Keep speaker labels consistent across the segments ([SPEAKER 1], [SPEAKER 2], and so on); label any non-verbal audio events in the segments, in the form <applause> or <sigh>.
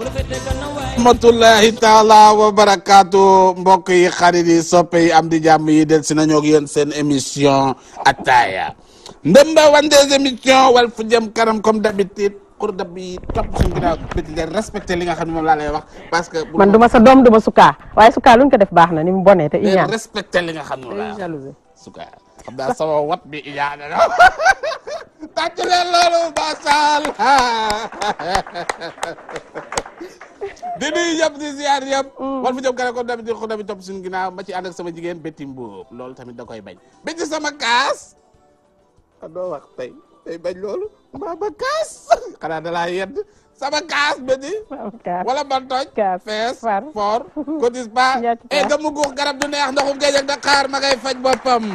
[SPEAKER 1] rahmatullahi taala wa barakaatu mbokk yi xarit yi soppe yi am di jàmm yi del si nañoo ak yéen seen émission ataaya ndëmba wan des émissions wal fu jëm kanam comme d'habitude pour dab bi topp suñu ginnaaw petit li nga xam ne moom laa lay wax parce que man duma sa doom duma
[SPEAKER 2] sukaa waaye sukaa luñ ko def baax na ni mu bonee te iñaan
[SPEAKER 1] respecté li nga xam ne moom laa sukaa xam naa sama wat bi iñaane na <laughs> tàcc leen loolu basal <laughs> di nuyu yëpp di ziar yëpp mm. war fu jëm kanam ko dami di ma ci ànd sama jigéen loolu tamit da koy bañ ba ci sama kaas a ah, doo wax tey tey bañ loolu maa ba kaas <laughs> xanaa da sama kaas bëti wala man toj fees for cotise pas e ga mu garab du neex ndoxum géej da xaar ma faj boppam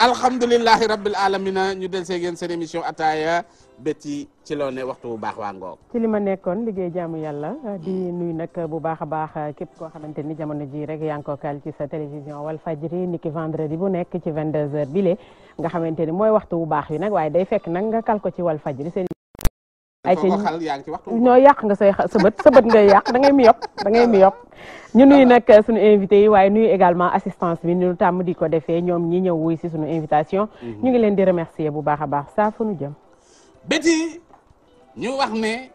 [SPEAKER 1] alhamdulilahi rabbil alamina ñu del see yéen mission émission ataaya béti ci loo ne waxtu bu baax waa ngoog
[SPEAKER 2] ci li ma nekkoon liggéey jaamu yàlla di nuy nag bu baax a baax képp koo xamante ni jamono ji rek yaa ngi ko kal ci sa télévision wal fajri niki vendredi bu nekk ci 22 heures bi le nga xamante ni mooy waxtu wu baax wi nag waaye day fekk nag nga kal ko ci wal fajri seen ay ci noo yàq nga say sa bët sa bët ngay yàq dangay mi yop da ngay mi yop ñu nuyu nag suñu invité yi waaye nuyu également assistance bi ñu tàmm di ko defee ñoom ñi ñëw wuy si suñu invitation. Mhm. ñu ngi leen di remercier bu baax a baax saa fu nu jëm. béti
[SPEAKER 1] ñu wax ne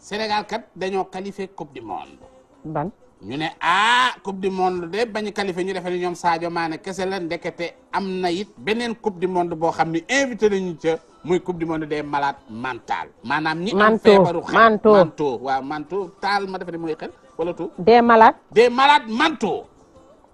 [SPEAKER 1] Sénégal kat dañoo qualifié coupe du monde. ban ñu ne ah coupe du monde de bañu qualifié ñu defee ne ñoom saajo Mané kese la ndekete am na it beneen coupe du monde boo xam ne invité nañu ca. muy coupe du monde de malaat mantal maanaam ñi am feebaru xel manto waaw manto taal ma defe ne mooy wala tout des malades des malades mentaux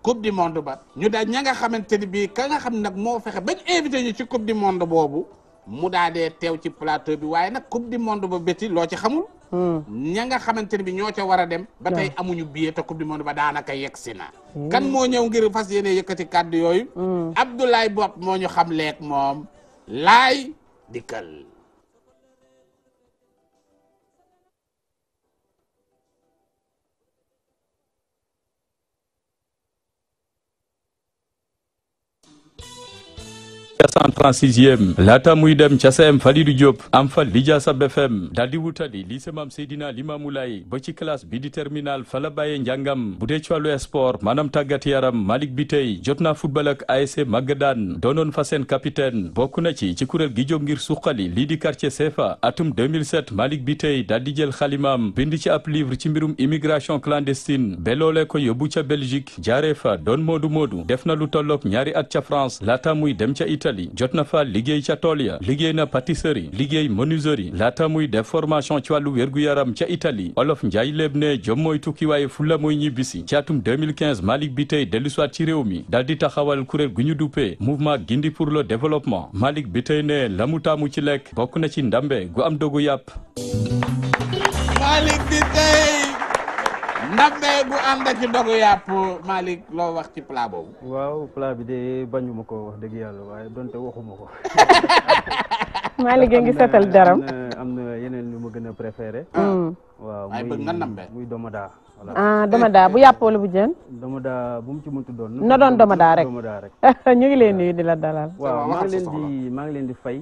[SPEAKER 1] coupe du monde ba ñu daal ña nga xamante ni bii ka nga xam nag moo fexe bañ invité ñu ci coupe du monde boobu mu daa dee teew ci plateau bi waaye nag coupe du monde ba béti loo ci xamul hmm. ña nga xamante ni bi ñoo ca war a dem ba tey hmm. amuñu billet te coupe du monde ba daanaka yegg si na hmm. kan moo ñëw ngir fas yéene yëkkati kàddu yooyu Abdoulaye Bopp moo ñu xam leeg moom laay dikkal
[SPEAKER 3] ca 136e laata muy dem ca CM Falidou Diop am fa lijaasa BFM daal di wutali lycée Mame Seydina Limamou Laye ba ci classe bi di terminal fa la bàyyee njàngam bu dee ci wàllu sport maanaam tàggat yaram Malick Bitey jot naa football Magadan doonoon fa seen capitaine bokk na ci ci kuréel gi jóg ngir suqali lii di quartier CFA atum 2007 Malick Bitey daal di jël xalimaam ci ab livre ci mbirum immigration clandestine ba loolee ko yóbbu ca Belgique jaaree fa doon moodu moodu def na lu tolloog Italie jot na fa liggéey ca tool ya liggéey na pâtisserie liggéey menuiserie laata muy def formation ci wàllu wérgu-yaram ca Italie Olof Njaay léeb ne jom mooy tukki waaye fulla mooy ñibbisi ci atum 2015 Malick Bitèye dellusiwaat ci réew mi daal di taxawal kuréel gu ñu duppee mouvement Gindi pour le développement malik Bitèye ne la mu taamu ci lekk bokk na ci ndambe gu am dogu yàpp
[SPEAKER 1] ndambe bu ànd ak ndogu yàpp Malick loo wax ci plat boobu.
[SPEAKER 4] waaw plat bi de bañuma ko wax dëgg yàlla waaye donte waxuma ko. maa
[SPEAKER 2] <laughs> Malick a ngi setal daram
[SPEAKER 4] am na yeneen lu ma gën a préféré. Ah. waaw muy bëgg nga ndambe muy domoda. ah domoda
[SPEAKER 2] bu yàpp wala bu jën.
[SPEAKER 4] domoda bu mu ci mënti doon. na doon domoda rek
[SPEAKER 2] <laughs> ñu ngi leen nuyu di la dalal. waaw maa
[SPEAKER 4] ngi leen di fay.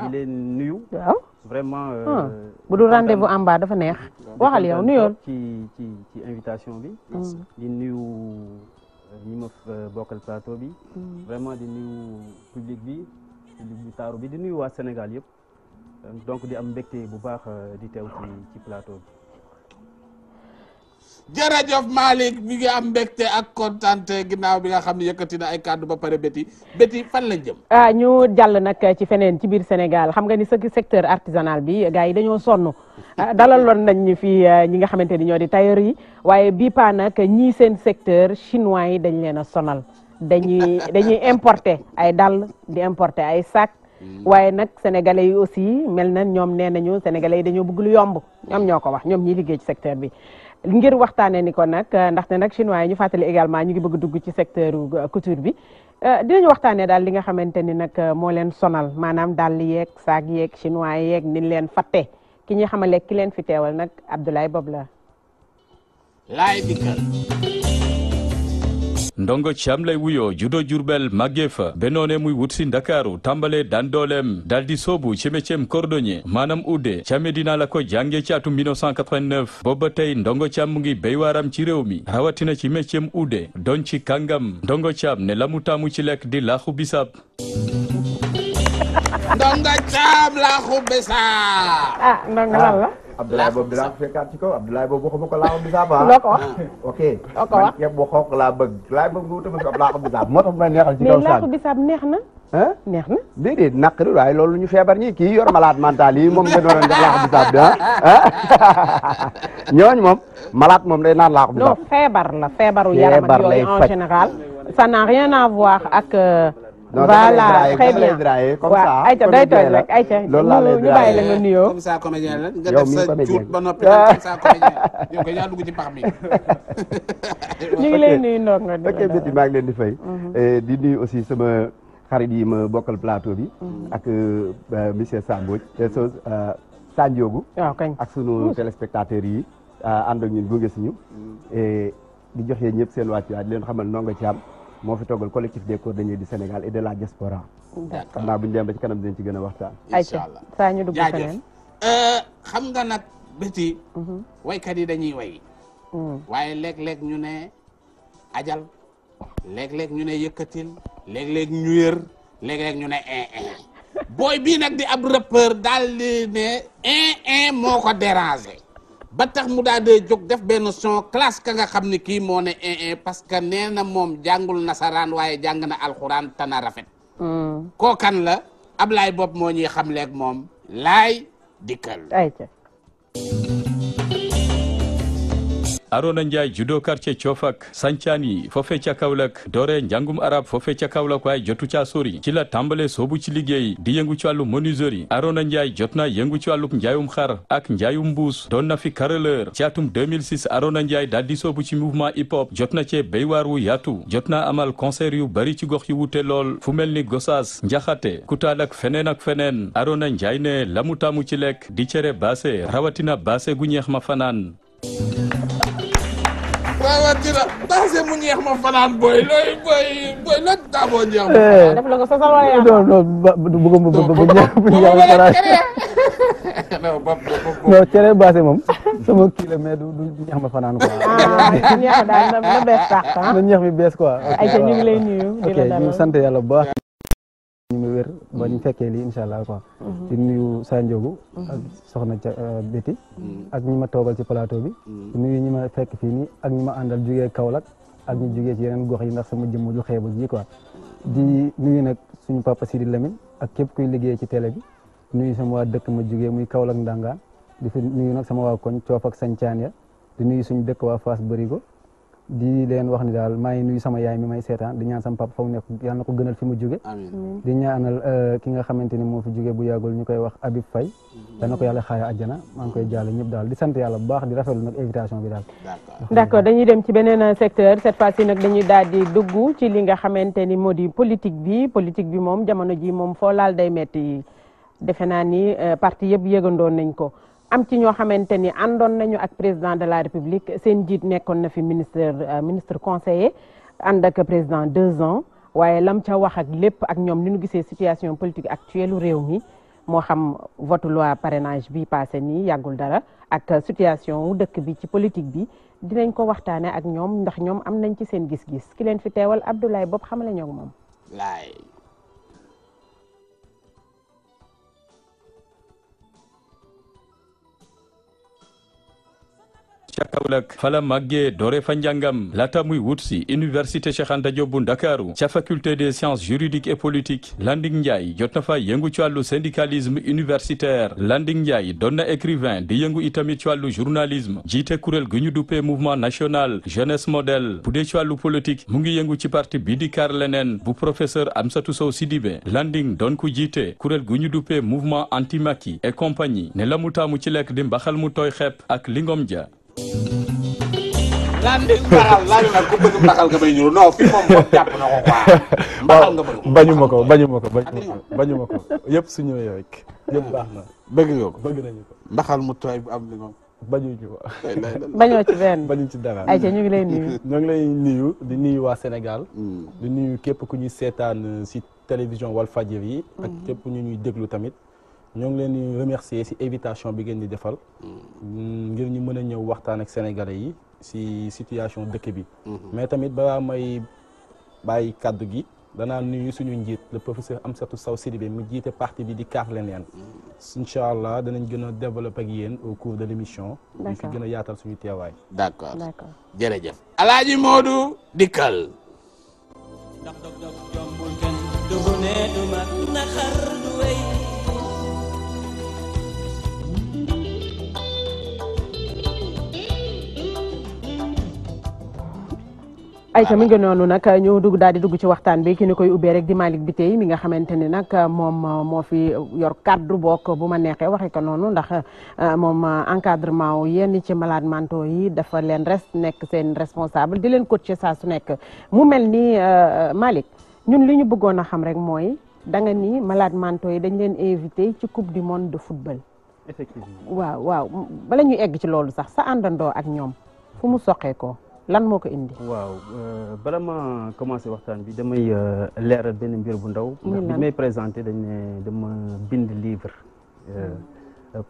[SPEAKER 4] di leen nuyu. waaw vraiment. Euh, ah, bu dul rendez-vous
[SPEAKER 2] Amba dafa neex. waxal yow nuyoon
[SPEAKER 4] ci ci ci invitation bi. Mm. di nuyu euh, ñi euh, bokkal plateau bi. Mm. vraiment di nuyu public bi public bu taaru bi di nuyu waa Sénégal yëpp donc di am mbégte bu baax
[SPEAKER 1] di teew ci ci plateau bi. jërëjëf Malick mi ngi am mbégte ak kontante ginnaaw bi nga xam ne yëkkati ay kàddu ba pare béti béti fan lañ jëm.
[SPEAKER 2] ah ñu jàll nag ci feneen ci biir Sénégal xam nga ni secteur artisanal bi gars yi dañoo sonn ah, dalaloon nañ ñu fi ah, ñi nga xamante ni ñoo di tailleur yi waaye bii paa nag ñii seen secteur chinois yi dañ leen a sonal dañuy dañuy importer ay dàll di importé ay sac hmm. waaye nag sénégalais yi aussi mel na ñoom nee nañu sénégalais yi dañoo bëgg lu yomb ñoom ñoo ko wax ñoom ñi liggéey ci secteur bi. ngir waxtaanee ni ko nag ndaxte nag chinois yi ñu fàttali également ñu ngi bëgg dugg ci secteur euh, couture bi euh, dinañu waxtaanee daal li nga xamante ni nag euh, moo leen sonal maanaam daal li yeeg saag yeeg chinois yeeg ni leen fàtte ki ñuy xamale ki leen fi teewal nag Abdoulaye Bob la.
[SPEAKER 1] laay dikkal
[SPEAKER 3] ndongo Thiam lay wuyoo judo Jurbel màggee fa ba muy wut si Ndakaaru tàmbalee daan dooleem daal di soobu ci métier cordonnier maanaam udde ca Medina la ko jàngee ci atum 1989 booba tey ndongo Thiam mu ngi béy waaram ci réew mi rawatina ci métier udde don ci kàngam ndongo Thiam ne la mu taamu ci lekk di laaxu bisaab
[SPEAKER 1] ndonga caam laaxu bisaab. ah ndonga la.
[SPEAKER 5] Ah, Abdoulaye boobu dinaa fekkaat ci kaw Abdoulaye boobu ko laaxu bisaab ah. ko wax. Ah, ok loo ko wax man ceeb bu xonq laa bëgg. laa bëgg bu tëfal moo tax may neexal ci kaw. mais laaxu
[SPEAKER 2] bisaab neex na.
[SPEAKER 5] ah na. déedéet naqari waaye loolu ñu feebar ñi kii yor malade mental yi moom ngeen waroon def laaxu bi ah. <laughs> ñooñu moom malade moom day naan laaxu bisaab. non
[SPEAKER 2] feebar la feebaru yaram ak yooyu en général. ça voilà
[SPEAKER 1] très bien comme ça ayca day tooy rek lay ñu bàyyi nga nuyoo ba noppi comme ça <laughs> <laughs>
[SPEAKER 6] maa
[SPEAKER 5] ngi leen di fay mhm. eh, di nuyu aussi sama xarit yi ma bokkal plateau bi mhm. ak euh, euh, monsieur Samboj euh, so Sandiogou ak sunu téléspectateurs yi ànd ak ñun gunge si ñu mhm. eh, di joxe ñëpp seen wàccuwaay di leen xamal noo nga moo fi toogal collectif des cordonniers du Sénégal et de la diaspora. d'accord xam naa bu ñu demee ba ci kanam dinañ ci gën a waxtaan. incha allah
[SPEAKER 2] saa ñu dugg euh, xam
[SPEAKER 1] nga nag béti. Mhm. waykat yi dañuy way. Mm. waaye léeg-léeg ñu ne ajal. léeg-léeg ñu ne yëkkatil. léeg-léeg ñu yër. léeg-léeg ñu ne un <laughs> booy bii nag di ab rappeur daal di ne un moo ko déranger. ba tax mu daal dee jóg def benn son classe ka nga xam ni kii moo ne parce que nee na moom jàngul nasaraan waaye jàng na alxuraan tana rafet hmm. kookan la Ablaye Bob moo ñuy xamleeg moom laay dikkal
[SPEAKER 3] Arona Ndiaye judo quartier Thiofak Sancani foofee ca Kaolack doore njàngum arab foofee ca Kaolack waaye jotu caa sori ci la tàmbale soobu ci liggéey di yëngu ci wàllu menuiserie Arona Ndiaye jot na yëngu ci wàllub njaayum xar ak njaayum mbuus doon na fi carreleur ci atum 2006 Arona Ndiaye daal di soobu ci mouvement hip jot na cee béywaar wu yaatu jot na amal konser yu bari ci gox yu wute lool fu mel ni Gossas Njaxate Kutaal ak feneen ak feneen Arona Ndiaye ne lamu taamu ci lekk di cere baase rawatina baase gu ñeex ma fanaan
[SPEAKER 1] rawatina dansé mu ñeex ma fanaan booy looy booy booy la daaboo ñeex ma. def la ko sa sama yaram non ma fanaan. non ba
[SPEAKER 7] non cere baase moom sama kii la du du ma fanaan quoi.
[SPEAKER 6] ñeex daal na bees sax. ay ñu ngi lay nuyu. ok ñu sant
[SPEAKER 7] yàlla bu baax. ñu ngi wér ba ñu mm. fekkee li incha allah ko mm-hmm. di nuyu Sa Ndiogou mm-hmm. ak soxna ca euh, Béti mm-hmm. ak ñi ma toogal ci palaato bi di nuyu ñi ma fekk fii nii ak ñi ma àndal jugee Kaolack ak ñu jugee ci yeneen gox yi ndax sama jëmm ju xeebu ji quoi di nuyu nag suñu papa Sidi Lamine ak képp kuy liggéey ci télé bi nuyu sama waa dëkk ma jugee muy Kaolack Ndangaan di fi nuyu nag sama waa koñ coof ak sancaan ya di nuyu suñu dëkk waa Fass Bërigo di leen wax ni daal maa ngi nuyu sama yaay mi may seetaan di ñaan sama papa fa mu nekk gënal fi mu di ñaanal euh, ki nga xamante ni moo fi jóge bu yàggul ñu koy wax Habib Faye mm-hmm. dana ko yàlla xaaya àjjana maa ngi koy jàll ñëpp daal di sant yàlla bu baax di rafetlu nag invitation bi daal
[SPEAKER 2] d'accord dañuy dem ci beneen euh, secteur cette fois-ci nag dañuy daal di dugg ci li nga xamante ni moo di politique bi politique bi moom jamono ji moom foo laal day metti defe naa ni euh, parti yëpp yëgandoon nañ ko am ci ñoo xamante ni àndoon nañu ak président de la république seen jiit nekkoon na fi ministre euh, ministre conseiller ànd ak président deux ans waaye lam ca wax ak lépp ak ñoom ni ñu gisee situation politique actuelle réew mi moo xam vote loi parrainage bi passé nii yàggul dara ak situation wu dëkk bi ci politique bi dinañ ko waxtaane ak ñoom ndax ñoom am nañ ci seen gis-gis ki leen fi teewal Abdoulaye Bob xamale ñoo moom
[SPEAKER 3] fala Kaolack fa la fa njàngam laata muy wut si université Cheikh Anta Diop bu Ndakaaru ca faculté des sciences juridiques et politiques Landing Ndiaye jot na fa yëngu ci wàllu syndicalisme universitaire Landing Ndiaye doon na écrivain di yëngu itamit ci wàllu journalisme jiite kuréel gu ñu duppee mouvement national jeunesse modèle bu dee ci wàllu politique mu ngi yëngu ci parti bii di kaar leneen bu professeur am Sow Sidibé Landing doon ku jiite kuréel gu ñu duppee mouvement anti Macky et compagnie la mu taamu ci lekk di mbaxal mu tooy xepp ak lingom ja
[SPEAKER 5] lan di mbaxal laaj na
[SPEAKER 1] ku
[SPEAKER 8] bëgg mbaxal nga bay ñuul non fii moom moom jàpp na ko quoi. <laughs> mbaxal nga bëgg bañu ma ko bañu ma ko bañu ma ko yëpp su ñëwee rek yëpp baax na bëgg nga ko bëgg nañu ko mbaxal mu tooy bu am li moom bañu ñu ko bañoo ci benn bañu ci dara ay ñu ngi lay nuyu ñoo ngi lay nuyu di nuyu waa Sénégal hmm. di nuyu képp ku ñuy seetaan si télévision Walfadjri yi ak hmm. képp ñu ñuy déglu tamit ñoo ngi leen di remercier ci invitation bi ngeen di defal ngir ñu mën a ñëw waxtaan ak sénégalais yi ci situation dëkk bi. Mhm. mais tamit balaa may bàyyi kàddu gi danaa nuyu suñu njiit le professeur Amsatou saw Sidibé mu jiite parti bi di kaar leneen. Mhm. incha allah danañ gën a ak yéen au cours de l' émission. ñu fi gën yaatal suñu teewaay. d' accord d' accord jërëjëf.
[SPEAKER 1] Alaaji Moodu
[SPEAKER 8] dikkal.
[SPEAKER 2] ayca mi ngi noonu nag ñu dugg daal di dugg ci waxtaan bi ki ni koy ubbee rek di bi tey mi nga xamante ni nag moom uh, moo fi yor kàddu bokk bu ma neexee waxee ko noonu ndax uh, moom uh, encadrement wu ci malade mentaux yi dafa leen res nekk seen responsable di leen coacher saa su nekk mu mel ni Malick ñun li ñu buggoon a xam rek mooy da nga ni malade mentaux yi dañ leen invité ci coupe du monde de football. waaw waaw bala ñuy egg ci loolu sax sa àndandoo ak ñoom fu mu soqee ko lan moo ko indi.
[SPEAKER 6] waaw
[SPEAKER 4] euh, bala ma commencé waxtaan bi damay euh, leeral benn mbir bu ndaw. ndax bi may présenté dañ ne dama bind livre. Euh,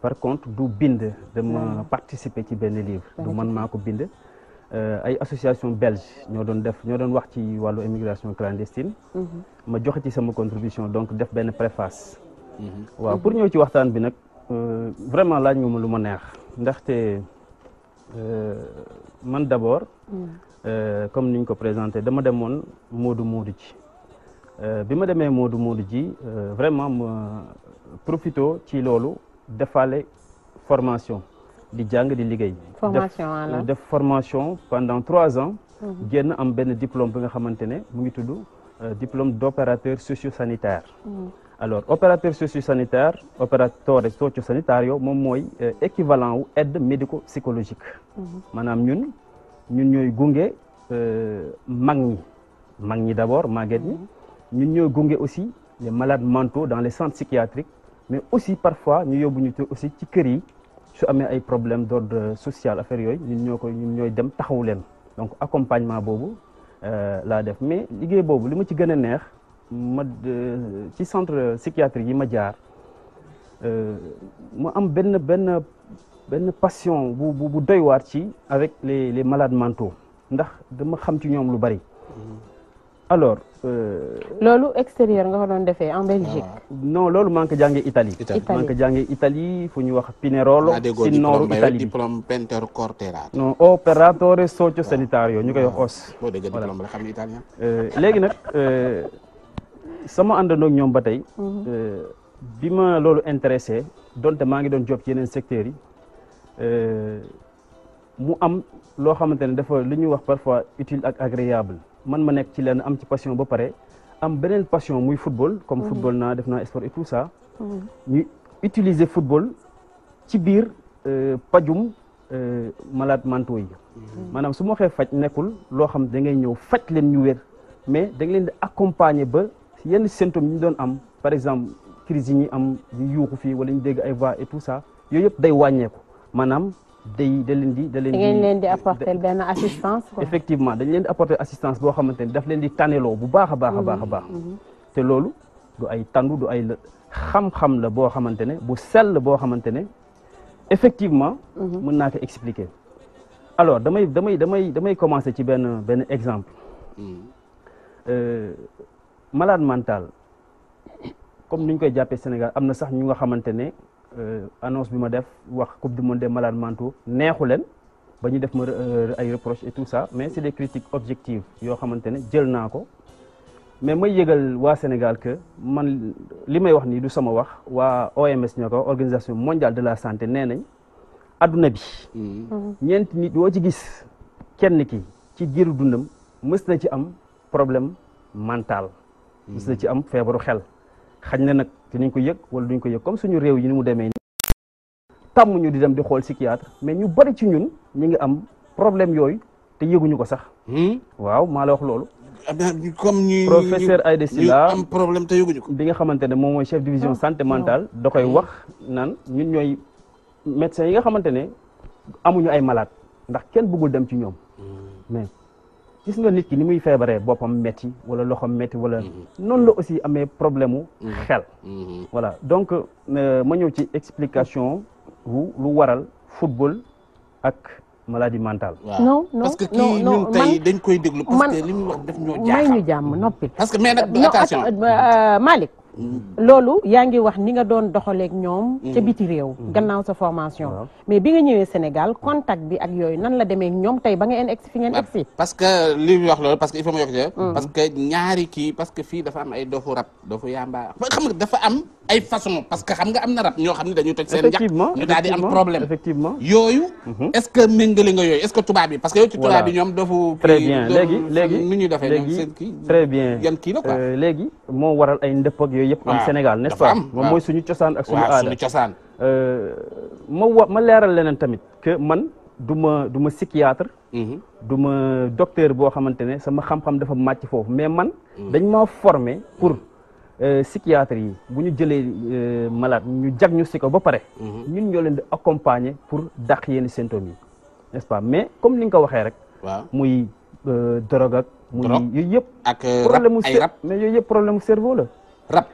[SPEAKER 4] par contre du bind dama participer ci benn livre. du man maa ko bind. ay association belge ñoo doon def ñoo doon wax ci wàllu immigration clandestine. Mhm. ma joxe ci sama contribution donc def benn préface. Mhm. waaw pour ñëw ci waxtaan bi nag vraiment laaj nga ma lu ma neex ndaxte man d' abord. Mm. Euh, comme niñ ko présenté dama demoon Moodu Moodu ji euh, bi ma demee Moodu Moodu ji euh, vraiment ma profito ci loolu defaale formation di jàng di liggéey. formation def def formation pendant trois ans. Mm-hmm. génn am benn diplôme bi nga xamante ne mu ngi tudd diplôme d' opérateur socio sanitaire. Mm. alors opérateur socio-sanitaire opératore socio-sanitario moom mooy euh, équivalent wu aide médico-psychologique mhm. maanaam ñun ñun ñooy gunge euh, mag ñi mag ñi d'abord màgget ñi mhm. ñun ñooy gunge aussi les malades mentaux dans les centres psychiatriques mais aussi parfois ñu yóbbu ñu te aussi ci kër yi su amee ay problèmes d'ordre euh, social affaire yooyu ñun ñoo koy ñun ñooy dem taxawu leen donc accompagnement boobu laa def mais liggéey boobu li ma ci gën a neex ma ci centre psychiatrique yi ma jaar mu am benn benn benn passion bu bu bu doy waar ci avec les les malades mentaux ndax dama xam ci ñoom lu bari. Mm-hmm. alors. Euh, loolu
[SPEAKER 2] extérieur nga ko doon defee en Belgique.
[SPEAKER 4] Ah. no loolu maa ngi ko jàngee Italie. Italie maa ngi ko jàngee Italie fu ñuy wax Pinerolo. si nooru Italie bi
[SPEAKER 1] diplôme intercorporal.
[SPEAKER 4] non operatore socio sanitario ñu koy wax ah.
[SPEAKER 1] OS. voilà
[SPEAKER 4] euh, nag. Euh, sama àndandoo ak ñoom ba tey. Mhm. Euh, bi ma loolu intéressé donte maa ngi doon job ci yeneen secteurs yi euh, mu am loo xamante ne dafa lu ñuy wax parfois utile ak agréable man ma nekk ci lenn am ci passion ba pare am beneen passion muy football. comme mhm. football naa def na sport et tout ça. Mhm. ñu utiliser football ci biir euh, pajum malade mentaux yi. maanaam su ma waxee faj nekkul loo xam da ñëw faj leen ñu wér mais da leen di accompagner ba. yenn symptômes yi ñu doon am par exemple crise yi ñuy am ñu yuuxu fii wala ñu dégg ay voix et tout ça yooyu yëpp day wàññeeku maanaam day da leen di da leen di ngeen leen
[SPEAKER 2] di apporter benn assistance
[SPEAKER 4] effectivement dañ leen di apporter assistance boo xamante ni daf leen di tànneloo bu baax a baax a baax a mm-hmm. te loolu du ay tàndu du ay xam-xam la boo xamante ne bu sell boo xamante ne effectivement mm-hmm. mën naa ko expliquer alors damay damay damay damay commencer ci benn benn exemple mm. euh, malade mental comme ni ñu koy jàppee Sénégal am na sax ñu nga xamante ne euh, annonce bi ma def wax coupe de monde des malades neexu leen ba ñu def ma euh, ay reproches et tout ça mais c'est des critiques objectives yoo xamante ne jël naa ko mais may yëgal waa Sénégal que man li may wax nii du sama wax waa OMS ñoo ko organisation mondial de la santé nee nañ adduna bi. Mm-hmm. ñeenti nit yoo ci gis kenn ki ci giiru dundam mës na ci am problème mental. gis na ci am feebaru xel xañ na nag dinañ ko yëg wala duñ ko yëg comme suñu réew yi ni mu demee nii tàmm ñu di dem di xool psychiatre mais ñu bari ci ñun ñu ngi am problème yooyu te yëguñu ko sax hmm? waaw maa la wax loolu ah comme ñu professeur Aïda Sylla am problème te yëguñu bi nga xamante ne moom mooy chef division ah, santé mentale ah, da koy wax naan ñun ñooy médecins yi nga xamante ne amuñu ay malaat ndax kenn bëggul dem ci ñoom
[SPEAKER 6] hmm.
[SPEAKER 4] gis nga nit ki ni muy feebaree boppam metti wala loxom metti wala mm-hmm. noonu la aussi amee problème mu mm-hmm. xel mm-hmm. voilà donc euh, ma ñëw ci explication lu waral football ak maladie mentale non non parce que dañ koy déglu
[SPEAKER 2] parce que li mu def ñoo jaaxal may ñu jàmm noppi parce que mais nag attention euh, euh, loolu yaa ngi wax ni nga doon doxaleeg ñoom. ca mm. biti réew. Mm. gannaaw sa formation. mais bi nga ñëwee Sénégal contact bi ak yooyu nan la demee ñoom tey ba ngeen egsi fi ngeen egsi.
[SPEAKER 1] parce que li ñu wax loolu parce que il faut ma yokk mm. parce que ñaari kii parce que fii dafa am ay dofu rab dofu yamba xam nga dafa am. ay façon parce que xam nga am na rab ñoo xam ne dañuy toj seen njaq ñu daal di am problème effectivement yooyu mhm. est-ce que méngale nga léegi léegi nu ñuy defee ñoom seen kii très bien yan la euh,
[SPEAKER 4] léegi moo waral ay ndëpp yooyu yëpp am Sénégal n'est-ce pas moom mooy suñu cosaan ak euh, ma wa ma leeral leneen tamit que man du ma du ma psychiatre mhm. du ma docteur boo xamante ne sama xam-xam dafa màcc foofu mais man mhm. dañ maa formé Euh, psychiatre yi bu ñu jëlee euh, malaat ñu diagnostiqué ko ba pare. Mhm. ñu ñoo leen di accompagner pour dàq yenn symptômes yi nest pas mais comme ni nga ko waxee rek. waaw muy euh, drogue
[SPEAKER 1] ak. muy yooyu yëpp. ak problème mu mais yooyu yëpp problème mu cerveau la. rab.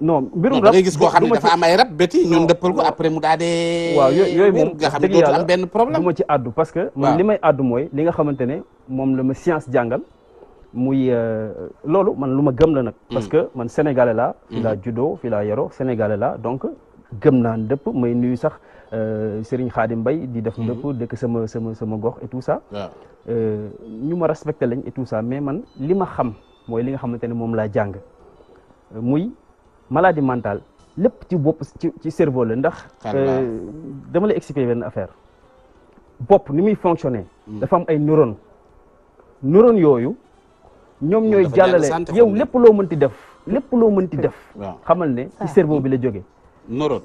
[SPEAKER 1] non mbirum da ngay gis xam ne dafa am ay rab béti ñun dëppal ko après mu daal dee. waaw yooyu moom nga xam ne dootul
[SPEAKER 4] benn problème. du ci àddu parce que. man li may àddu mooy li nga xamante ne moom la ma science jàngal. muy euh, loolu man lu ma gëm la nag. Mm. parce que man sénégalais la fi mm. laa juddoo fi laa yaroo sénégalais laa donc gëm naa dëpp may nuyu sax euh, Serigne Khadim mbay di def mm. ndëpp dëkk sama sama sama gox et tout ça. Euh, ñu ma respecté lañ et tout ça mais man li ma xam mooy li nga xamante ne moom laa jàng muy maladie mentale lépp ci bopp ci ci cerveau la ndax. dama lay expliquer benn affaire bopp ni muy fonctionner. dafa am ay neurones nuron yooyu. ñoom ñooy jàllale yow lépp loo mën ti def lépp loo mën ti hmm. def xamal ne ci ah. cerveau bi la jóge noroon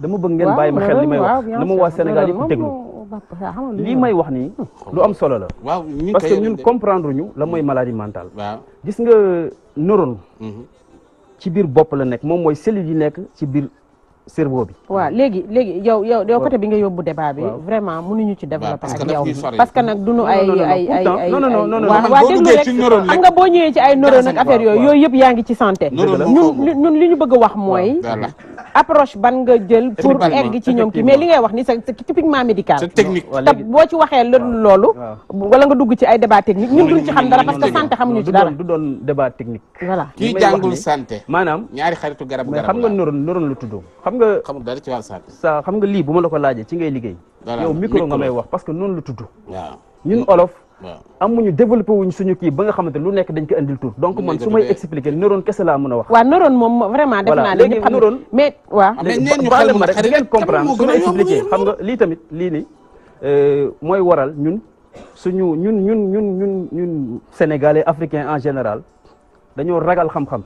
[SPEAKER 4] dama bëgg ngeen bàyyi ma xel li may wax na ma waa Sénégal yëpp déglu lii may wax nii lu am solo la parce que ñun comprendre ñu la mooy maladie mentale gis nga neurones mhm. ci biir bopp la nekk moom mooy cellules yi nekk ci biir cerveau bi.
[SPEAKER 2] waaw léegi léegi yow yow yow côté bi nga yóbbu débat bi. vraiment ñu ci développer ak yow parce que nag duñu ay ay ay ay non non non waaw déglu ñëwee ci ay neurone ak affaire yooyu yooyu yëpp yaa ngi ci santé. ñun li ñu bëgg wax mooy. approche ban nga jël pour egg ci ñoom ki mais li ngay wax ni c'est typiquement médical c'est technique te boo ci waxee loolu wala nga dugg ci ay débat technique ñun duñ ci xam dara parce que santé
[SPEAKER 4] xamuñu ci du doon débat technique
[SPEAKER 2] voilà jàngul
[SPEAKER 1] santé maanaam ñaari xaritu garab garab xam nga
[SPEAKER 4] noroon noroon lu tudd
[SPEAKER 1] xam nga xamul dara ci wàllu santé
[SPEAKER 4] sa xam nga lii bu ma la ko laajee ci ngay liggéey yow micro nga may wax parce que noonu lu tudd ñun olof am amuñu développé wuñ suñu kii ba nga xamante lu nekk dañ ko andil donc man su may expliquer neurone kese laa mën a wax
[SPEAKER 2] waaw moom vraiment def naa léegi mais waaw ah, baale ma rek di ngeen comprendre su xam
[SPEAKER 4] nga lii tamit lii ni euh, mooy waral ñun suñu ñun ñun ñun ñun ñun sénégalais africain en général dañoo ragal xam-xam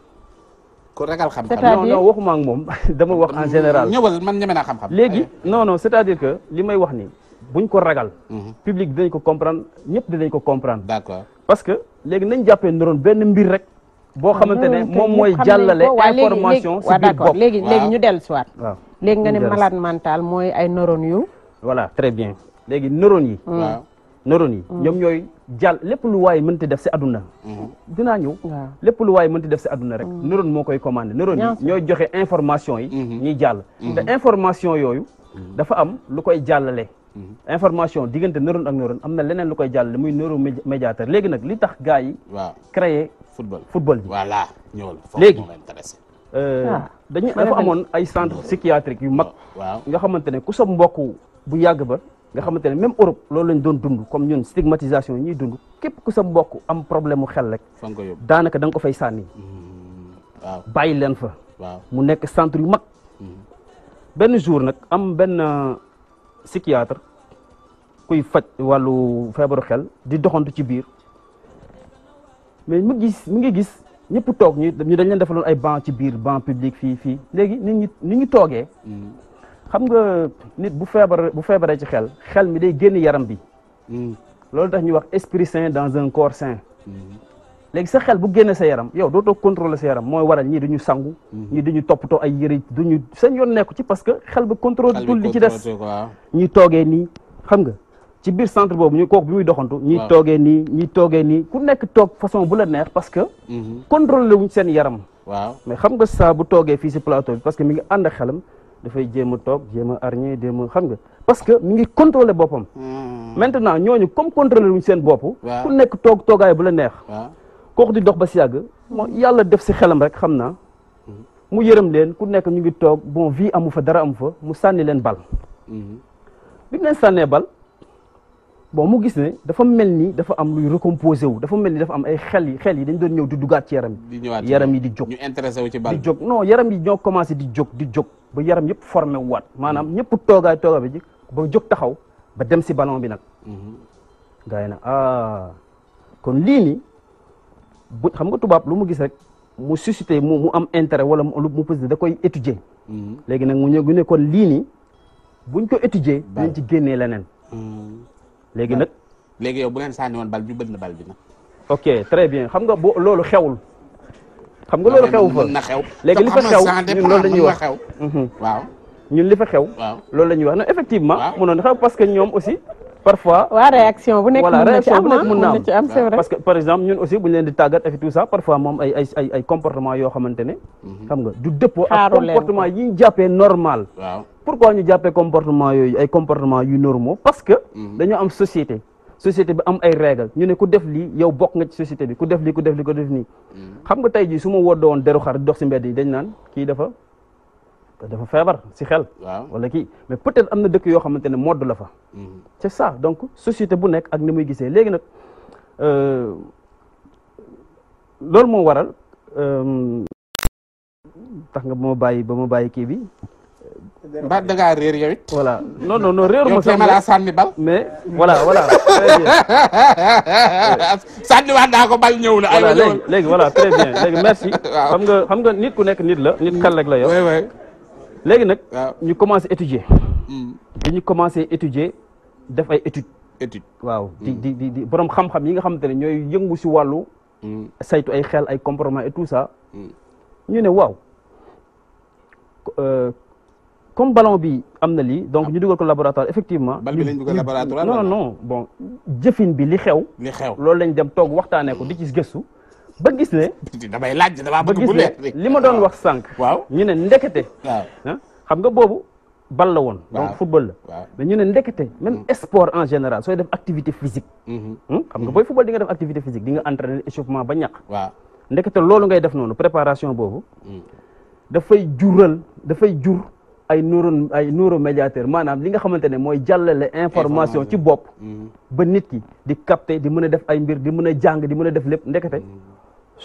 [SPEAKER 1] ko ragal xam-xam non non
[SPEAKER 4] waxuma ak moom <laughs> dama wax en général ñëwal man ñeme naa xam-xam léegi non non c'est-à-dire que li may wax nii bu ñu ko ragal. Mhm. public dinañ ko comprendre ñëpp dinañ ko comprendre. d'accord parce que léegi nañ jàppee noonu benn mbir rek. boo ah, xamante ne moom mooy jàllale information si biir bopp léegi léegi ñu dellu siwaat waaw
[SPEAKER 2] léegi nga ne malade mental mooy ay neurones yu
[SPEAKER 4] voilà très bien léegi neurones yi mm. waaw neurones yi mm. ñoom ñooy jàll lépp lu waay mënti def si adduna mm-hmm. dinaa ñëw lépp lu waay ti def si adduna rek mm. neurone moo koy commandé neurones yi ñooy joxe information yi mm-hmm. ñuy jàll mm-hmm. te information yooyu dafa am lu koy jàllale Mm-hmm. information diggante neurones ak neurones am na leneen lu koy jàll muy neuromédiateur léegi nag li tax gaa yi. waaw créé football football bi. voilà ñëwal léegi euh, ah. dañu dafa amoon ay centre psychiatrique yu mag. Oh, nga xamante ne ku sa mbokk bu yàgg ba. nga xamante ne même Europe loolu lañ doon dund comme ñun stigmatisation yi ñuy dund képp ku sa mbokk am problème mu xel rek. daanaka da nga ko fay sànni. Mm-hmm. waaw bàyyi leen fa. mu nekk centre yu mag. Mm-hmm. benn jour nag am benn. psychiatre kuy faj wàllu feebaru xel di doxantu ci biir mais mu gis mu ngi gis ñëpp toog ñu ñu dañ leen defaloon ay banc ci biir banc public fii fii léegi nit ñi nit ñu toogee mm-hmm. xam nga nit bu feebar bu feebaree ci xel xel mi day génn yaram bi mm-hmm. loolu tax ñuy wax esprit sain dans un corps sain
[SPEAKER 6] mm-hmm.
[SPEAKER 4] léegi sa xel bu génne sa yaram yow dootoo contrôler sa yaram mooy waral ñii ñu sangu mhm. ñii duñu toppatoo ay yëre duñu seen yoon nekku ci parce que xel ba contrôle tul li ci des ñuy toogee nii xam nga ci biir centre boobu ñu kooku bi muy doxantu ñuy toogee nii ñuy toogee nii ku nekk toog façon bu la neex parce que mhm. contrôler wuñ seen yaram waaw mais xam nga saa bu toogee fii si plateau bi parce que mi ngi ànd ak xelam dafay jéem a toog jéem a arñe jéem a xam nga parce que mu ngi contrôler boppam
[SPEAKER 6] mhm.
[SPEAKER 4] maintenant ñooñu comme contrôler ñu seen bopp ku nekk toog toogaay bu la neex kooku di dox ba si yàgg. mooy yàlla def si xelam rek xam naa. mu yërëm leen ku nekk ñu ngi toog bon vie amu fa dara amu fa mu sànni leen bal. bi mu leen sànnee bal boo mu gis ne dafa mel ni dafa am luy recomposé wu dafa mel ni dafa am ay xel yi xel yi dañ doon ñëw di duggaat ci yaram
[SPEAKER 1] yi. yaram yi di jóg ñu wu ci bal di
[SPEAKER 4] jóg non yaram yi ñoo commencé di jóg di jóg ba yaram yëpp formé wu waat maanaam mm-hmm. ñëpp toogaay toogaay bi ba jóg taxaw ba dem si ballon bi nag.
[SPEAKER 6] Mm-hmm.
[SPEAKER 4] Ah, kon lii nii. bu xam nga tubaab lu mu gis rek mu suscité mu mu am intérêt wala lu mu posé da koy étudier. Mhm. léegi nag mu ñëw ñu ne kon lii nii buñ ko étudier. dañ ci génnee leneen. Mhm. léegi nag.
[SPEAKER 1] léegi yow bu leen sànni woon bal bi bëri na bal bi nag. ok très bien xam nga boo loolu xewul. xam nga loolu xew fa na xew léegi
[SPEAKER 4] lu fa xew ñun loolu la ñuy wax.
[SPEAKER 1] Mhm. waaw
[SPEAKER 4] ñun li fa xew. waaw loolu la ñuy wax non effectivement. waaw mënoon xew parce que ñoom aussi. parfois
[SPEAKER 2] waaw réaction bu nekk mën ah, na ci am
[SPEAKER 4] c'est vrai parce que par exemple ñun aussi bu ñu leen di tàggat et tout ça parfois moom ay ay ay ay comportement yoo xamante ne mhm. xam nga du dëppoo ak comportement yi ñu jàppee normal waaw pourquoi ñu jàppee comportement yooyu ay comportement yu normaux parce que mhm. dañoo am société société bi am ay règle ñu ne ku def lii yow bokk nga ci société bi ku def lii ku def lii ku def nii mhm. xam nga tey jii su ma woddoo woon deru xar dox si mbedd yi dañ naan kii dafa dafa feebar si xel wala kii mais peut-être am na dëkk yoo xamante ne modd la fa ce saa donc société bu nekk ak ni muy gisee léegi nag euh, loolu moo waral euh, tax nga ba ma bàyyi ba ma bàyyi kii bi.
[SPEAKER 6] mbaa
[SPEAKER 1] da wala réer yow it. non non non réeru ma sax yow sànni bal. mais voilà voilà. bal ñëw na. léegi léegi voilà très bien léegi merci. xam nga xam
[SPEAKER 4] nga nit ku nekk nit la. nit kan rek la yow. léegi nag. ñu commencé étudier. Hmm. ñu commencé étudier. def ay étude étude waaw di mm. di borom xam-xam yi nga xamante ne ñooy yëngu si wàllu mm. saytu ay xel ay comportement et tout ça mm. ñu ne waaw euh, comme ballon bi am na lii donc ñu dugal ko laboratoire effectivement bal bi lañ dugal laboratoire non non bon jëfin bi li xew li xew loolu lañ dem toog waxtaanee ko di ci gëstu ba gis ne <laughs> damay laaj damaa bëgg bu li ma doon wax sànq waaw ñu ne ndekete ah, xam nga boobu bal la woon donc football la mais ñu ne ndekete même mm-hmm. sport en général sooy def activité physique mm-hmm. hmm? xam nga mm-hmm. booy football di nga def activité physique di nga entraîner échauffement ba ñàkk waaw ndekete loolu ngay def noonu préparation boobu mm. dafay jural dafay jur ay neurone ay neuromédiateur maanaam li nga xamante ne mooy jàllale information ci bopp ba nit ki di capter di mën a def ay mbir di mën a jàng di mën a def lépp ndekete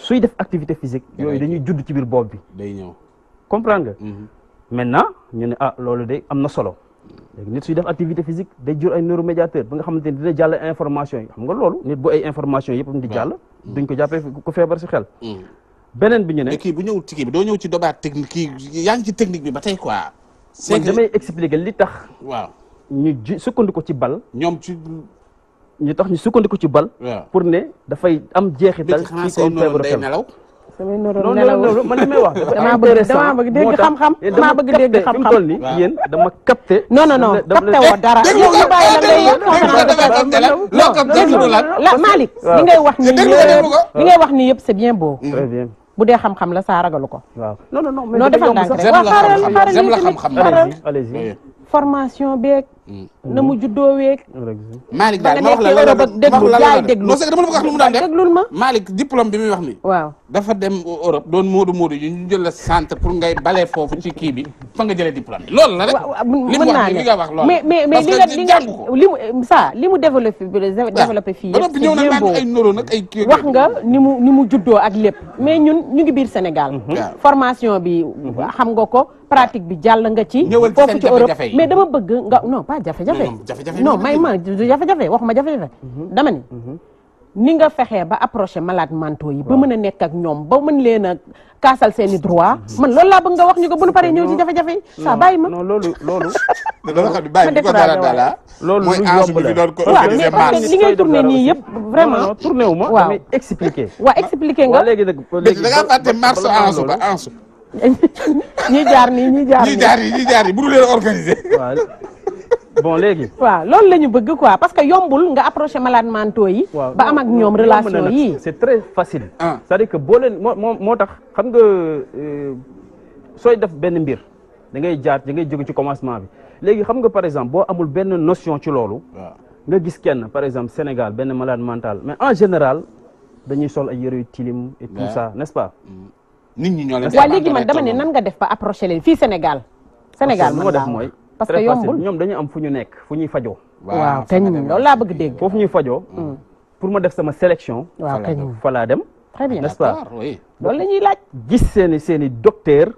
[SPEAKER 4] suy def activité physique yooyu dañuy judd ci biir bopp bi day ñëw comprendre maintenant ñu ne ah loolu de am na solo léegi nit suy def activité physique day jur ay médiateur ba nga xamante ni dina jàll information yi xam nga loolu nit bu ay information
[SPEAKER 1] yëpp am di jàll duñ ko jàppee ku si xel mm. beneen bi ñu ne kii bu ñëw ci kii bi ñëw ci dobaat technique kii yaa ngi ci technique bi ba tey quoi man damay expliquer li tax waaw
[SPEAKER 4] ñu ji sukkandiku ci bal ñoom ci ñu tax ñu sukkandiku ci bal pour ne dafay am jeexital ci comme feebaru xel
[SPEAKER 2] samay noroon nelawul man li may wax damaa bëgg damaa bëgg xam-xam damaa bëgg dégg xam-xam toll ni
[SPEAKER 4] yéen dama capté non non non capté
[SPEAKER 2] woo dara yow nga la ngay yëpp ngay wax ni li ngay wax ni yëpp c'est bien bo bu dee xam-xam la saa ragalu ko waaw non non non defal a rek waaw xaaral xaaral formation beeg na mu juddoo weeg.
[SPEAKER 6] Malick daal ma wax la la la déglu jaay déglu a
[SPEAKER 2] mu daan
[SPEAKER 1] ma. Malick diplôme bi muy wax ni waaw dafa dem Europe doon Moodu Moodu yi la centre pour ngay balee foofu ci kii bi fa nga jëlee diplôme bi loolu la rek. li li nga
[SPEAKER 2] li mu ça li mu développé développé fii yëpp. ba ay noro nag ay kii wax nga ni mu juddoo ak lépp mais ñun ñu ngi biir Sénégal. Mhm. formation bi mhm. xam nga ko pratique bi jàll nga ci. ñëwal ci seen jafe foofu ci Europe mais dama bëgg pas jafe-jafe non may ma jafe-jafe waxuma jafe-jafe mhm. dama ni mhm. ni ba approché malade mentaux yi ba mën a nekk ñoom ba mën leen a kaasal seen droit mhm. man loolu laa bëgg nga wax ñu ko bu nu paree ñëw jafe-jafe saa bàyyi ma non loolu loolu <laughs>
[SPEAKER 6] loolu xam ne bàyyi
[SPEAKER 2] ah.
[SPEAKER 1] loolu lu yomb la waaw mais parce que li ngay tourné nii yëpp
[SPEAKER 2] vraiment tourné
[SPEAKER 4] wu ma waaw damay expliqué <laughs> waaw
[SPEAKER 2] expliqué nga
[SPEAKER 4] léegi nag léegi da ngaa fàtte marche ansu ba ansu <laughs> ñi jaar nii
[SPEAKER 2] ñi jaar nii ñi jaar nii
[SPEAKER 4] ñi jaar nii bu dul leen organisé bon léegi
[SPEAKER 2] <laughs> waaw loolu la ñu bëgg quoi parce que yombul nga approché malade mentaux yi ba am ñoom relation yi
[SPEAKER 4] c'est très facile ah. cest à que boo moo moo moo tax xam nga euh, sooy def benn mbir da ngay jaar da ngay jóge ci commencement bi léegi xam nga par exemple boo amul benn notion ci loolu nga gis kenn par exemple Sénégal benn malade mais en général dañuy sol ay yëre yu tilim et tout ça n'est-ce pas mm. nit ñi ñoo leen waaw léegi man dama ne nan
[SPEAKER 2] nga def ba approché leen fii Sénégal Sénégal man mooy parce que yombul
[SPEAKER 4] ñoom dañu am fu ñu nekk fu ñuy fajoo. waaw kañ loolu laa bëgg dégg. foofu ñuy fajoo. Mm. Mm. pour ma def sama sélection. waaw kañ fa laa dem. très bien nest la
[SPEAKER 2] ñuy laaj.
[SPEAKER 4] gis seeni seeni docteur.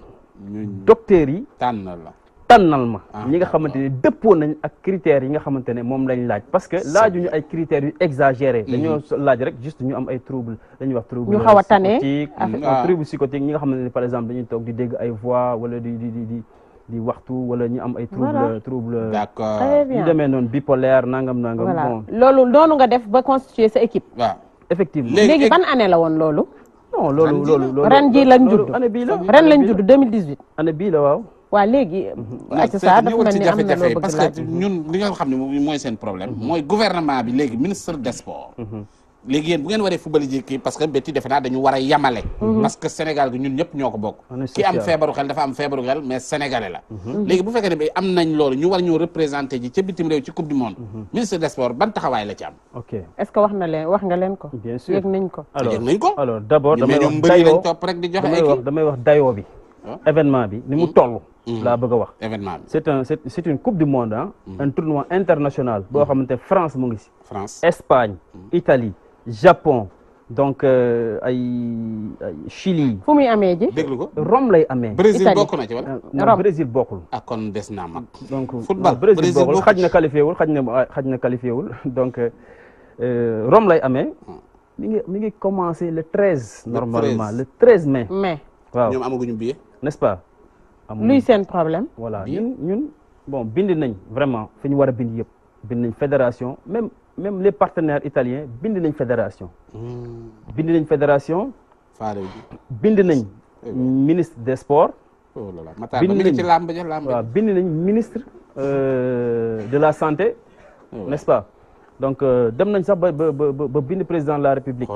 [SPEAKER 4] docteurs yi tànnal la. tànnal ma ah, ñi nga xamante ne dëppoo nañ ak critères yi nga xamante ne moom lañ laaj parce que ñu ay critères yu exagéré mm-hmm. dañoo laaj rek juste ñu am ay trouble dañuy wax trouble psychotique ah. trouble psychotique ñi nga xamante ne par exemple dañu toog di dégg ay voix wala di di waxtu wala ñu am ay. trouble trouble bipolaire nangam nangam. voilà
[SPEAKER 2] loolu noonu nga def ba constituer sa équipe. waaw ban année la woon loolu. non loolu loolu loolu ren jii lañ judd la ren lañ judd 2018. année bii la waaw. waaw léegi. Mhm. ayca saa dafa mel ni am na parce que ñun
[SPEAKER 1] li nga xam ne mooy mhm. gouvernement bi léegi ministre des léegi yéen bu ngeen waree fubali ji kii parce que bétti defe naa dañu war yamale mhm. parce que Sénégal gi ñun ñëpp ñoo ko bokk ki am feebaru xel dafa am feebaru xel mais sénégalais la mhm. léegi bu fekkee ne bi am nañ loolu ñu war ñoo représenté ji ca bitim réew ci coupe du monde mhm. ministre des ban taxawaay la ci am
[SPEAKER 6] ok
[SPEAKER 2] est que wax na leen wax nga leen ko bien sûr yëg nañ damay
[SPEAKER 1] wax mbëri bi
[SPEAKER 6] ah.
[SPEAKER 4] événement bi ni mu hmm. toll hmm. laa bëgg wax événement bi c'est un c'est une coupe du monde ah un xamante France mu ngi Japon donc euh, ay Chili.
[SPEAKER 2] fu muy amee ji. déglu ko Rome
[SPEAKER 4] lay amee. Brésil bokk na
[SPEAKER 1] ci euh, bokkul. ah kon des naa mag.
[SPEAKER 4] donc Brésil bokkul xaj na qualifié wul xaj na euh, xaj na qualifié wul <laughs> donc Rome lay amee. Hmm. mi ngi mi ngi commencé le treize. normalement le treize mai. mai waaw ñoom amaguñu billet. n'est-ce pas. amuñu luy seen problème. voilà ñun bind nañ vraiment fi ñu war a bind yëpp bind nañ fédération même. même les partenaires italien bind nañ fédération. bind nañ fédération. faale nañ. Eh ministre des sports.
[SPEAKER 6] oh là là Matar
[SPEAKER 4] bind nañ ministre euh, de la santé. Eh n'est-ce pas donc euh, dem nañ sax ba bind président de la république.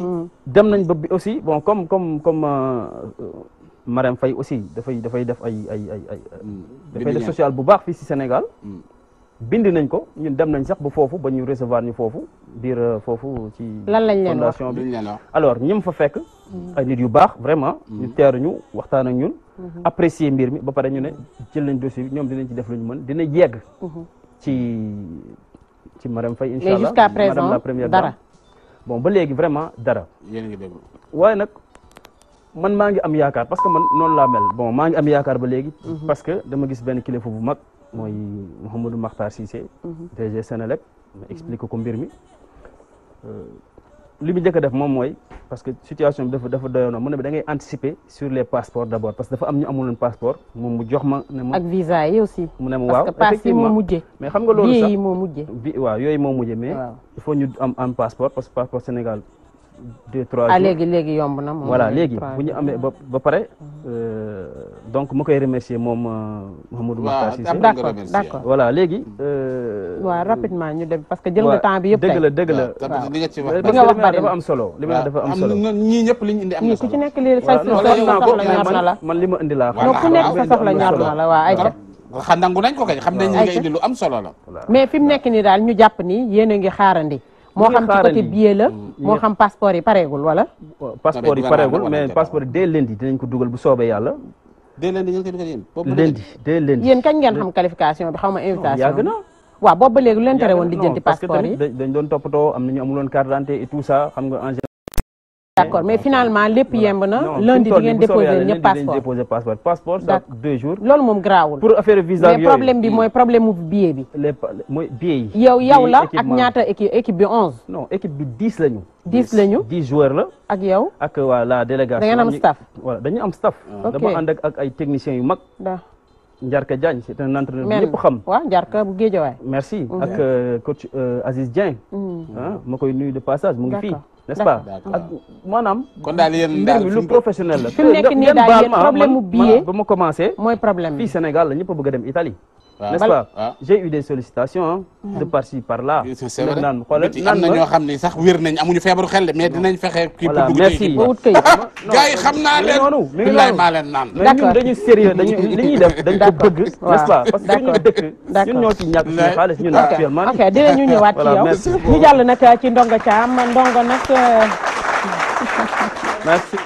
[SPEAKER 4] Mm. dem nañ ba bi aussi bon comme comme comme. Euh, Marème Faye aussi dafay dafay def ay ay ay ay. Mm. def social bu baax fii si Sénégal. Mm. bind nañ ko ñun dem nañ sax ba foofu ba ñu recevoir ñu foofu biir euh, foofu ci lan lañ leen wax fondation bi alors ñim fa fekk
[SPEAKER 6] mm-hmm. ay
[SPEAKER 4] nit yu baax vraiment mm-hmm. ñu teeru ñu waxtaan ak ñun mm-hmm. apprécier mbir mi ba pare ñu ne jël nañ dossier bi ñoom dinañ ci def lu man mën dina yegg ci ci Marème Faye incha allah mais jusqu'à présent la première dara bon ba léegi vraiment dara yéen ngi déglu waaye nag man maa ngi am yaakaar parce que man noon laa mel bon maa ngi am yaakaar ba léegi parce que dama gis benn kilifa bu mag mooy Mouhamadou Makhtar Cissé. Mhm. DG Sénélec. ma mhm. expliqué ko mbir mi. Euh, li mu njëkk a def moom mooy parce que situation bi dafa dafa doyoon mu ne da ngay anticiper sur les passeports d' abord parce que dafa am ñu amuloon passeport moom mu jox ma. ne ma ak
[SPEAKER 2] visa yi aussi. mu ne ma waaw mais xam nga loolu
[SPEAKER 4] moo mujjee. bi waaw yooyu moo mujjee mais. il faut ñu am am passeport parce que passeport Sénégal deux trois ah, jours léegi
[SPEAKER 2] léegi yomb na moom voilà léegi bu ñu amee ba
[SPEAKER 4] ba pare mm. euh, donc mu koy remercier moom euh, Mouhamadou Makhtar Cissé d'accord d'accord voilà léegi mm.
[SPEAKER 2] euh, waaw rapidement ñu dem parce que jël nga temps bi yëpp dëgg la dëgg la li nga
[SPEAKER 4] wax am solo li ma dafa am solo
[SPEAKER 2] ñii ñëpp li ñu indi am na ku ci nekk sa soxla la
[SPEAKER 1] man li ma indi laa na la waaw ay xam nangu nañ ko kay xam nañ am
[SPEAKER 2] solo la ñu jàpp ni yéen ngi xaarandi moo xam ci côté billet la mm, moo xam passeport yi pareegul wala
[SPEAKER 4] passeport yi pareegul mais passeport yi dès lundi dinañ ko dugal bu soobee yàlla dès lundi ngeen koy dugal yéen lundi dès lundi kañ ngeen xam
[SPEAKER 2] qualification bi xaw ma invitation yàgg na waaw lu leen tere woon di jënti passeport yi
[SPEAKER 4] dañ doon toppatoo am nañu amuloon carte d'identité et tout xam nga
[SPEAKER 2] d'accord mais finalement lépp yemb na. lundi di ngeen déposé ñëpp passeport
[SPEAKER 4] passeport passeport deux jours.
[SPEAKER 2] loolu moom garaawul pour affaire visa yooyu mais problème bi mooy problème mu billet
[SPEAKER 4] bi. les mooy la ak ñaata
[SPEAKER 2] équipe équipe bi onze. non
[SPEAKER 4] équipe bi dix lañu. dix lañu la. ak yow ak waa la délégation. da ngeen am staff dañu am staff. dama ànd ak ay techniciens yu mag. Ndiarka se c'est un entraîneur ñëpp xam.
[SPEAKER 2] waaw Ndiarka bu Guédiawaye.
[SPEAKER 4] merci ak euh, coach euh, Aziz Dieng.
[SPEAKER 2] Mm. Ah,
[SPEAKER 4] ma koy nuyu de passage mu ngi fi n'est-ce pas ak
[SPEAKER 2] maanaam. kon daal
[SPEAKER 4] yéen mbir mi lu professionnel la. fi mu
[SPEAKER 6] nekk nii daal yéen
[SPEAKER 4] problème mu billet ba ma commencé. mooy problème bi Sénégal la ñëpp a bëgg a dem Italie. n'est-ce pas j'ai eu des
[SPEAKER 1] sollicitations
[SPEAKER 6] mm-hmm. de
[SPEAKER 4] par-ci
[SPEAKER 1] par-là nag
[SPEAKER 6] naan xoolal am na ñoo
[SPEAKER 1] xam ne sax wér nañ amuñu feebaru xel mais dinañ fexe kii pour dugg ci wut kay gars yi xam naa leen noonu mi ngi maa leen naan
[SPEAKER 4] mais ñun dañu sérieux dañu li ñuy def dañ ko bëgg n'est-ce pas parce que ñun dëkk ñun ñoo ci ñàkk suñu xaalis ñun actuellement ok
[SPEAKER 2] dinañu ñëwaat ci yow ñu jàll nag ci ndongo Thiam ndongo nag euh,
[SPEAKER 1] merci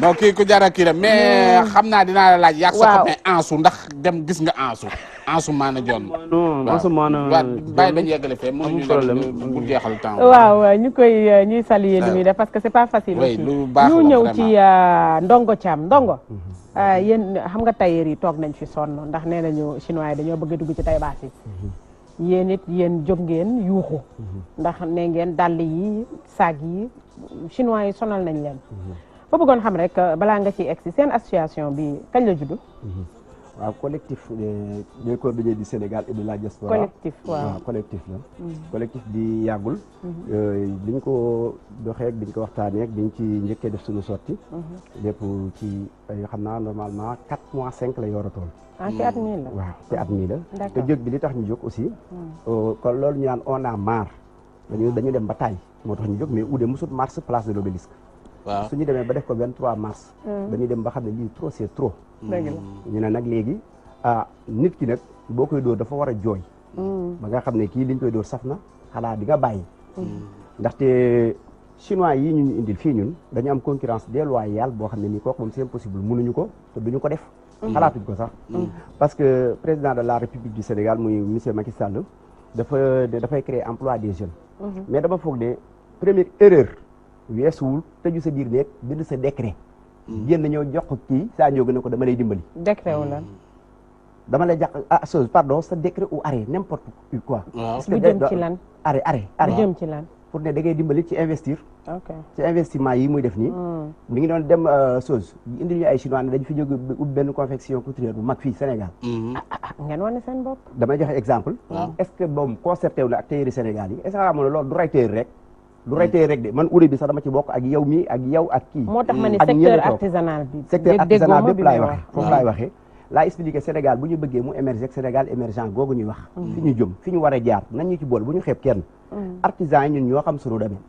[SPEAKER 1] non jar a la mais hmm. xam naa dinaa la laaj. yàgg sa copain ndax dem gis nga Ansu. Ansu maana John. non Ansu maana. waaw bàyyi dañu yeggale fee. amul
[SPEAKER 2] ñu koy euh, ñuy sal li muy def parce que c'est pas facile. aussi ñu ñëw ci euh, Ndongo Thiam Ndongo. Mhm. Euh, yéen xam nga tailleur yi toog nañ fi sonn ndax nee nañu chinois yi dañoo bëgg a dugg ci tay baas yi. Mhm. yéen it yéen ngeen yuuxu. Mhm. ndax ne ngeen dàll yi saag yi chinois yi sonal nañ leen. ma bëggoon xam rek euh, balaa nga ci egg si seen association bi kañ la juddu.
[SPEAKER 5] Mhm. waaw collectif euh, ñooy coordonné du Sénégal et de la diaspora collectif waaw collectif la mhm. collectif bi yàggul mhm. euh, biñ ko doxeek biñ ko waxtaaneek ak biñ ci njëkkee def suñu sorti lépp ci ay xam naa normalement quatre mois cinq la yoratoon ah ci at mii la waaw ci at mii la te jóg bi li tax ñu jóg aussi kon loolu ñu naan on a marre dañu dañu dem ba moo tax ñu jóg mais ude mosut mars place de l'obélisque waaw su ñu demee ba def ko 23 mars. Hmm. dañuy dem ba xam ne lii trop c'est trop. Hmm. ñu ne nag léegi ah nit ki nag boo koy dóor dafa war a jooy. Hmm. ba nga xam ne kii liñ koy dóor saf na xanaa di nga bàyyi. ndaxte chinois yi ñu ñu indil fii ñun dañu am concurrence déloyale boo xam ne nii kooku moom c'est impossible mënuñu ko te duñu ko def. xalaatuñ ko sax. parce que président de la république du Sénégal muy monsieur Macky Sall dafa dafay créer emploi des jeunes. mais dama foog weesuwul tëju sa biir nekk bind sa décret. génn hmm. ñëw jox ko kii saa ñoo gën ko dama lay dimbali.
[SPEAKER 2] décret wu hmm.
[SPEAKER 5] dama lay jàq ah chose pardon sa décret ou arrêt n'importe quoi. est-ce que bu jëm pour ne da ngay dimbali ci investir. ok ci investissement yi muy def nii. Hmm. mi ngi doon dem chose euh, indi ay chinois ne dañu fi jóg ubbi benn confection couturière bu mag fii Sénégal. Ah, ah, ah, ngeen wane seen bopp. damay joxe exemple. est que moom concerté wu na ak tailleur Sénégal yi est-ce que xam loolu du rey tailleur rek. du raytee rek de man urée bi sax dama ci bokk ak yow mi ak yow ak kii moo tax ma ne secteur
[SPEAKER 2] artisanal bi secteur artisanal bépp laay waxe foofu laay
[SPEAKER 5] waxee laa expliqué Sénégal bu ñu bëggee mu émerger Sénégal émergent googu ñu wax mhm. fi ñu jëm fi ñu war a jaar nañ ñu ci bool bu ñu xeeb kenn mhm. artisan yi ñun ñoo xam sunu demee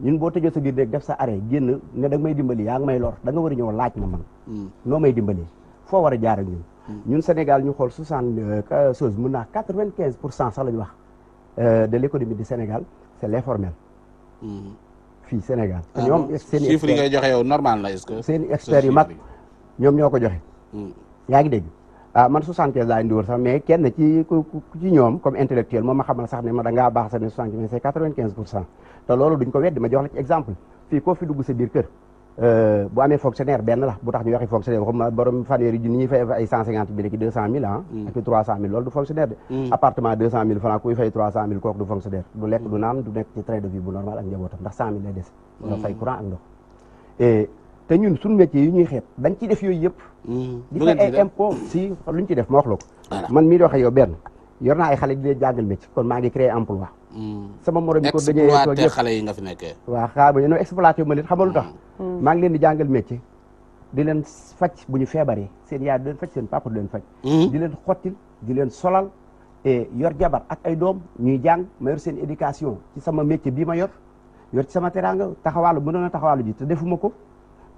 [SPEAKER 5] ñun boo tëjoo sa biir rek def sa arrêt génn ne da nga may dimbali yaa ngi may lor da nga a ñëw laaj ma man mhm. noo may dimbali foo war a jaar ak ñun ñun Sénégal ñu xool soixante euh, chose mun naa quatre vingt quinze pour cent sax la ñu wax euh, de l' économie du Sénégal c' fii Sénégal te ah, ñoom seen i chiffre joxe
[SPEAKER 1] yow normal la est seen i yu mag
[SPEAKER 5] ñoom ñoo ko joxe hmm. yaa ngi dégg ah man 75 laa indi woon sax mais kenn ci ku ci ñoom comme intellectuel moom ma xamal sax ne ma da baax sax ne 75 c'est 95 pour cent te loolu duñ ko weddi ma jox la ci exemple fii koo fi dugg sa biir kër Euh, bu amee fonctionnaire benn la bu tax ñu waxi fonctionnaire xam na borom fanweer yi ni fay cent cinquante mille ki deux cent mille ah mm. trois cent mille loolu du fonctionnaire de mm. appartement du lekk du naan du nekk ci train de vie bu normal ak njabootam ndax cent mille lay des mm. nga fay courant ak ndox te ñun suñu métier yi ñuy xeet dañ ciy def yooyu yëpp di fay ay impôt si luñ ci def ma wax man mii di wax yow benn naa ay xale di leen jàngal métier kon maa créer emploi Mm. sama morom yi ko dañuy exploité xale yi nga fi nekkee waa xaar ba ñu noonu exploité yu ma leen xamalu tax mm. Mm. maa ngi leen di jàngal métier di leen faj bu ñu feebaree seen yaay di leen faj seen papa di leen faj di leen xottil di leen solal e yor jabar ak ay doom ñuy jàng ma seen éducation ci sama métier bii ma yor yor ci sama teraanga taxawaalu mënoon a taxawaalu ji te defuma ko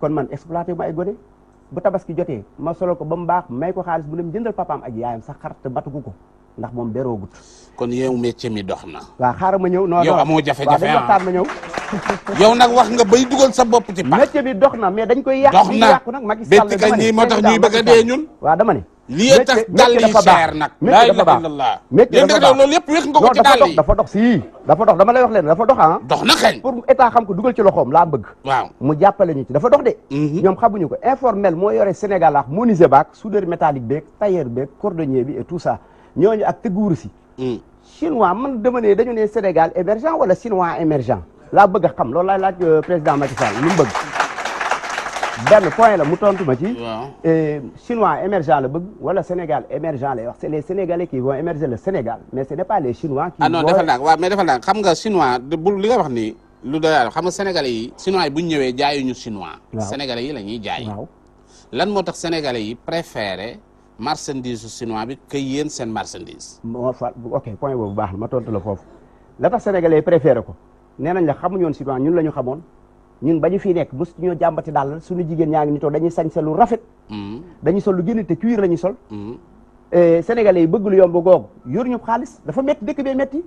[SPEAKER 5] kon man exploité ma ay gone bu tabaski jotee ma solo ko ba mu baax may ko xaalis bu dem jëndal papaam ak yaayam sax xar te batugu ko ndax moom beroo gut
[SPEAKER 1] kon yow métier mi dox na.
[SPEAKER 5] waaw xaaral ma ñëw non yow amoo jafe-jafe waaw ah. waxtaan ma <laughs> yow nag wax nga bay dugal bopp ci. pàcc na mais dañ koy. yàq dox na bétti moo tax ñuy bëgg a dee ñun. waaw dama ne. li tax dàll yi nag. métier dafa baax dafa dox si. dafa dox dama lay wax leen dafa dox ah. dox na xëy. pour xam ko dugal ci loxoom laa bëgg. waaw mu jàppale ñu ci dafa dox de. Mhm. ñoom xamuñu ko informel moo yore Sénégal ak menuisier baak soudeur métallique beeg tailleur beeg cordonnier bi et tout ça ñooñu ak tëgguuru si hmm. chinois man dama ne dañu ne Sénégal émergent wala chinois émergent laa bëgg a xam loolu laay laaj euh, président Macky Sall lu mu bëgg benn point la mu tontu ma ci euh, chinois émergent la bëgg wala Sénégal émergent lay wax c'est les Sénégalais qui vont émerger le Sénégal mais ce n'est pas les chinois qui ah
[SPEAKER 1] xam nga chinois bu li nga xam nga Sénégalais yi chinois yi bu ñu ñëwee jaayuñu chinois Sénégalais yi la ñuy jaay lan moo tax Sénégalais yi préféré marchandise su chinois bi que yéen seen marchandise.
[SPEAKER 5] moo fa ok point boobu baax na ma tontu la foofu la tax sénégalais yi préféré ko nee nañ la xamuñu woon chinois ñun la ñu xamoon ñun ba ñu fi nekk mos ñoo jàmbati daal suñu jigéen ñaa ngi ni toog dañuy sañ sa lu rafet. Hmm. dañuy sol lu gën te la ñuy sol. Hmm. Eh, sénégalais yi bëgg lu yomb googu yor ñu xaalis dafa métti dëkk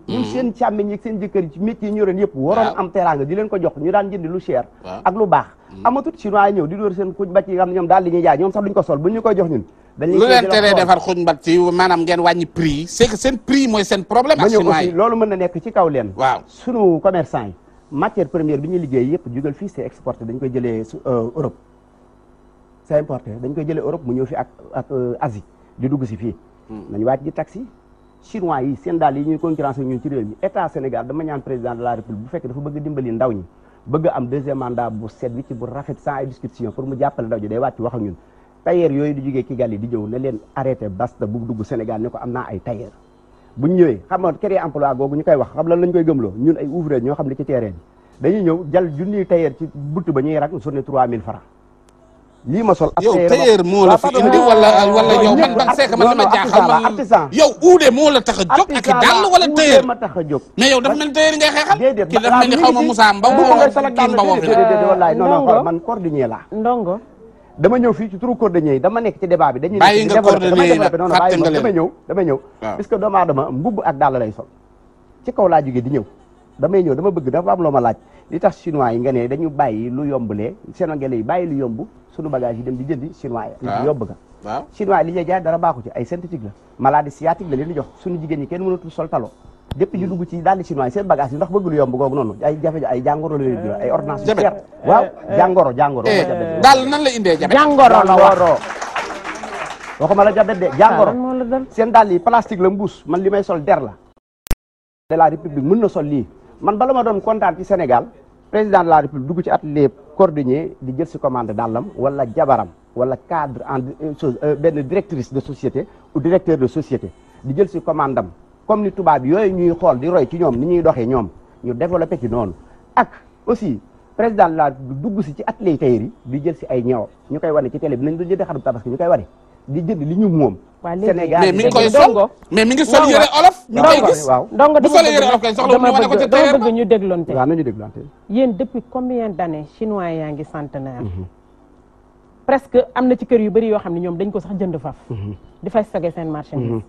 [SPEAKER 5] hmm. seen jëkkër yi ci yëpp waroon am teraanga di ko jox ñu daan jënd lu cher ak baax amatut chinois daal li jaay ñoom sax duñ ko sol bu ñu koy jox ñun lu leen teree
[SPEAKER 1] ngeen wàññi prix yi c'est que mooy seen problème ak chinois yi
[SPEAKER 5] loolu mën na nekk ci kaw leen waaw sunu commerçant yi matière première bi ñuy liggéey yëpp jugal fii c'est exporté dañ koy jëlee euh, Europe c'est importé dañ koy jëlee Europe mu ñëw fi ak ak euh, di dugg si fii hmm. nañ wàcc ji taxi chinois yi seen daal yi ñuy concurrence ñun ci réew mi état Sénégal dama ñaan président de la république bu fekkee dafa bëgg dimbali ndaw ñi bëgg am deuxième mandat bu set wi bu rafet sans ay discussion pour mu jàppale ndaw ji day wàcc wax ak ñun tailleur yooyu di jógee Kigali di jëw ne leen arrêté basta bu dugg Sénégal ne ko am naa ay tailleur bu ñu ñëwee xam nga créer emploi googu ñu koy wax xam lan lañ koy gëmloo ñun ay ouvrier ñoo xam ne ci terrain bi dañuy ñëw jal junniy tailleur ci butt ba ñuy rak journée 3000 lii ma sol ab yow la fi indi wala wala yow yow uude moo la tax a jóg ak
[SPEAKER 1] dàll wala tailleur ma tax jog jóg mais yow daf mel ni tailleur ngay xeexal déedéet ki daf mel ni xaw ma Moussa Mbaw wala Kiin Mbaw wallaay non non man
[SPEAKER 5] cordonnier laa dama ñëw fii ci turu cordonnier yi dama nekk ci débat bi a bàyyi nga cordonnier yi nag fàtte nga leen dama ñëw ak dàll lay sol ci kaw laa jógee di ñëw damay ñëw dama bëgg dafa am loo ma laaj li tax chinois yi nga ne dañu bàyyi lu yombalee sénégalais yi bàyyi lu yomb suñu bagage yi dem di jëndi chinois yi lu yomb ga waaw li ñuy jaay dara baaxu ci ay synthétique la maladie sciatique la leen di jox suñu jigéen ñi kenn mënatul sol talo depuis ñu dugg ci daaldi chinois yi seen bagage yi ndax bëgg lu yomb googu noonu ay jafe ay jàngoro la leen jural ay ordonnance yu cher waaw jàngoro jàngoro eh, daal nan la indee jafe jàngoro la wax waxuma la jabet de jàngoro seen daal yi plastique la mbuus man li may sol der la de la république mën na sol lii man bala ma doon kontaan ci Sénégal président de la république dugg ci at atelier cordonnier di jël si commande dàllam wala jabaram wala cadre en euh, euh, benn directrice de société ou directeur de société di jël si commande am comme ni tubaab yooyu ñuy xool di roy ci ñoom ni ñuy doxee ñoom ñu développé ci noonu ak aussi président la dugg si ci atelier tailleur yi di jël si ay ñaw ñu koy wane ci télé bi nañ doon jënd xarum tabaski koy wane di jënd li ñu moom
[SPEAKER 2] Sénégal mais mi ngi koy sol mais mi ngi sol yëre olof ñu koy gis waaw ndongo bu solee yëre ñu
[SPEAKER 5] déglonte waaw nañu déglonte
[SPEAKER 2] yéen depuis combien d'années chinois yaa ngi centenaire mhm. presque am na ci kër yu bëri yoo xam ne ñoom dañ ko sax jënd faf mhm. di fay sage seen marchandise mhm.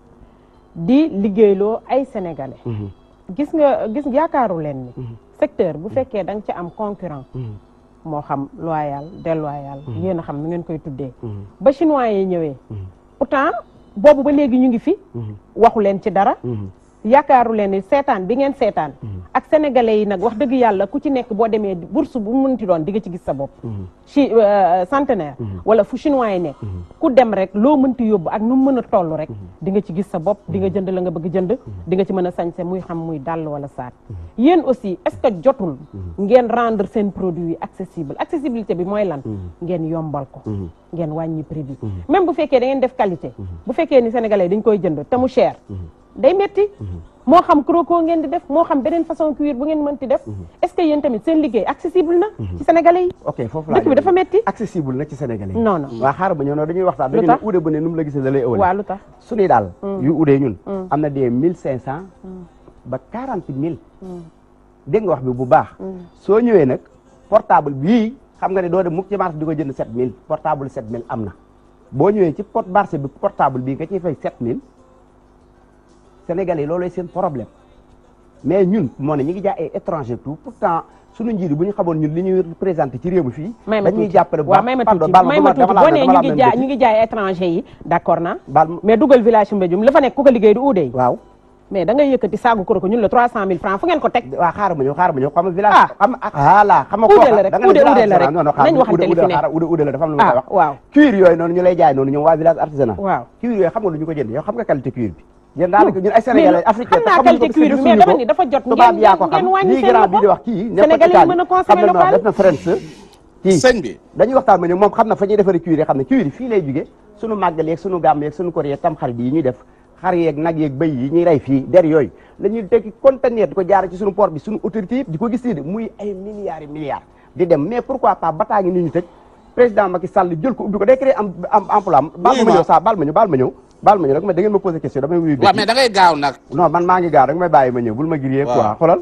[SPEAKER 2] di liggéeyloo ay sénégalais. Mhm. gis nga gis yaakaaru leen ni. Mhm. secteur bu mhm. fekkee da nga ci am concurrent. moo xam loyal déloyal. yéen a xam nu ngeen koy tuddee. ba chinois yi ñëwee. temps boobu ba léegi ñu ngi fi. waxu leen ci dara. yaakaaru leen ni seetaan bi ngeen seetaan. sénégalais yi nag wax dëgg yàlla ku ci nekk boo demee bourse bu mu munti doon di nga ci gis sa bopp. Mhm. ci euh, centenaire. Mhm. wala fu chinois yi nekk. Mhm. ku dem rek loo mënti yóbbu ak nu mu mën a toll rek. di nga ci gis sa bopp di jënd la nga bëgg jënd. di nga ci mën a sañse muy xam muy dàll wala saat. yéen aussi est-ce que jotul. ngeen rendre seen produit yi accessible accessibilité bi mooy lan. ngeen yombal ko. ngeen wàññi prix bi. même bu fekkee da ngeen def qualité. bu fekkee ni sénégalais dañ koy jënd te mu moo xam croco ngeen di def moo xam beneen façon cuir bu ngeen mënti def mhm. est-ce que yéen tamit seen liggéey accessible na mhm. ci sénégalais yi
[SPEAKER 5] ok foofu laa dëkk bi dafa metti accessible na ci sénégalais yi non non waaw xaaral ba ñëw noonu dañuy waxtaan dañu daal
[SPEAKER 6] mm. yu uudee ñun mm. am
[SPEAKER 5] na des mille cinq cent mm. ba quarante mille dégg nga wax bi bu baax soo ñëwee nag portable bii xam nga ne doo dem mukk ci marché di ko jën sept mille portable sept mille am na boo ñëwee ci porte marché bi portable bii nga ciy mille sénégalais loolooy seen problème mais ñun moo ne ñu ngi jaay ay étranger tout pourtant suñu njiit bu ñu xamoon ñun li ñuy représenté ci réew mi fii. may ma tuuti waaw may ma tuuti may ma tuuti boo nee ñu ngi jaay ñu
[SPEAKER 2] ngi jaay étranger yi d'accord naa. baal mais dugal village Mbédioum la fa nekk ku ko liggéey du uude. waaw mais da ngay yëkkati saagu koro ko ñun la 300000 francs fu ngeen ko teg. waaw xaaral ma ñëw xaaral ma ñëw xam nga village. ah xam ah, voilà xam nga koo
[SPEAKER 5] xam da nga ne village artisanal non non xam nga uude uude xaaral uude uude la dafa am lu ma koy ah, wax. waaw cuir yooyu noonu ñu lay jaay noonu ñoom waa village artisanal. waaw cuir yooyu xam nga lu ñu ko jënd yow xam nga qualité cuir bi yéen daanaka ñun ay sénégalais africains xam naa qualité cuir mais dama ni dafa jot tubaab yaa ko xam lii grand bi di wax kii sénégalais mën a consommer local def na French kii sëñ bi dañuy waxtaan ma ne moom xam na fa ñuy defaree cuir yi xam ne cuir yi fii lay jóge suñu màggal yeeg suñu gàmm yeeg suñu kor yeeg tam xarit yi ñuy def xar yeeg nag yeeg bëy yi ñuy rey fii der yooyu la ñuy tekki conteneur di ko jaare ci suñu port bi suñu autorité yëpp di ko gis nii de muy ay milliards yi milliards di dem mais pourquoi pas bataa ngi ni ñu tëj président Macky Sall jël ko ubbi ko day créé am am emploi baal ma ñëw saa baal ma ñëw baal ma ñëw baal ma ñu rek mais da ngeen ma posé ñëw bul ma grillé. waaw quoi xoolal.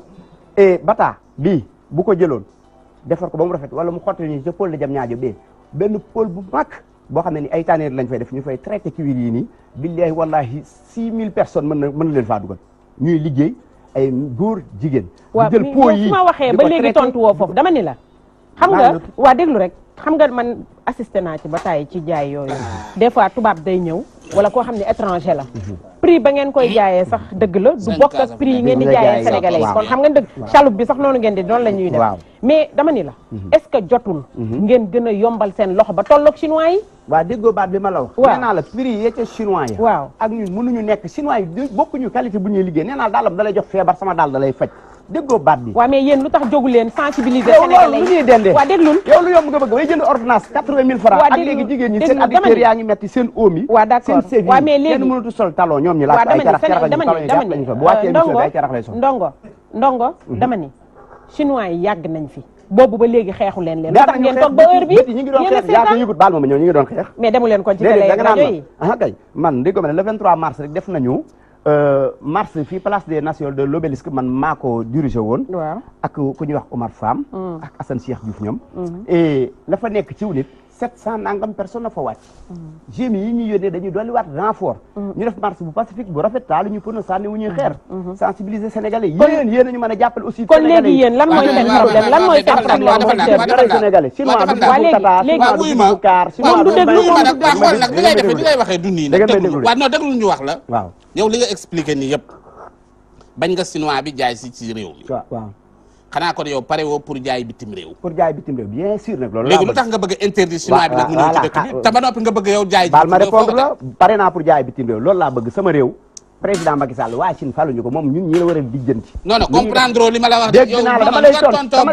[SPEAKER 5] et bata bii bu ko jëloon defar ko ba mu rafet wala mu xotti ñu ca pôle de Diamniadio bee benn pôle boo xam ne ni ay tànneer lañ fay ñu fay traité cuir yi nii billahi wallahi 6000 personnes mën na mën na leen faa dugal ñuy liggéey ay góor jigéen. di jël po yi di ko traité waaw fu ma ba léegi tontu
[SPEAKER 2] woo foofu dama ni la. xam nga waa déglu rek xam nga assisté naa ci ba tàyyi ci jaay yooyu des tubaab day ñëw wala koo xam ne étranger la prix ba ngeen koy jaayee sax dëgg la du bokk ak ngeen di jaayee sénégalais dëgg la ñuy def mais dama ni la mhm.
[SPEAKER 5] est-ce que jotul mhm. ngeen gën a yombal seen loxo ba tolloog chinois yi waaw déggoo baat bi ma la nee naa la prix yi chinois waaw ak ñun mënuñu nekk chinois yi bokkuñu qualité bu ñuy liggéey nee naa daalam da lay jox feebar sama daal da faj déggoo baat quatre-vingt mille francs ak jigéen ñi seen habitude yaa metti seen oom yi waaw seen waaw sol talon ñoom ñu laaj ay sol bu wàccee émission bi ay carax mhm.
[SPEAKER 2] nañ fi boobu ba léegi xeexu leen leen tax ngeen toog ba heure bi ñi ngi doon xeex yaa ko yëgut
[SPEAKER 5] baal ma ma ñëw ñi ngi doon xeex mais demu leen ko ci télé ah, man dégg ma ne le mars rek def nañu euh, mars fii place des nations de l'obélisque man maa ko dirigé woon ak ku ñuy wax Omar Fam mm. ak Assane Cheikh Diouf ñoom mm-hmm. et la fa nekk sept cent nangam personne na fa wàcc GMI yi ñuy yónnee dañuy dolli waat renfort ñu def marche bu pacifique bu rafet taalu ñu pono sànni wu ñuy xeer sensibiliser sénégalais yéen yéen a ñu mën a jàppale aussi kon léegi yéen lan bu tata bu kaar chinois moom du déglu
[SPEAKER 1] xool ñu wax la waaw yow li expliqué nii yëpp bañ nga chinois bi jaay si ci réew xanaa kon yow pare woo pour jaay bitim réew
[SPEAKER 5] jaay bitim réew bien sûr nag loolu léegi lu tax nga bëgg interdit chinois bi nag mu ñëw ci dëkk bi ah, nga bëgg yow jaay baal ma répondre la pare naa pour jaay bitim réew loolu laa bëgg sama réew président Macky Sall waa Chine faluñu ko moom ñun ñi la war a dijjanti. non non comprendre li ma la wax. dégg naa ma la mooy sa gan de. non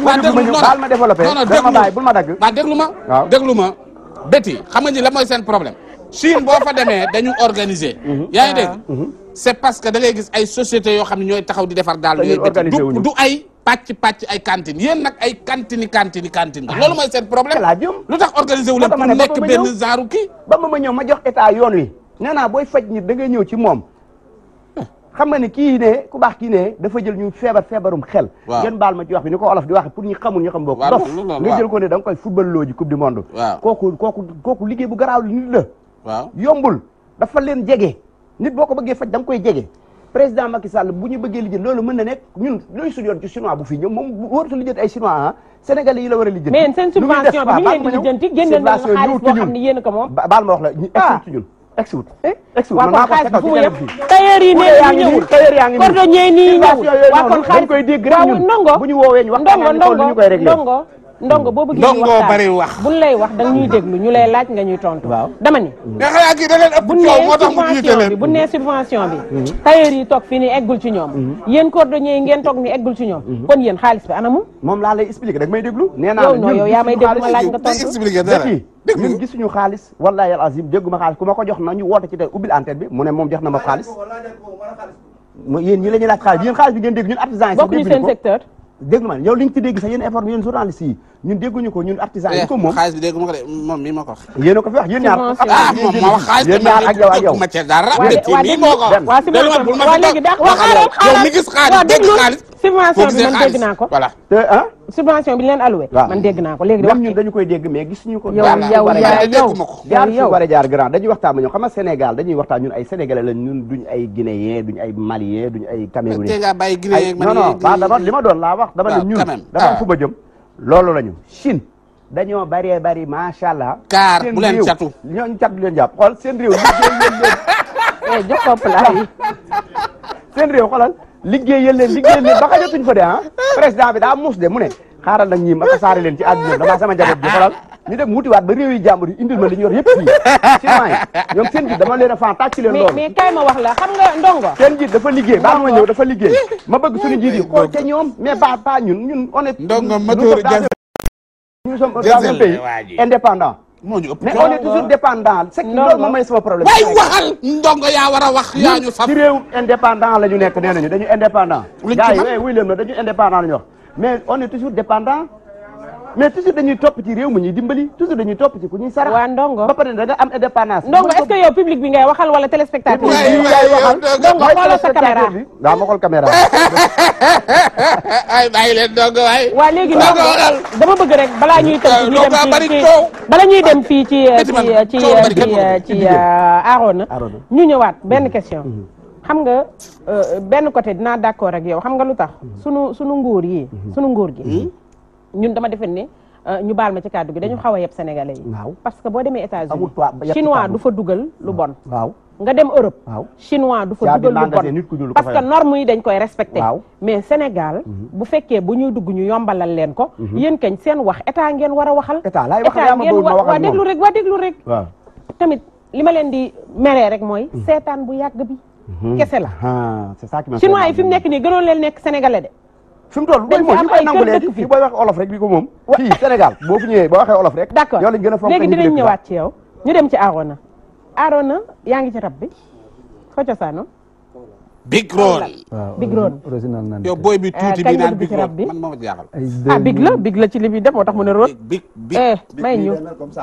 [SPEAKER 5] ma
[SPEAKER 1] déglu. saa ma déglu ma ñëw la mooy seen problème Chine boo fa demee dañu organiser. Mhm. yaa ngi dégg. Ah, mhm. parce que da ngay gis ay société yoo xam ne ñooy taxaw di defar daal. yooyu du ay. pàcc pàcc ay cantine yéen nag ay cantine cantine ah. cantine loolu mooy seen problème lu tax organisé wu leen pour nekk benn
[SPEAKER 5] genre kii ba ma ma ñëw ma jox état yoon wi nee naa booy faj nit da ngay ñëw ci moom xam nga ni kii ne ku baax kii ne dafa jël ñu feebar feebarum xel ngeen baal ma ci wax ni ko olof di wax pour ñu xamul ñu xam bokk dof nga jël ko waaw yombul dafa leen jege nit boo ko bëggee faj da nga koy jege président Macky sal bu ñu bëggee lijjën loolu mën na nekk ñun looy suñu yoon ci bu fi ñëw moom wóoratu lijjën ay chinois ah sénégalais yi la war a lijjën mais seen subvention bi ñu leen di lijjanti génne na xaalis boo xam ne yéen ko moom baal ma wax la ñu ah. wut egsi eh? wut man yaa ngi waa kon xaalis dañ koy dégg rek ñun bu ñu woowee ñu wax ndongo ndongo ñu koy réglé
[SPEAKER 2] ndongo boo bëggee ndongo bari wax buñ lay wax danga ñu laaj nga ñuy tontu. waaw dama ni. nga xëy ak da leen ëpp coow moo tax mu jiite leen bu nee subvention bi mm-hmm. Mm-hmm. Mm-hmm. xaalis bi moom
[SPEAKER 5] la yow yaa may déglu laaj nga tontu dëgg ñun xaalis wallahi al azim dégguma xaalis ku ma ko jox na ñu woote ci tey ubbil antenne bi mu ne moom jox na ma xaalis. yéen ñi la laaj xaalis yéen xaalis bi ngeen dégg ñun artisan yi. bokkuñu seen secteur déglu ma yow li nga ci dégg sax yéen informe yéen journaliste yi ñun dégguñu ko ñun artisan yi eh, ko moom xaalis bi
[SPEAKER 1] déggu ma ko de moom mii ma ko wax yéen a ko fi wax yéen ñaar ah moom ma wax xaalis ma ak yow ma ci dara mii moo ko wax déglu ma bul ma ci
[SPEAKER 5] xaalis dégg xaalis subvention bi man dégg naa ko voilà te ah?
[SPEAKER 2] subvention bi ñu leen alloué.
[SPEAKER 5] man dégg naa ko léegi. wax ñun dañu koy dégg mais gis
[SPEAKER 2] ñu ko. yow yow yow jaar su war
[SPEAKER 5] a jaar grand dañuy waxtaan ma ñoom xam nga Sénégal dañuy waxtaan ñun ay sénégalais lañ ñun duñ ay guinéen duñ ay malien duñ ay camerounais. ay non non li ma doon laa wax. dama ne ñun dama ah. fu ba jëm. loolu lañu Chine. dañoo bëree bëri macha allah. kaar bu leen catu ñooñu catu leen jàpp xool seen réew. <laughs> Eh, jox ko plat yi <laughs> seen réew xoolal liggéeyal leen liggéeyal leen ba xajatuñ fa de ah président bi daa muus de mu ne xaaral nag ma tasaare leen ci àdduna damaa sama njaboot bi xoolal ñu dem wutiwaat ba réew yi indil ma li ñu yor yëpp fii chinois yi ñoom seen jiit leen a fan tàcc leen loolu mais
[SPEAKER 2] kay ma wax la xam nga ndongo
[SPEAKER 5] seen jiit dafa liggéey baa ma ñëw dafa liggéey <laughs> ma bëgg suñu jiit yi xool ca ñoom mais ba ba ñun ñun on est ndongo matoor nous sommes un indépendant moo ñu ëpp mais on est toujours dépendant. non non loolu moom mooy sama problème. waay waxal ndongo yaa war a wax. yaa ñu saf ci indépendant la ñu nekk nee nañu dañu indépendant. lu ci xam gars yi eh, wuy dañu indépendant la ñu wax mais on toujours dépendant. mais toujours dañuy topp ci réew mu ñuy dimbali toujours dañuy topp ci ku ñuy sarax waa ndongo ba pare da nga am indépendance ndongo
[SPEAKER 2] est que yow public bi ngay waxal wala téléspectateur
[SPEAKER 5] bi ngay
[SPEAKER 2] waxal ndongo xoolal
[SPEAKER 5] <laughs> leen ndongo waay waa léegi dama bëgg rek balaa ñuy tënk ñu dem
[SPEAKER 2] bala ñuy dem fii ci ci ci ci euh, Arona ñu ñëwaat benn mhm. question mhm. xam nga euh, benn côté dinaa d'accord ak yow xam nga lu tax mhm. sunu sunu nguur yi sunu nguur gi ñun dama defe ni euh, ñu baal ma ci kàddu bi dañu xaw a yeb sénégalais yi. parce que boo demee États-Unis chinois du fa dugal lu bon. waaw nga dem Europe. waaw chinois du fa dugal lu bon parce que normes yi dañ koy respecté. mais Sénégal. Mhm. bu fekkee bu ñuy dugg ñu yombalal leen ko. Mhm. yéen kañ seen wax état ngeen war a waxal. état laay wax ngeen waa déglu rek waa déglu rek. tamit li ma leen di meree rek mooy. Mhm. seetaan bu yàgg bi. kese la. Ah, c'est
[SPEAKER 5] ça qui chinois yi fi mu nekk
[SPEAKER 2] nii gënoon leen nekk sénégalais de fi mu toll booy mo ñu koy nangu léegi fi
[SPEAKER 5] booy wax olof rek bi ko moom fii Sénégal boo fi ñëwee boo waxee olof rek d'accord yow lañ gën a ni léegi dinañ ñëwaat ci
[SPEAKER 2] ñu dem ci Arona Arona yaa ngi ci rab bi foo cosaanoo big road big road
[SPEAKER 1] yow booy bi eh, tuuti bi naan big road ah, big la ci li dem def moo tax mu ne big big eh, may ñu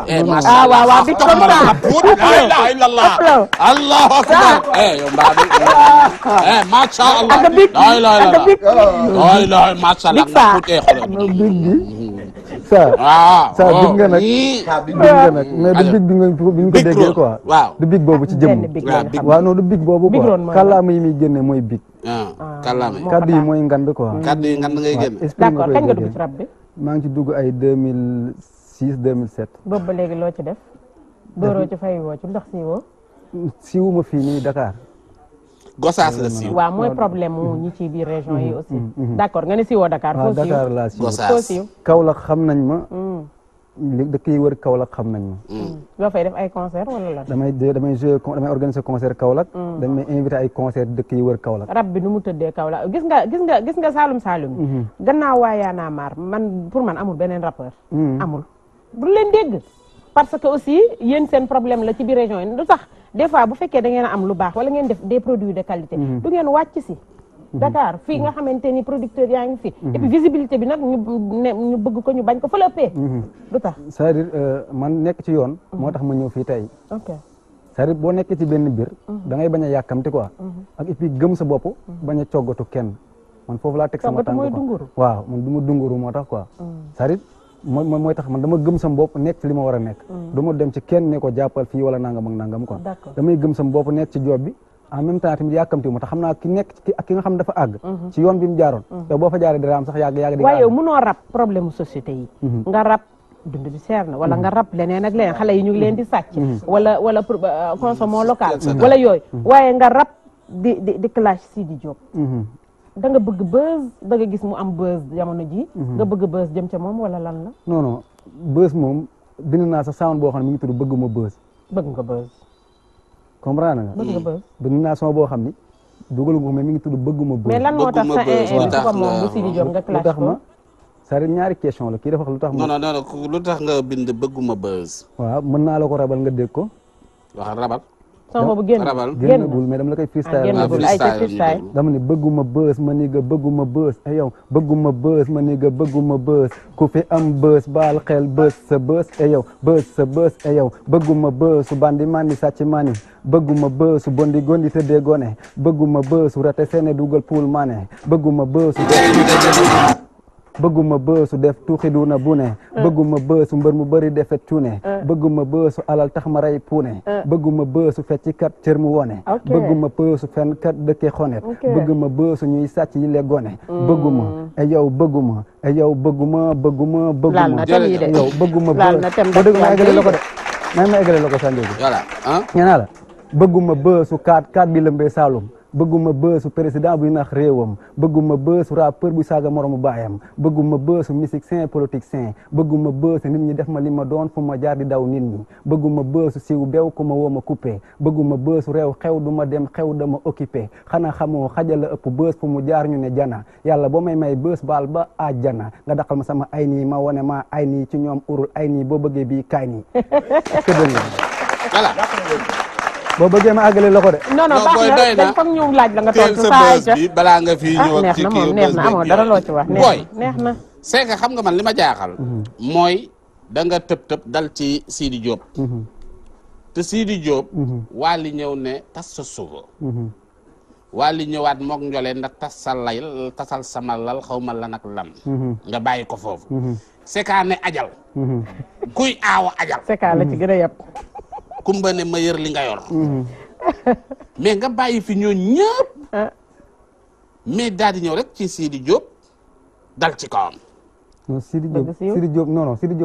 [SPEAKER 1] eh, ah waaw waaw big comme ça la ilaha illallah <laughs> allahu akbar
[SPEAKER 6] ah. eh yow mbaa bi eh macha ah, allah la ilaha illallah la ilaha macha allah big
[SPEAKER 7] waaw saa big nga nag saa big du big bi nga bi ñu ko déggee quoi waaw du big boobu ci jëmm waaw non du big boobu quoi kàllaama yi muy génne mooy big
[SPEAKER 2] ah. Ah, kàllaama yi kaddu yi mooy
[SPEAKER 7] ngand quoi hmm. kaddu yi ngand ngay génne d'accord kañ nga dugg ci rab bi ay 2006 2007
[SPEAKER 2] boobu ba léegi loo ci def dooroo ci fay woo ci ndax siiwoo
[SPEAKER 7] siiwuma fii nii Dakar Gosaas la siiw waaw mooy problème
[SPEAKER 2] mu ñi ci région yi mm-hmm. aussi. Mm-hmm. Mm-hmm. d' accord nga ne siiwoo Dakar. foo siiw
[SPEAKER 7] Dakar xam nañ ma. Mm. dëkk yi wër Kaolack xam nañ ma. loo mm.
[SPEAKER 2] mm. fay def ay concert wala la. damay
[SPEAKER 7] damay joué damay organiser concert Kaolack. dañ may invité ay concert dëkk yi wër Kaolack.
[SPEAKER 2] rab bi nu mu dee Kaolack gis nga gis nga gis nga Saalum Saalum. gannaaw waa Yaana Maar man pour man amul beneen rappeur. amul bu leen parce que aussi yéen seen problème la ci biir région yi lu tax des fois bu fekkee da a am lu baax wala ngeen def des produits de qualité mhm. du ngeen wàcc si mhm. Dakar fii nga mhm. xamante ni producteur yaa ngi fi. et puis visibilité bi nag ñu ñu bëgg ko ñu bañ ko fële pee. lu tax
[SPEAKER 7] cest euh, man nekk ci yoon. moo tax ma ñëw fii tey. ok cest à boo nekkee ci benn biir. da ngay bañ a yàkkamti quoi. ak gëm sa bopp. bañ a coggatu kenn man foofu laa teg sama tànk quoi coggatu mooy dunguru. waaw man du ma moo tax quoi. cest mooy mooy tax ma dama gëm sam bopp nekk fi li ma a nekk. Mm. du ma dem ci kenn ne ko jàppal fii wala nangam ak nangam quoi. damay gëm sam bopp nekk ci job bi. en mu te xam dafa àgg. Mm-hmm. ci yoon bi mu jaaroon. yow mm-hmm. boo fa jaaree dara am sax yàgg yàgg. di waaye yow
[SPEAKER 2] mënoo rab problème mu société yi. Mm-hmm. nga rab dund bi seer na wala nga rab leneen leneen xale yi ñu ngi leen di sàcc. wala wala euh, consommation locale. wala yooyu waaye nga rab di di di clash si di job danga bëgg buzz danga gis mu am buzz jamono ji mhm. nga bëgg buzz jëm ca moom wala lan la
[SPEAKER 7] non non buzz moom bind naa sax sound boo xam ne mi ngi tudd bëgguma buzz bëgg nga buzz comprendre nga bëgg nga buzz bind boo xam ni dugal nga mais mi ngi tudd bëgguma buzz mais lan moo tax sa bi su ma cest ñaari question la kii dafa lu tax non non
[SPEAKER 1] non lu tax nga bind bëgguma buzz
[SPEAKER 7] waaw mën naa la ko rabal nga dégg ko
[SPEAKER 1] a rabal sama boobu génn génnagul
[SPEAKER 7] mais dama la koy ah, freestyle dama ne bëgguma bës ma ni nga bëgguma bës e yow ma ni nga bëgguma bës ku am bës baal xel bës sa bës e yow bës sa bës e yow bëgguma su bandi mandi sàcc mani bëgguma bës su bondi gondi tëddee gone bëgguma bës su rate seene dugal poul mané bëgguma bës su bëgguma bësu def tuuxiduna bu ne eh. bëgguma bësu mbër mu bëri defet cuune eh. bëgguma bësu alal tax ma rey puune eh. bëgguma bësu feccikat cër mu wone bëgguma bësu fenkat dëkke xonet bëgguma bësu ñuy sàcc yi le gone hmm. bëgguma e yow bëgguma e yow bëgguma bëgguma bëgguma e yow bëgguma bë dëgg ma eggale la ko de ma ma eggale la ko sàndeegi voilà ñanaa la bëgguma bësu kaat kaat bi lëmbee Saalum bëgguma bësu président buy nax réewam bëgguma bësu rappeur buy saaga moromu baayam bëgguma bësu musique saint politique saint bëgguma bësu nit ñi def ma li ma doon fu ma jaar di daw nit ñi bëgguma bësu siw bew ku ma woo ma coupé bëgguma bësu réew xew du ma dem xew dama occupé xanaa xamoo xajal la ëpp bës fu mu jaar ñu ne jana yàlla boo may may bës baal ba àjjana nga daqal ma sama ay nii ma wone ma ay nii ci ñoom urul ay nii boo bëggee bii kaay nii boo bëggee ma àggale loxo de. non non baax na
[SPEAKER 2] dañ laaj la nga tontu saa
[SPEAKER 7] ca
[SPEAKER 1] nga fi ah, ñëw ak neex na dara loo ci wax neex xam nga man li ma jaaxal mhm. mooy da nga tëb tëb dal ci siidi Diop mhm. te Sidi Diop mhm. waa li ñëw ne tas sa waa li ñëwaat mook njolee ndax tas sa layl tasal sama lal xaw ma lan ak lan nga bàyyi ko foofu c'est que ne ajal kuy aawa ajal c'est la ci gën a yàpp kumba ne ma yër li nga yor mhm. <laughs> mais nga bàyyi fi ñoo ñëpp ah. mais daal di ñëw rek ci Sidi Diop dal ci kawam
[SPEAKER 7] non Sidi Diop Sidi Diop non non Sidi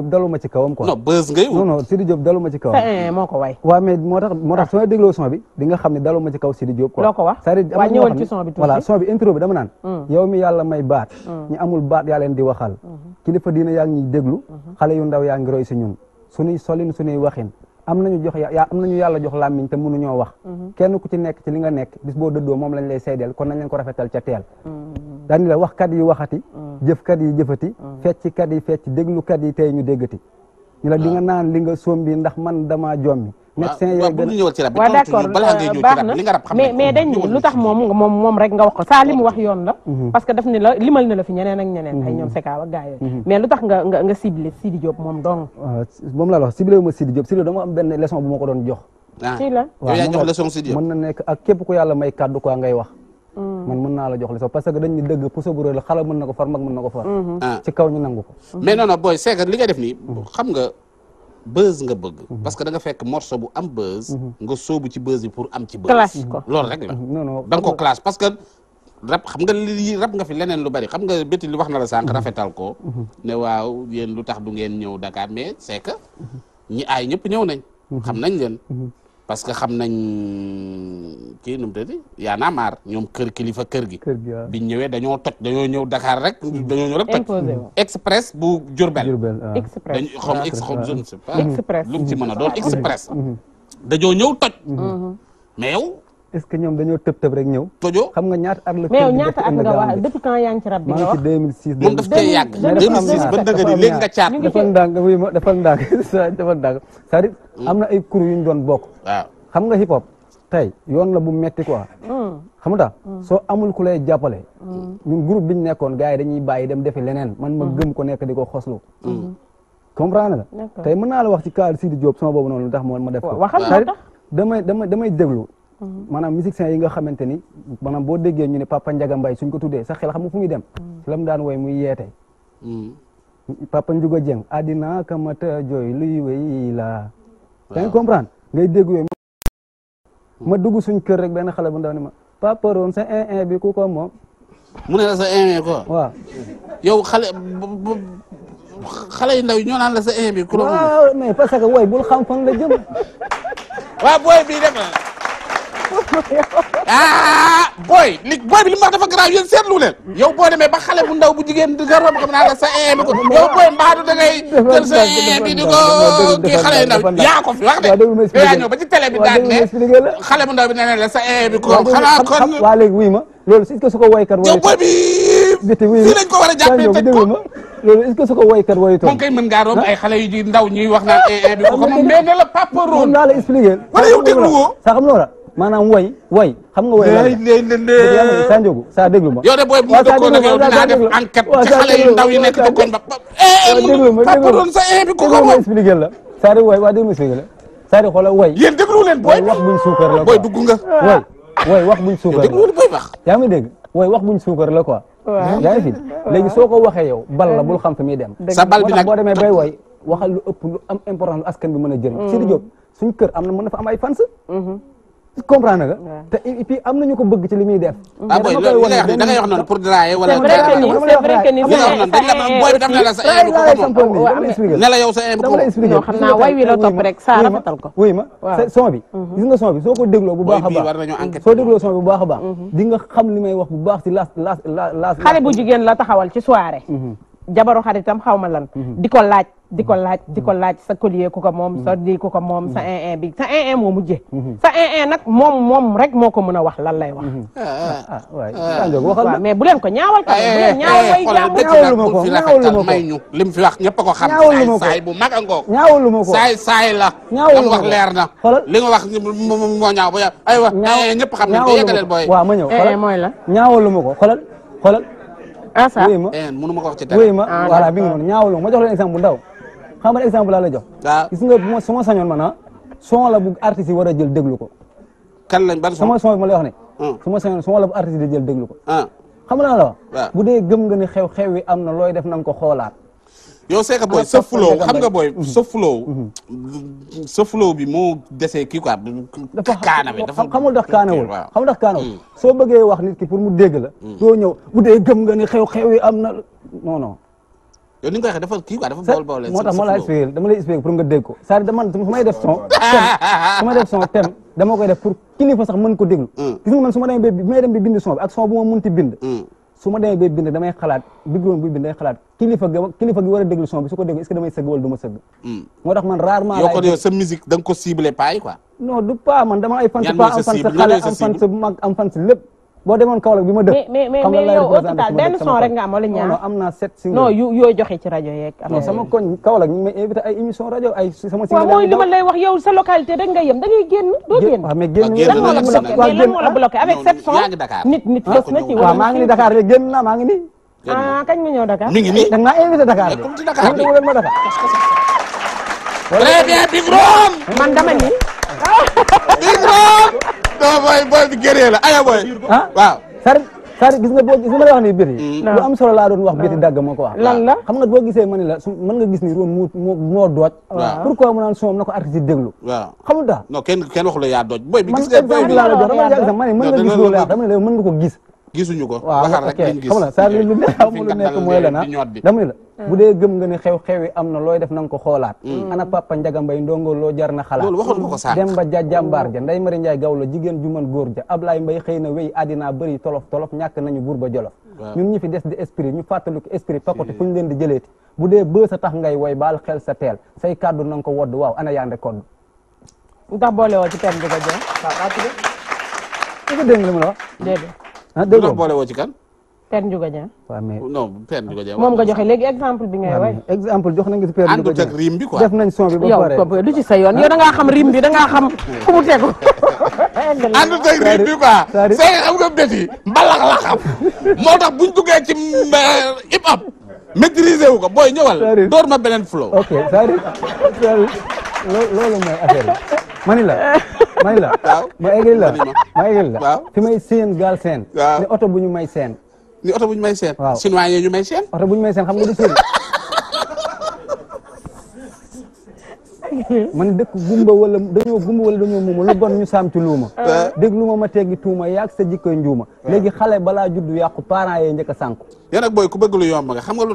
[SPEAKER 7] ci kawam quoi. non bës ngay wut non non Sidi Diop daluma ci kawam. Eh, eh, ko waay. waaw moo tax moo tax ah. su ma dégloo son bi di nga xam ne daluma ci kaw Sidi Diop quoi. loo ko wax waaye ñëwal ci son bi tuuti voilà son bi intro bi dama naan. Mm. yow mi yàlla may baat. Mm. ñi amul baat yaa leen di waxal. Mm-hmm. kilifa diina yaa ngi ñuy mm-hmm. xale yu ndaw yaa ngi roy si ñun suñuy solin suñuy waxin. am nañu jox ya am nañu yàlla jox làmmiñ te mënuñoo wax mhm. kenn ku ci nekk ci li nga nekk bis boo dëddoo moom lañ lay seedeel kon nañ leen ko rafetal ca teel mhm. dañ la wax kat yi waxati mhm. kat yi jëfati fecckat yi fecc déglukat yi tey ñu déggati ñu la di nga ah. naan li nga sombi ndax man dama jombi médecin yeeg euh,
[SPEAKER 2] dañ lu tax moom moom rek nga wax ko saa wax yoon la mhm. parce que daf ni la limal na la fi ñeneen ay mhm. ñoom sekaaw ak gaay yooyu mhm. mais lu tax nga nga nga ciblé moom dong
[SPEAKER 7] ah, moom la wax ciblé wu ma Sidi Diop ah. la waaw yaa jox ku yàlla may kàddu quoi ngay wax mm. man mën naa la jox leçon parce que dañ ni dëgg puso bu rëy la xala mën na ko far mag mën na ko far mm-hmm. ah. ci kaw ñu nangu ko
[SPEAKER 1] mm-hmm. mais non booy c'est que def ni mm. xam nga buzz nga bëgg. Mhm. parce que da nga fekk morceau bu am buzz. Mhm. nga sóobu ci buzz bi pour am ci buzz. clash ko loolu rek la. Mhm. non ko clash parce que rap xam nga li rap nga fi leneen lu bari xam nga bétti li wax na la sànq rafetal ko. ne waaw yéen lu tax du ngeen ñëw Dakar mais c'est que ñi aay ñëpp ñëw nañ. xam nañ leen. parce que xam nañ kii nu mu tëddee maar ñoom kër kilifa kër gi. kër gi biñ ñëwee dañoo toj dañoo ñëw Dakar rek. Mm-hmm. dañoo ñëw rek toj express bu Diourbel. Diourbel waaw
[SPEAKER 7] express
[SPEAKER 6] dañu xaw ma ex express ci mën a doon mm-hmm. express.
[SPEAKER 1] Mm-hmm. dañoo ñëw
[SPEAKER 7] toj. mais est-ce que ñoom dañoo tëb tëb rek ñëw. tojo xam nga ñaata at la. mais yow ñaata at nga wax depuis am na ay kur yu ñu doon bokk. xam nga hip hop tey yoon la bu metti quoi. Mm. xam nga mm. soo amul ku lay jàppale. Mm. ñun groupe bi ñu nekkoon gaa yi dañuy bàyyi dem defi leneen man ma gëm ko nekk di ko xoslu. Mm-hmm. comprendre nga. tey mën naa la wax ci kaar Sidi Diop sama boobu noonu tax ma def ko. waxal damay damay damay déglu Mm-hmm. maanaam musiciens yi nga xamante ni maanaam boo déggee ñu ne Papa Ndiaga Mbaye suñ ko tuddee sa xel xam nga fu muy dem si mm-hmm. mu daan woy muy yeete
[SPEAKER 6] mm-hmm.
[SPEAKER 7] Papa Ndiouga Dieng addina kamata jooy luy wéy la da nga comprendre ngay dégg yooyu ma dugg suñ kër rek benn xale bu ndaw ni ma papa roon sa un un bi ku ko
[SPEAKER 1] moom mu ne la sa un un quoi bi ku la mais parce que wooy bul xam fan la jëm
[SPEAKER 5] <laughs> waaw booy bii rek ah booy nit booy bi li
[SPEAKER 1] mu wax dafa garaaw yéen seetlu leen yow boo demee ba xale bu ndaw bu jigéen di nga romb xam sa ee ko yow booy mbaadu da ngay jël sa ee bi di ko kii xale ko bi daan ne xale bu ndaw bi nee sa ee ko xanaa kon waa léegi wuy ma loolu
[SPEAKER 7] ko woykat woy yow bi fii lañ a jàppee tëj ko loolu est-ce que su ko woykat woy kay
[SPEAKER 1] mën ngaa romb ay xale yu ndaw ñuy wax naan ah, ee bi ko ko moom mais ne
[SPEAKER 7] la papa roon moom laa la expliqué wala yow sa xam loola maanaam way way xam nga way la saa njóogu saa déglu ma yow de
[SPEAKER 1] booy bu ma dëkkoon ak yow dinaa def enquête ci xale yu ndaw yi nekk dëkkoon ba déglu ma eh, papa doon sa eh bi ko ko
[SPEAKER 7] moom expliqué la saa di way waa déglu expliqué la saa di xoolal way yéen déglu leen booy wax buñ suukar la booy dugg nga way way wax buñ suukar la déglu booy wax yaa ngi dégg way wax buñ suukar la quoi yaa ngi fi léegi soo ko waxee yow bal la bul xam fi muy dem sa bal bi nag boo demee bay way waxal lu ëpp lu am important lu askan bi mën a jëriñ mm. Sidi Diop suñ kër am na mën na fa am ay fans mm-hmm. comprendre nga. te et puis am nañu ko bëgg ci li muy def. ah booy loolu
[SPEAKER 1] li nga wax noonu pour drailler wala. c'est vrai que ni booy bi daf na sa aine ku
[SPEAKER 6] ko ne
[SPEAKER 2] la sa aine ku
[SPEAKER 6] bi.
[SPEAKER 2] gis nga
[SPEAKER 7] son soo ko dégloo bu baax a baax soo dégloo son bi bu baax a baax. Mm-hmm. di nga xam li may wax bu
[SPEAKER 2] baax ci laas laas laas. xale bu jigéen la taxawal ci soirée. Mm-hmm. jabaru xaritam xaw ma lan mhm. di ko laaj di ko mhm. laaj di ko mhm. laaj sa collier ku ko moom sa di ko moom bi sa un un moo mujjee sa un nag moom moom rek moo ko mën a wax lan lay wax mais bu leen ko ñaawal ka bu leen eh, eh,
[SPEAKER 1] ñaawal eh, ko ñaawaluma ko may ñu lim fi wax ñëpp a ko xam saay bu mag a ngoog ñaawaluma ko saay la ñaawaluma ko wax leer na xoolal li nga wax moo ñëpp xam nañ ko ma ñëw xoolal mooy
[SPEAKER 6] la
[SPEAKER 7] ñaawaluma ko xoolal xoolal ah ça ma
[SPEAKER 1] eh, mënu ma ko wax ma bi ah,
[SPEAKER 7] nga noonu ñaawlu ma jox leen exemple bu ndaw xam nga exemple laa la jox. waaw ah. gis nga bu ma su ma sañoon maanaam ah, la bu artiste war a jël déglu ko.
[SPEAKER 1] kan lañ ban sama
[SPEAKER 7] son ma lay wax ne. Hmm. su ma sañoon son la bu artiste yi di jël déglu ko. xam nga la wa bu dee gëm nga xew-xew wi am na looy def na ko xoolaat.
[SPEAKER 1] yow Secka booy ah, sa flow xam nga booy sa mm-hmm. flow. Mm-hmm. sa flow bi moo dese kii quoi. dafa kaana bi dafa
[SPEAKER 7] xamul ndax kaanawul xamul ndax kaanawul mm. soo bëggee wax nit ki pour mu dégg la. Mm. doo ñëw bu dee gëm nga ni xew-xew yi am na non non.
[SPEAKER 1] yow ni nga ko waxee dafa kii quoi dafa
[SPEAKER 6] bool bool moo tax ma la
[SPEAKER 7] expliqué dama lay expliqué pour ko c'est-à-dire <laughs> may def son thème su may def def pour kilifa sax mën ko déglu. Mm. gis man su ma demee ba bi may dem bi bind son bi ak son bu ma mënti bind. su ma demee bay bind damay xalaat bigroon buy bind day xalaat kilifa gi kilifa gi war a déglu son bi su ko déglu est-ce que damay sëgg wala du ma sëgg hmm. moo tax man rarement yow kon yow
[SPEAKER 1] sa musique da nga ko ciblé paay quoi
[SPEAKER 7] non du pas man dama ay fans pas am am fans mag am lépp boo demoon Kaolack bi ma dëkk. mais mais mais yow au total benn son rek nga am wala ñaar non am naa
[SPEAKER 2] sept singles. non yu yoo joxe ci rajo yeeg. non sama
[SPEAKER 7] koñ Kaolack ñu may invité ay émission rajo ay sama. single waaw mooy li ma
[SPEAKER 2] lay wax yow sa localité rek nga da ngay génn doo
[SPEAKER 7] génn. waaw mais génn ah, lan moo la
[SPEAKER 2] la ah,
[SPEAKER 7] na maa ngi ni Dakar de génn naa maa ngi ni.
[SPEAKER 2] ah kañ ngi nii Dakar
[SPEAKER 7] ma Dakar. très man dama ni.
[SPEAKER 6] non booy booy
[SPEAKER 1] bi gëree la aya booy. ah waaw.
[SPEAKER 7] sar gis nga boo gis li wax nii biir hmm. lu am solo laa doon wax biir dagg moo ko wax. lan la xam nga boo gisee ma ne la nga gis ni roon moo moo moo dooj. waaw mu naan son na ko artiste déglu. waaw xamul tax.
[SPEAKER 1] non kenn kenn waxu yaa dooj. booy gis nga booy bi man mën nga gis loolu yàq
[SPEAKER 7] dama nga ko gis. gisuñu
[SPEAKER 1] ko. waxal rek liñ gis xam na saa lu nekk xam lu nekk mooy la hmm.
[SPEAKER 7] bu dee gëm nga ni xew-xew yi am na looy def na ko xoolaat. Hmm. ana papa Ndiaga Mbaye ndongo loo jar na xalaat. loolu waxoon nga ko sànq Demba Ja jàmbaar ja Ndeye Mari Ndiaye Gawlo jigéen ju mën góor ja Ablaye Mbaye xëy na wéy àddina bëri tolof tolof ñàkk nañu buur ba jolof. ñun ñi fi des di esprit ñu fàttaliku esprit pakoti fu ñu leen di jëleeti. bu dee bës a tax ngay woy baal xel sa teel say kaddu na nga ko wodd waaw ana yaande kodd. ndax boolewoo
[SPEAKER 1] ci thème bi ko jox waaw ah dégg nga boole woo ci kan. Père Ndiouga Dieng. waaw mais
[SPEAKER 7] def nañ son bi yow du ci
[SPEAKER 2] xam rim bi xam ku mu tegu. <laughs> àndut ak rim mbalax la
[SPEAKER 8] moo tax buñ duggee ci euh, hip hop maîtriser booy ñëwal. door ma beneen flow. ok c'est-à-dire loolu
[SPEAKER 6] loolu mooy affaire bi
[SPEAKER 8] mani la
[SPEAKER 7] mani la. waaw ma eggal la ma eggal la. waaw fi may seen gaal seen. waaw ni oto bu ñu
[SPEAKER 1] may seen. ni oto bu ñu may seen. waaw chinois yi ñu may seen. oto bu may seen xam nga du seen. man dëkk gumba wala dañoo gumba wala dañoo
[SPEAKER 7] muuma lu bon ñu saam ci luuma <laughs> ah. déglu ma ma teggi tuuma yaag sa jikko njuuma ah. léegi xale balaa
[SPEAKER 1] juddu yàqu parents yee njëkk a sànku nga xam nga lu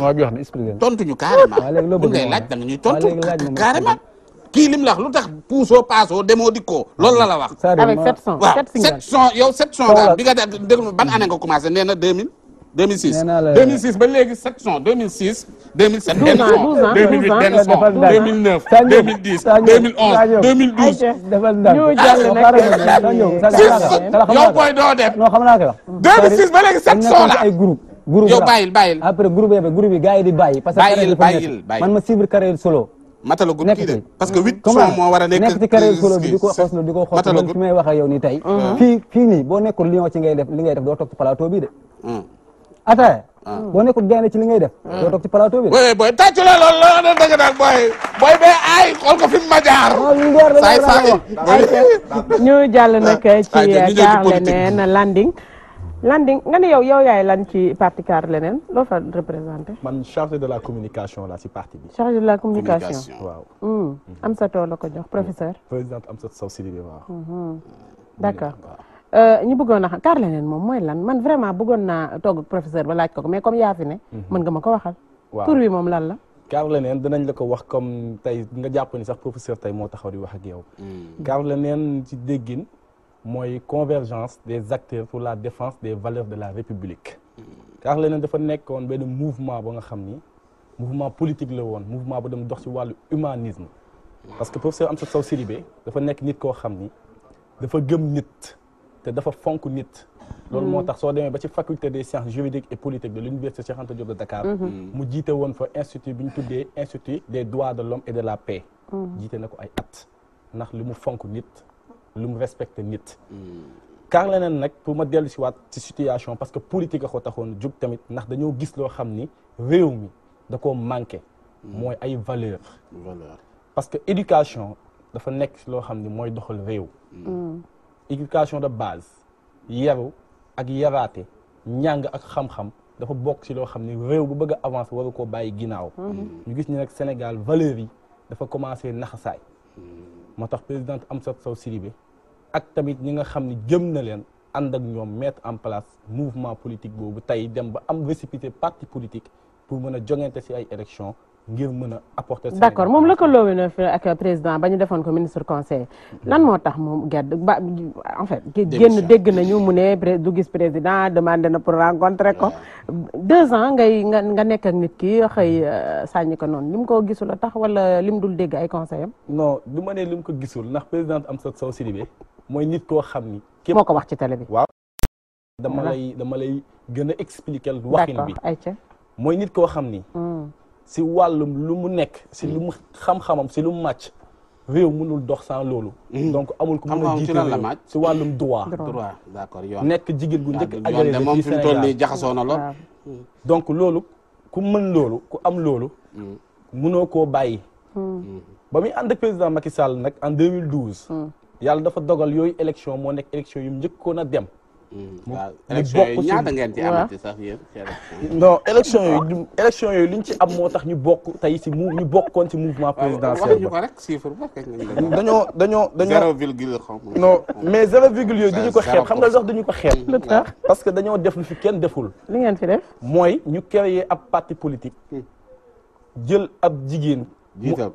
[SPEAKER 1] tax tontu ñu carrément bu ngay da nga ñuy lu tax puusoo paasoo demoo dikkoo loolu la la wax avec sept cent waaw sept cent ban année nga commencé nee na 2006 2006 ba léegi section 2006. 2007 benn son 2008 benn son 2009 2010 2011
[SPEAKER 7] 2012. ñu jàll nag yow booy doo dem. non xam naa ko 2006 ba léegi section la ay groupe groupe yow bàyyil bàyyil. après groupe yi groupe yi gars yi di bàyyi. parce que bàyyil bàyyil man ma suivre carrière solo.
[SPEAKER 1] matalagut kii de parce que huit son moo war a nekk nekk ci carrière solo bi di ko xoslu
[SPEAKER 7] di ko xoslu man fi may wax ak yow nii tey. fii fii nii boo nekkul Lion ci ngay def li ngay def doo toog ci plateau bi de. ataaya ah. boo nekkul gaynde ci li ngay def ah. doo toog ci plateau bi oui
[SPEAKER 1] booy tàccu la lool
[SPEAKER 2] lool da nga daal booy booy bee aay xool ko fi mu ma jaar oh, saay saay ñu jàll nag ah, landing landing nga ne yow yow yaay lan ci parti kaar leneen loo fa représenté man chargé de la communication la ci parti bi chargé de la communication waaw hmm. hmm. sa tool la ko jox professeur
[SPEAKER 8] présidente am sa saw si waaw hmm,
[SPEAKER 2] Euh, ñu bëggoon a xam kaar leneen moom mooy lan man vraiment bëggoon naa toog professeur ba laaj ko ko mais comme yaa fi ne. Mhm. mën nga ma ko waxal. waaw tur wi moom lan la.
[SPEAKER 8] kaar neen danañ la ko wax comme tey nga jàpp ni sax professeur tey moo taxaw di wax ak yow. kaar mm. neen ci déggin mooy convergence des acteurs pour la défence des valeurs de la république. kaar mm. leneen dafa nekkoon benn mouvement ba nga xam ni mouvement politique la woon mouvement ba dem dox ci wàllu humanisme. Mm. parce que professeur Amsatou Sow Sidibé dafa nekk nit koo xam ni dafa gëm nit. te dafa fonk nit. loolu moo hmm. tax soo demee ba ci faculté des sciences juridiques et politiques de l'université Cheikh Anta Diop de Dakar. Hmm. Hmm. mu jiite woon fa institut bi ñu tuddee institut des droits de l'homme et de la paix. jiite na ko ay at ndax li mu fonk nit lu mu respecté nit. car leneen nag pour ma dellu si waat situation parce que politique a ko taxoon jug tamit ndax dañoo gis loo xam ni réew mi da koo manqué. mooy ay valeur parce que éducation dafa nekk loo xam ni mooy doxal réew. éducation de base yaru ak yaraate njàng ak xam-xam dafa bokk ci loo xam ne réew bu bëgg a avancer waru koo bàyyi ginnaaw. Mhm. ñu gis ni nag Sénégal valeur yi dafa commencé naxasaay. Mhm. moo tax présidente Amsatou Sow Sidibé ak tamit ñi nga xam ni jëm na leen ànd ak ñoom mettre en place mouvement politique boobu tey dem ba am récépissé parti politique pour mën a joŋante ci ay élections. ngir mën a apporter. d'
[SPEAKER 2] moom lëkkaloo wi na fi ak président ba ñu defoon ko ministre conseil lan moo tax moom gedd ba en fait. génn dégg nañu mu ne du gis président demandé na pour rencontrer ko. deux ans ngay nga nga nekk ak nit ki xëy euh, sàññi ko noonu lim koo gisul a tax wala lim dul dégg ay conseil am.
[SPEAKER 8] non du ma ne lim ko gisul ndax présidente Amsatou Sow Sidibé mooy nit koo xam ni. képp moo ko wax ci télé bi waaw. dama lay dama lay gën a expliquer waxin bi. mooy nit koo xam ni. Hmm. si wàllum lu mu nekk si lu mu mm. xam-xamam si lu mu màcc réew mënul dox sans loolu mm. donc amul ku mën a jiite réew si wàllum droit
[SPEAKER 1] d'accord yoon nekk
[SPEAKER 8] jigéen gu njëkk ah, agréé moom fi mu toll nii na lool mm. donc loolu ku mën loolu ku am loolu mënoo koo bàyyi ba muy ànd ak président Macky Sall nag en 2012 yàlla dafa dogal yooyu élection moo nekk élection yu mu njëkkoon a dem
[SPEAKER 6] Mm, waaw élection yi ngeen ci amati sax yéen.
[SPEAKER 8] non élection yooyu élection ñu ci am moo tax ñu bokk tey si mu ñu bokkoon si mouvement présidentiel ba.
[SPEAKER 1] waaw rek chiffre ba dañoo dañoo dañoo. zéro virgule
[SPEAKER 6] xaw ma. non
[SPEAKER 8] mais zéro virgule yooyu duñu ko xeeb xam nga sax dañu ko xeeb. Mm, lu parce que dañoo def lu fi kenn deful. li ngeen fi def. mooy ñu créer ab partie politique. Mm. jël ab jigéen. jiital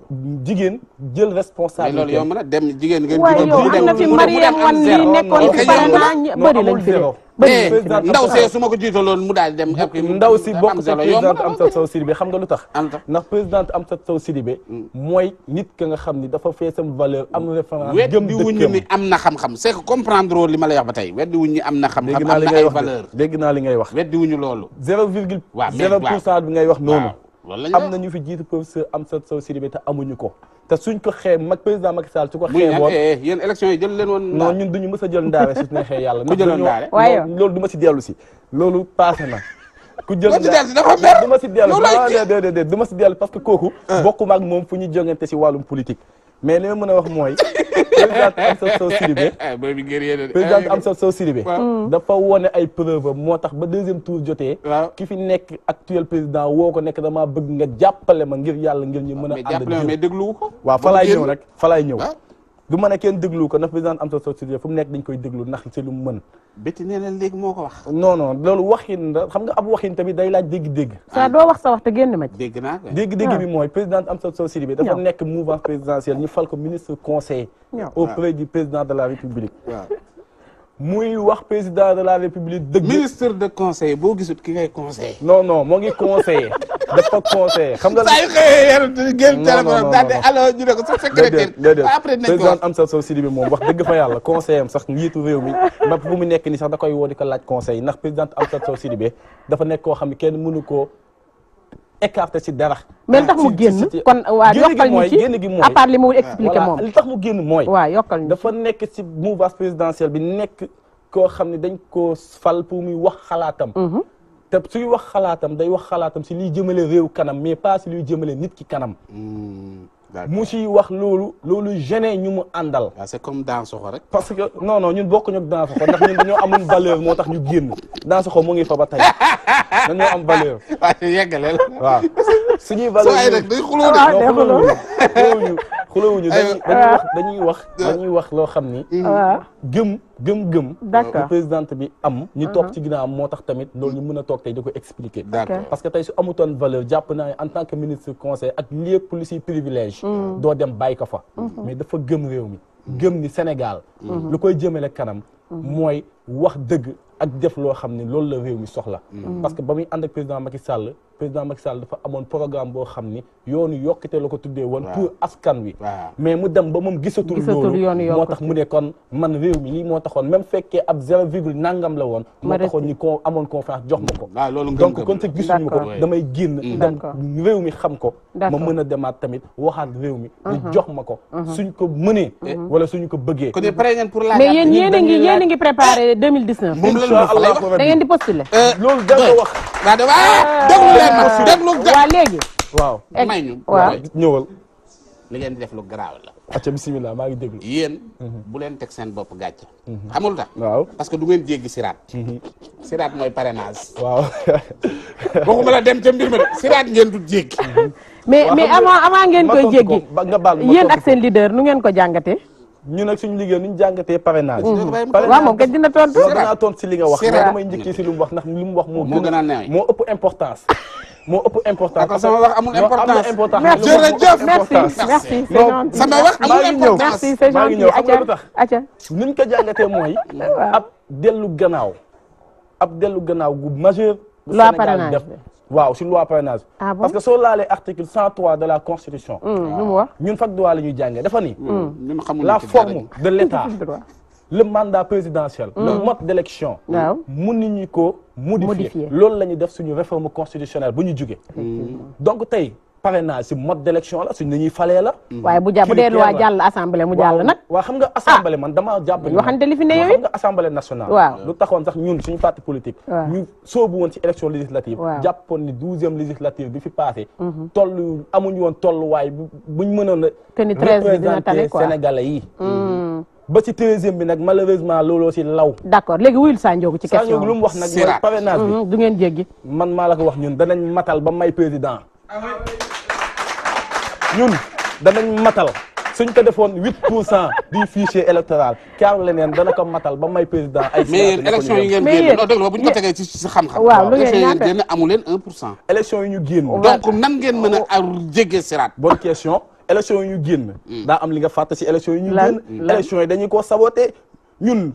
[SPEAKER 8] jigéen jël responsabilité. mais loolu yomb na dem jigéen ngeen. waay yow am na fi Mariam wan lii nekkoon fi Parana bëri lañ fi de. ndaw see su ma ko jiitaloon mu daal dem. ndaw si bokk sa présidente Amsatou Sow Sidibé xam nga lu tax. Ah, ndax présidente Amsatou Sow Sidibé. Mm. mooy nit ka nga xam ni dafa feesam valeur am référence. gëm dëkkam weddi wuñ ni
[SPEAKER 1] am na xam-xam c'est que comprendre li ma lay wax ba tey weddi wuñ ni am na xam-xam. am na ay valeur
[SPEAKER 8] dégg naa li ngay wax dégg naa li ngay wax. weddi wuñu loolu. zéro virgule. waaw zéro pour cent bi ngay wax noonu am na ñu fi jiitu professeur Amsatou Sow Sidibé te amuñu ko te suñ ko xee mag président Macky Sall su ko xeeboon eh, eh, yéen élection yi leen woon non ñun duñu mës a jël ndaare su neexee yàlla <laughs> ku jëloon ndaare waaye loolu du ma si dellu si loolu passé na ku jël ndaare <laughs> dafa mer du ma si dellu déedéet du ma si dellu parce que kooku ah. bokkuma ak moom fu ñu jongante si wàllum politique mais li mën a wax mooy
[SPEAKER 6] présidente Amsatou
[SPEAKER 1] Sow Sidibé présidente
[SPEAKER 8] Amsatou Sow Sidibé dafa wone ay preuve moo tax ba deuxième tour jotee ki fi nekk actuel président woo ko nekk damaa bëgg nga jàppale ma ngir yàlla ngir ñu ah, mën a ànd mais déglu
[SPEAKER 1] ko waaw fa laay ñëw rek
[SPEAKER 8] ñëw ah. du mën a kenn déglu ko ndax président am sa société fu mu nekk dañ koy déglu ndax ci lu mu mën. bétti nee na léegi wax. non non loolu waxin la xam nga ab waxin tamit day laaj dégg-dégg. saa doo wax sa wax te génn ma ci. dégg naa dégg-dégg bi ah. mooy président am sa société bi dafa nekk mouvance présidentielle ñu fal ko ministre conseil auprès du président de la république. muy wax président de la république dëgg. ministre de conseil boo gisut ki ngay conseillé. non non moo ngi conseillé dafa conseillé. xam nga saa yu xëyee yàlla génn téléphone daal di
[SPEAKER 1] alors ñu ne ko sa secrétaire. déedéet après nañ ko président
[SPEAKER 8] Amsa Sow Sidibé moom wax dëgg fa yàlla conseil am sax njiitu réew mi ba fu mu nekk nii sax da koy woo di ko laaj conseil ndax président Amsa Sow Sidibé dafa nekk koo xam ne kenn mënu koo. écarté ci dara. mais li tax mu génn kon
[SPEAKER 2] waa yokkal ñu ci à part li mu expliqué moom li
[SPEAKER 8] tax mu génn mooy. waaw yokkal ñu dafa nekk ci mouvance présidentielle bi nekk koo xam ne dañ koo fal pour muy wax xalaatam. Mhm. te suy wax xalaatam day wax xalaatam ci liy jëmale réew kanam mais pas ci liy jëmale nit ki kanam. Hmm. mu siy wax loolu loolu gêné ñu mu àndal. waaw c'est comme Dansokho rek. parce que non ñu ñun bokkuñu ak Dansokho ndax ñun dañoo amul valeur moo tax ñu génn Dansokho mu ngi fa ba tey dañoo am valeur. <laughs> waaw leel waaw suñuy valeur. waaye nag day xulóo <laughs> xulawuñu dañuy wax dañuy ah. wax ah. dañuy wax loo xam ni. gëm gëm gëm. d'accord euh, présidente bi am. ñu toog mhm. ci am moo tax tamit loolu ñu mun a toog tey di ko expliquer. parce que tey su amutoon valeur jàpp naa en tant que ministre conseil ak lépp lu si privilège. Mhm. doo dem bàyyi ko fa. Mhm. mais dafa gëm réew mi. gëm ni Sénégal. lu koy jëmee jëmale kanam. mooy wax dëgg ak def loo xam ne loolu la réew mi soxla. parce que ba muy ànd ak président Macky Sall. président Macky Sall dafa amoon programme boo xam ni yoonu yokkite la ko tuddee woon pour askan wi mais mu dem ba moom gisatul loolu moo tax mu ne kon man réew mi lii moo taxoon même fekkee ab zéro virgule nangam la woon moo taxoon ñi ko amoon confiance jox ma ko donc kon te gisuñu ko damay génn mm. dem réew mi xam ko ma mën a demaat tamit waxaat réew mi ñu uh-huh. jox ma ko uh-huh. suñ ko mënee mm-hmm. wala suñu ko bëggee
[SPEAKER 1] mais yéen yéen a ngi yéen a ngi
[SPEAKER 2] préparé 2019 da ngeen di Euh, waa léegi.
[SPEAKER 1] waaw may ñu. waaw ñëwal. li ngeen di def lu garaaw la. acca bisimilah maa ngi déglu. yéen. Mhm. bu leen teg seen bopp gàcce. Mhm. xamul waaw parce que du ngeen jéggi siraat. Mhm. siraat mooy parrainage.
[SPEAKER 6] waaw.
[SPEAKER 8] <laughs> waxuma la dem ca mbir ma de siraat ngeen du jéggi.
[SPEAKER 2] mais mais avant avant ngeen koy jéggi. yéen ak leader nu ngeen ko jàngatee.
[SPEAKER 8] ñu nag suñu liggéey nuñ jàngatee parrainage. Mmh. waaw moom kat dina tontu. waaw dinaa tontu si li wax. si damay njëkkee si lu mu wax ndax lu mu wax moo. moo gën a moo ëpp importance. moo ëpp importance. parce que sama wax amul importance merci jërëjëf merci merci sama wax amul importance merci c'est gentil
[SPEAKER 2] maa
[SPEAKER 8] ngi ko jàngatee mooy. <laughs> ab dellu gannaaw. ab dellu gannaaw gu majeur. loi parrainage def waaw si loi parrainage. Ah parce que soo laalee article 103 de la constitution. Hmm, lu mu wax ñun fac droit la ñuy jàngee dafa ni. Hmm. Hmm. la forme de l' état. le mandat présidentiel. le mode d' élection. waaw mënuñu ko modifier. loolu la ñuy def suñu réforme constitutionnelle bu ñu jugee. donc tey. parrainage si mode d' élection la suñ nañuy falee la. Mm. waaye bu ja bu dee jàll
[SPEAKER 2] assemblée mu jàll nag.
[SPEAKER 8] waaw xam nga assemblée ah. man dama jàpp. waxante li fi ne yooyu lu taxoon sax ñun suñu parti politique. ñu soobu woon ci élection législative. waaw jàppoon ni douzième législative bi fi passé. Mm-hmm. tollu amuñu woon tolluwaay buñ mënoon a. que ni treize bi dina tane quoi représenté sénégalais yi. Mm. ba ci treizième bi nag malheureusement looloo si law.
[SPEAKER 2] d' accord léegi wuyul Sa Ndiogou ci question Sa Ndiogou lu mu wax nag. mooy mm-hmm.
[SPEAKER 8] du ngeen jéggi. man maa la ko wax ñun danañ matal ba may président ñun danañ matal suñ ko defoon huit pour cent du fichier électoral kaaru leneen dana ko matal ba may président. ay mais yi ngeen génn non dégg ñu tegee ci ci xam-xam. leen pour cent. élection yi ñu génn. donc nan ngeen mën a oh. jege siraat. bonne question élection yi ñu génn. Hmm. daa am li nga fàtte si élection yi ñu génn. élection yi dañuy koo saboté ñun.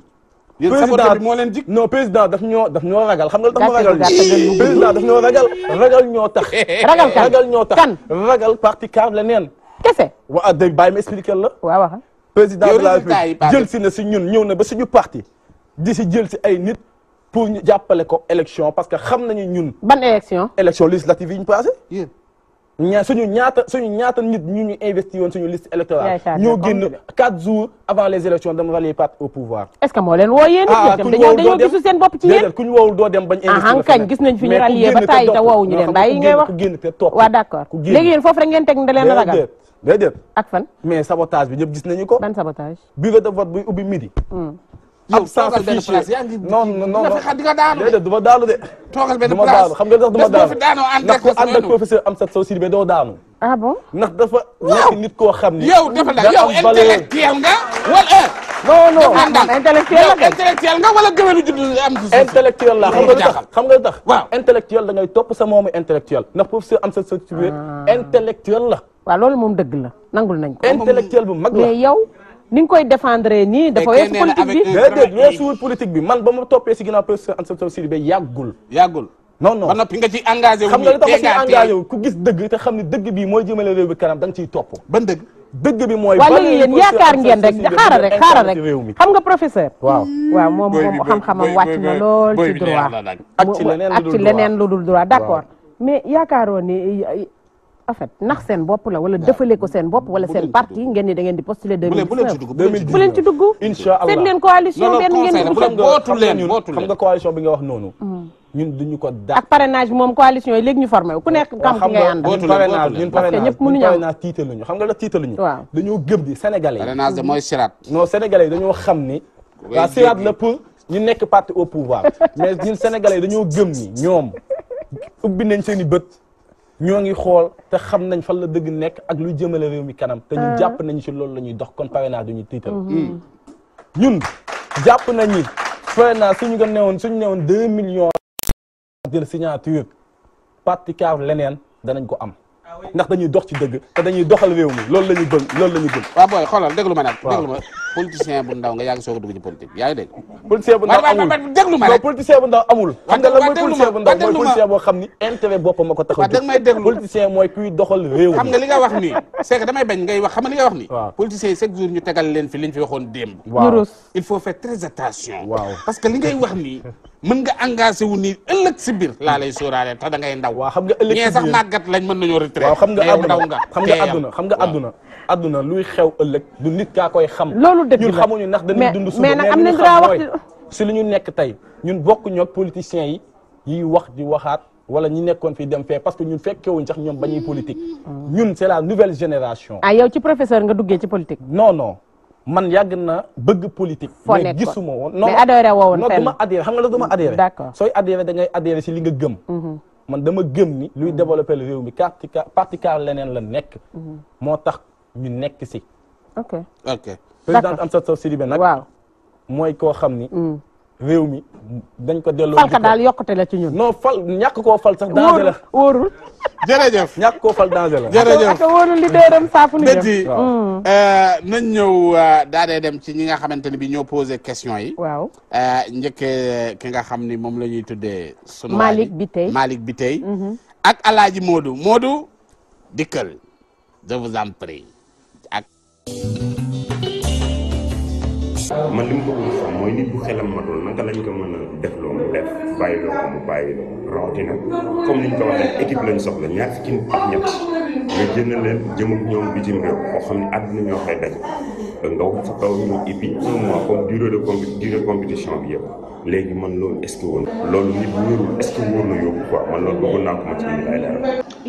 [SPEAKER 1] yéen sabote bi
[SPEAKER 8] moo leen jig non président daf ñoo daf ñoo ragal xam nga lu tax ma ragal président daf ñoo ragal ragal ñoo tax <laughs> ragal kan ragal ñoo tax ragal parti car la neen kese waa dégg bàyyi ma expliquer la waaw wax président de la République jël si na si ñun ñëw na ba suñu parti di si jël si ay nit pour ñu jàppale ko élection parce que xam nañu ñun ban élection élection législative yi ñu passé ñaa suñu ñaata suñu ñaata nit ñu ñu investi woon suñu liste électorale ñoo génn quatre jours avant les élections dama les partis au pouvoir
[SPEAKER 2] est-ce que moo leen woo yéen ah dañoo gisu seen bopp ci yéen ku
[SPEAKER 8] ñu woowul doo dem bañ investi kañ gis nañ fi ñu rallié ba tàyyi te woowu ñu leen bàyyi ngay wax ku d'accord léegi yéen
[SPEAKER 2] foofu rek ngeen teg da leen ragal
[SPEAKER 8] déedéet ak fan mais sabotage bi ñëpp gis nañu ko ban sabotage bureau de vote buy ubbi midi hmm. absence fichier non non non déedéet du ma daanu de. toogal benn place xam nga dama daanu ndax ku ànd ak professeur Amsatou Sow Sidibé doo daanu. ah bon ndax dafa nekk nit koo xam ni. yow dafa daal yow intellectuel nga wala. Euh? non non intellectuel la intellectuel nga wala gëwëlu judd am. intellectuel la xam nga lu tax xam nga lu tax. waaw intellectuel da ngay topp sa moomu intellectuel ndax professeur Amsatou Sow Sidibé ah. intellectuel la. waaw loolu moom dëgg la
[SPEAKER 2] nangul nañ ko. intellectuel bu mag la mais yow. ni nga koy défendre nii dafa weesu politique bi déedéet
[SPEAKER 8] weesuwul politique bi man ba ma toppee si ginnaaw professeur Anta Diop Sidibé yàggul yàggul non non ba noppi nga ci engagé wu xam nga li tax nga engagé wu ku gis dëgg te xam ne dëgg bi mooy jëmale réew bi kanam da nga ciy topp dëgg dëgg bi mooy yaakaar ngeen rek xaaral rek xaaral rek
[SPEAKER 2] xam nga professeur waaw waaw moom moom xam-xamam wàcc na lool ci droit ak ci leneen lu dul droit d'accord mais yaakaaroon ni en fait ndax seen bopp la wala ah, dëfale ko seen bopp wala seen parti ngeen ni da ngeen di postuler 2019 bu leen ci dugg incha
[SPEAKER 8] allah seet leen coalition benn ngeen di dugg bootu leen xam nga coalition bi nga wax noonu mm. ñun duñu ko da
[SPEAKER 2] ak parrainage moom coalition yi léegi ñu formé wu ku nekk kam ki ngay àndal ñun parrainage ñun parrainage ñëpp mënuñu parrainage
[SPEAKER 8] tiitaluñu xam nga la tiitaluñu ñu dañoo gëm di sénégalais parrainage de mooy sirat non sénégalais xam ni waaw sirat ñu nekk parti au pouvoir mais ñun sénégalais yi dañoo gëm ni ñoom ubbi ne seen i bët ñoo ngi xool te xam nañ fan la dëgg nekk ak lu jëmale réew mi kanam te ñun ah. jàpp nañu si loolu la ñuy dox kon parrainage duñu tiitam mhm. ñun jàpp nañu parrainage suñu ko newoon suñu newoon deux millions de signature parti kaaf leneen danañ ko am ndax dañuy dox ci dëgg te dañuy doxal réew mi loolu la ñu bëgg loolu la ñu bëgg waaw booy xoolal déglu ma nag déglu ma politicien bu ndaw nga
[SPEAKER 1] yaa ngi soog a dugg ci politique yaa ngi dégg
[SPEAKER 8] politicien bu ndaw amul déglu ma rek politicien bu ndaw amul xam nga lan mooy politicien bu ndaw mooy politicien boo xam ni intérêt boppam ma ko taxaw jóg may déglu politicien mooy kuy doxal réew mi xam nga li nga wax
[SPEAKER 1] nii c'est que damay bañ ngay wax xam nga li nga wax nii waaw politicien yi chaque jour ñu tegal leen fi liñ fi waxoon démb waaw il faut faire très attention waaw parce que li ngay wax nii mën nga engagé wu nii ëllëg si biir laa lay sóoraale te da ngay ndaw waaw xam nga ëllëg si biir ñee sax màggat lañ mën nañoo retraité waaw xam nga ndaw nga xam
[SPEAKER 8] nga adduna xam nga adduna adduna luy xew ëllëg du nit kaa koy xam loolu dëgg la ñun xamuñu ndax dañuy dund suba mais nag am na droit wax si li ñu nekk tey ñun bokk ñoog politiciens yi yiy wax di waxaat wala ñi nekkoon fii dem parce que ñun fekkewuñ sax ñoom bañuy politique mm. ñun c'est la nouvelle génération
[SPEAKER 2] ah yow ci professeur nga duggee ci politique non non man
[SPEAKER 8] yàgg na bëgg politique. mais gisuma woon non mais adhéré woon non duma adhéré xam nga la duma adhéré. d'accord sooy adhéré da ngay adhéré si li nga gëm. Mhm. man dama gëm ni. luy mhm. développé réew mi parti parti car leneen la nekk. Mhm. moo tax ñu nekk si. ok ok président Amsatou Sow Sidibé nag. waaw mooy koo xam ni. réew mi dañ ko delloo. fal
[SPEAKER 6] ka
[SPEAKER 2] la ci ñun.
[SPEAKER 8] non fal ñàkk koo fal sax.
[SPEAKER 1] danger la
[SPEAKER 6] wóorul
[SPEAKER 8] jërëjëf ñàkk koo fal danger
[SPEAKER 6] la. jërëjëf ak
[SPEAKER 1] wóorul li dërëm saafu ni dem mm. euh, nañ euh, dem ci ñi nga xamante ne bi ñoo posé question yi. waaw euh, njëkk ki nga xam ni moom lañuy ñuy tuddee. sunu Malick Bitey Malick Bitey. Mm-hmm. ak El Hadj Modou dikkal je vous en prie man li mu bëggoon xam mooy nit bu xelam matul naka lañ ko mën a def loo mu def bàyyi loo ko mu bàyyi loo
[SPEAKER 5] rawatina comme ni ñu ko waxee équipe lañ soxla ñaar fukki nit ak ñett nga jënd leen jëm ak ñoom bitim réew koo xam ne àdduna ñoo koy daje. nga wax fa kaw ñu et puis un mois comme durée de comp durée compétition bi yëpp léegi man loolu est ce que woon loolu nit wóorul est ce que
[SPEAKER 1] wóor na yóbbu quoi man loolu bëggoon naa ko ma ci indi ay leeral.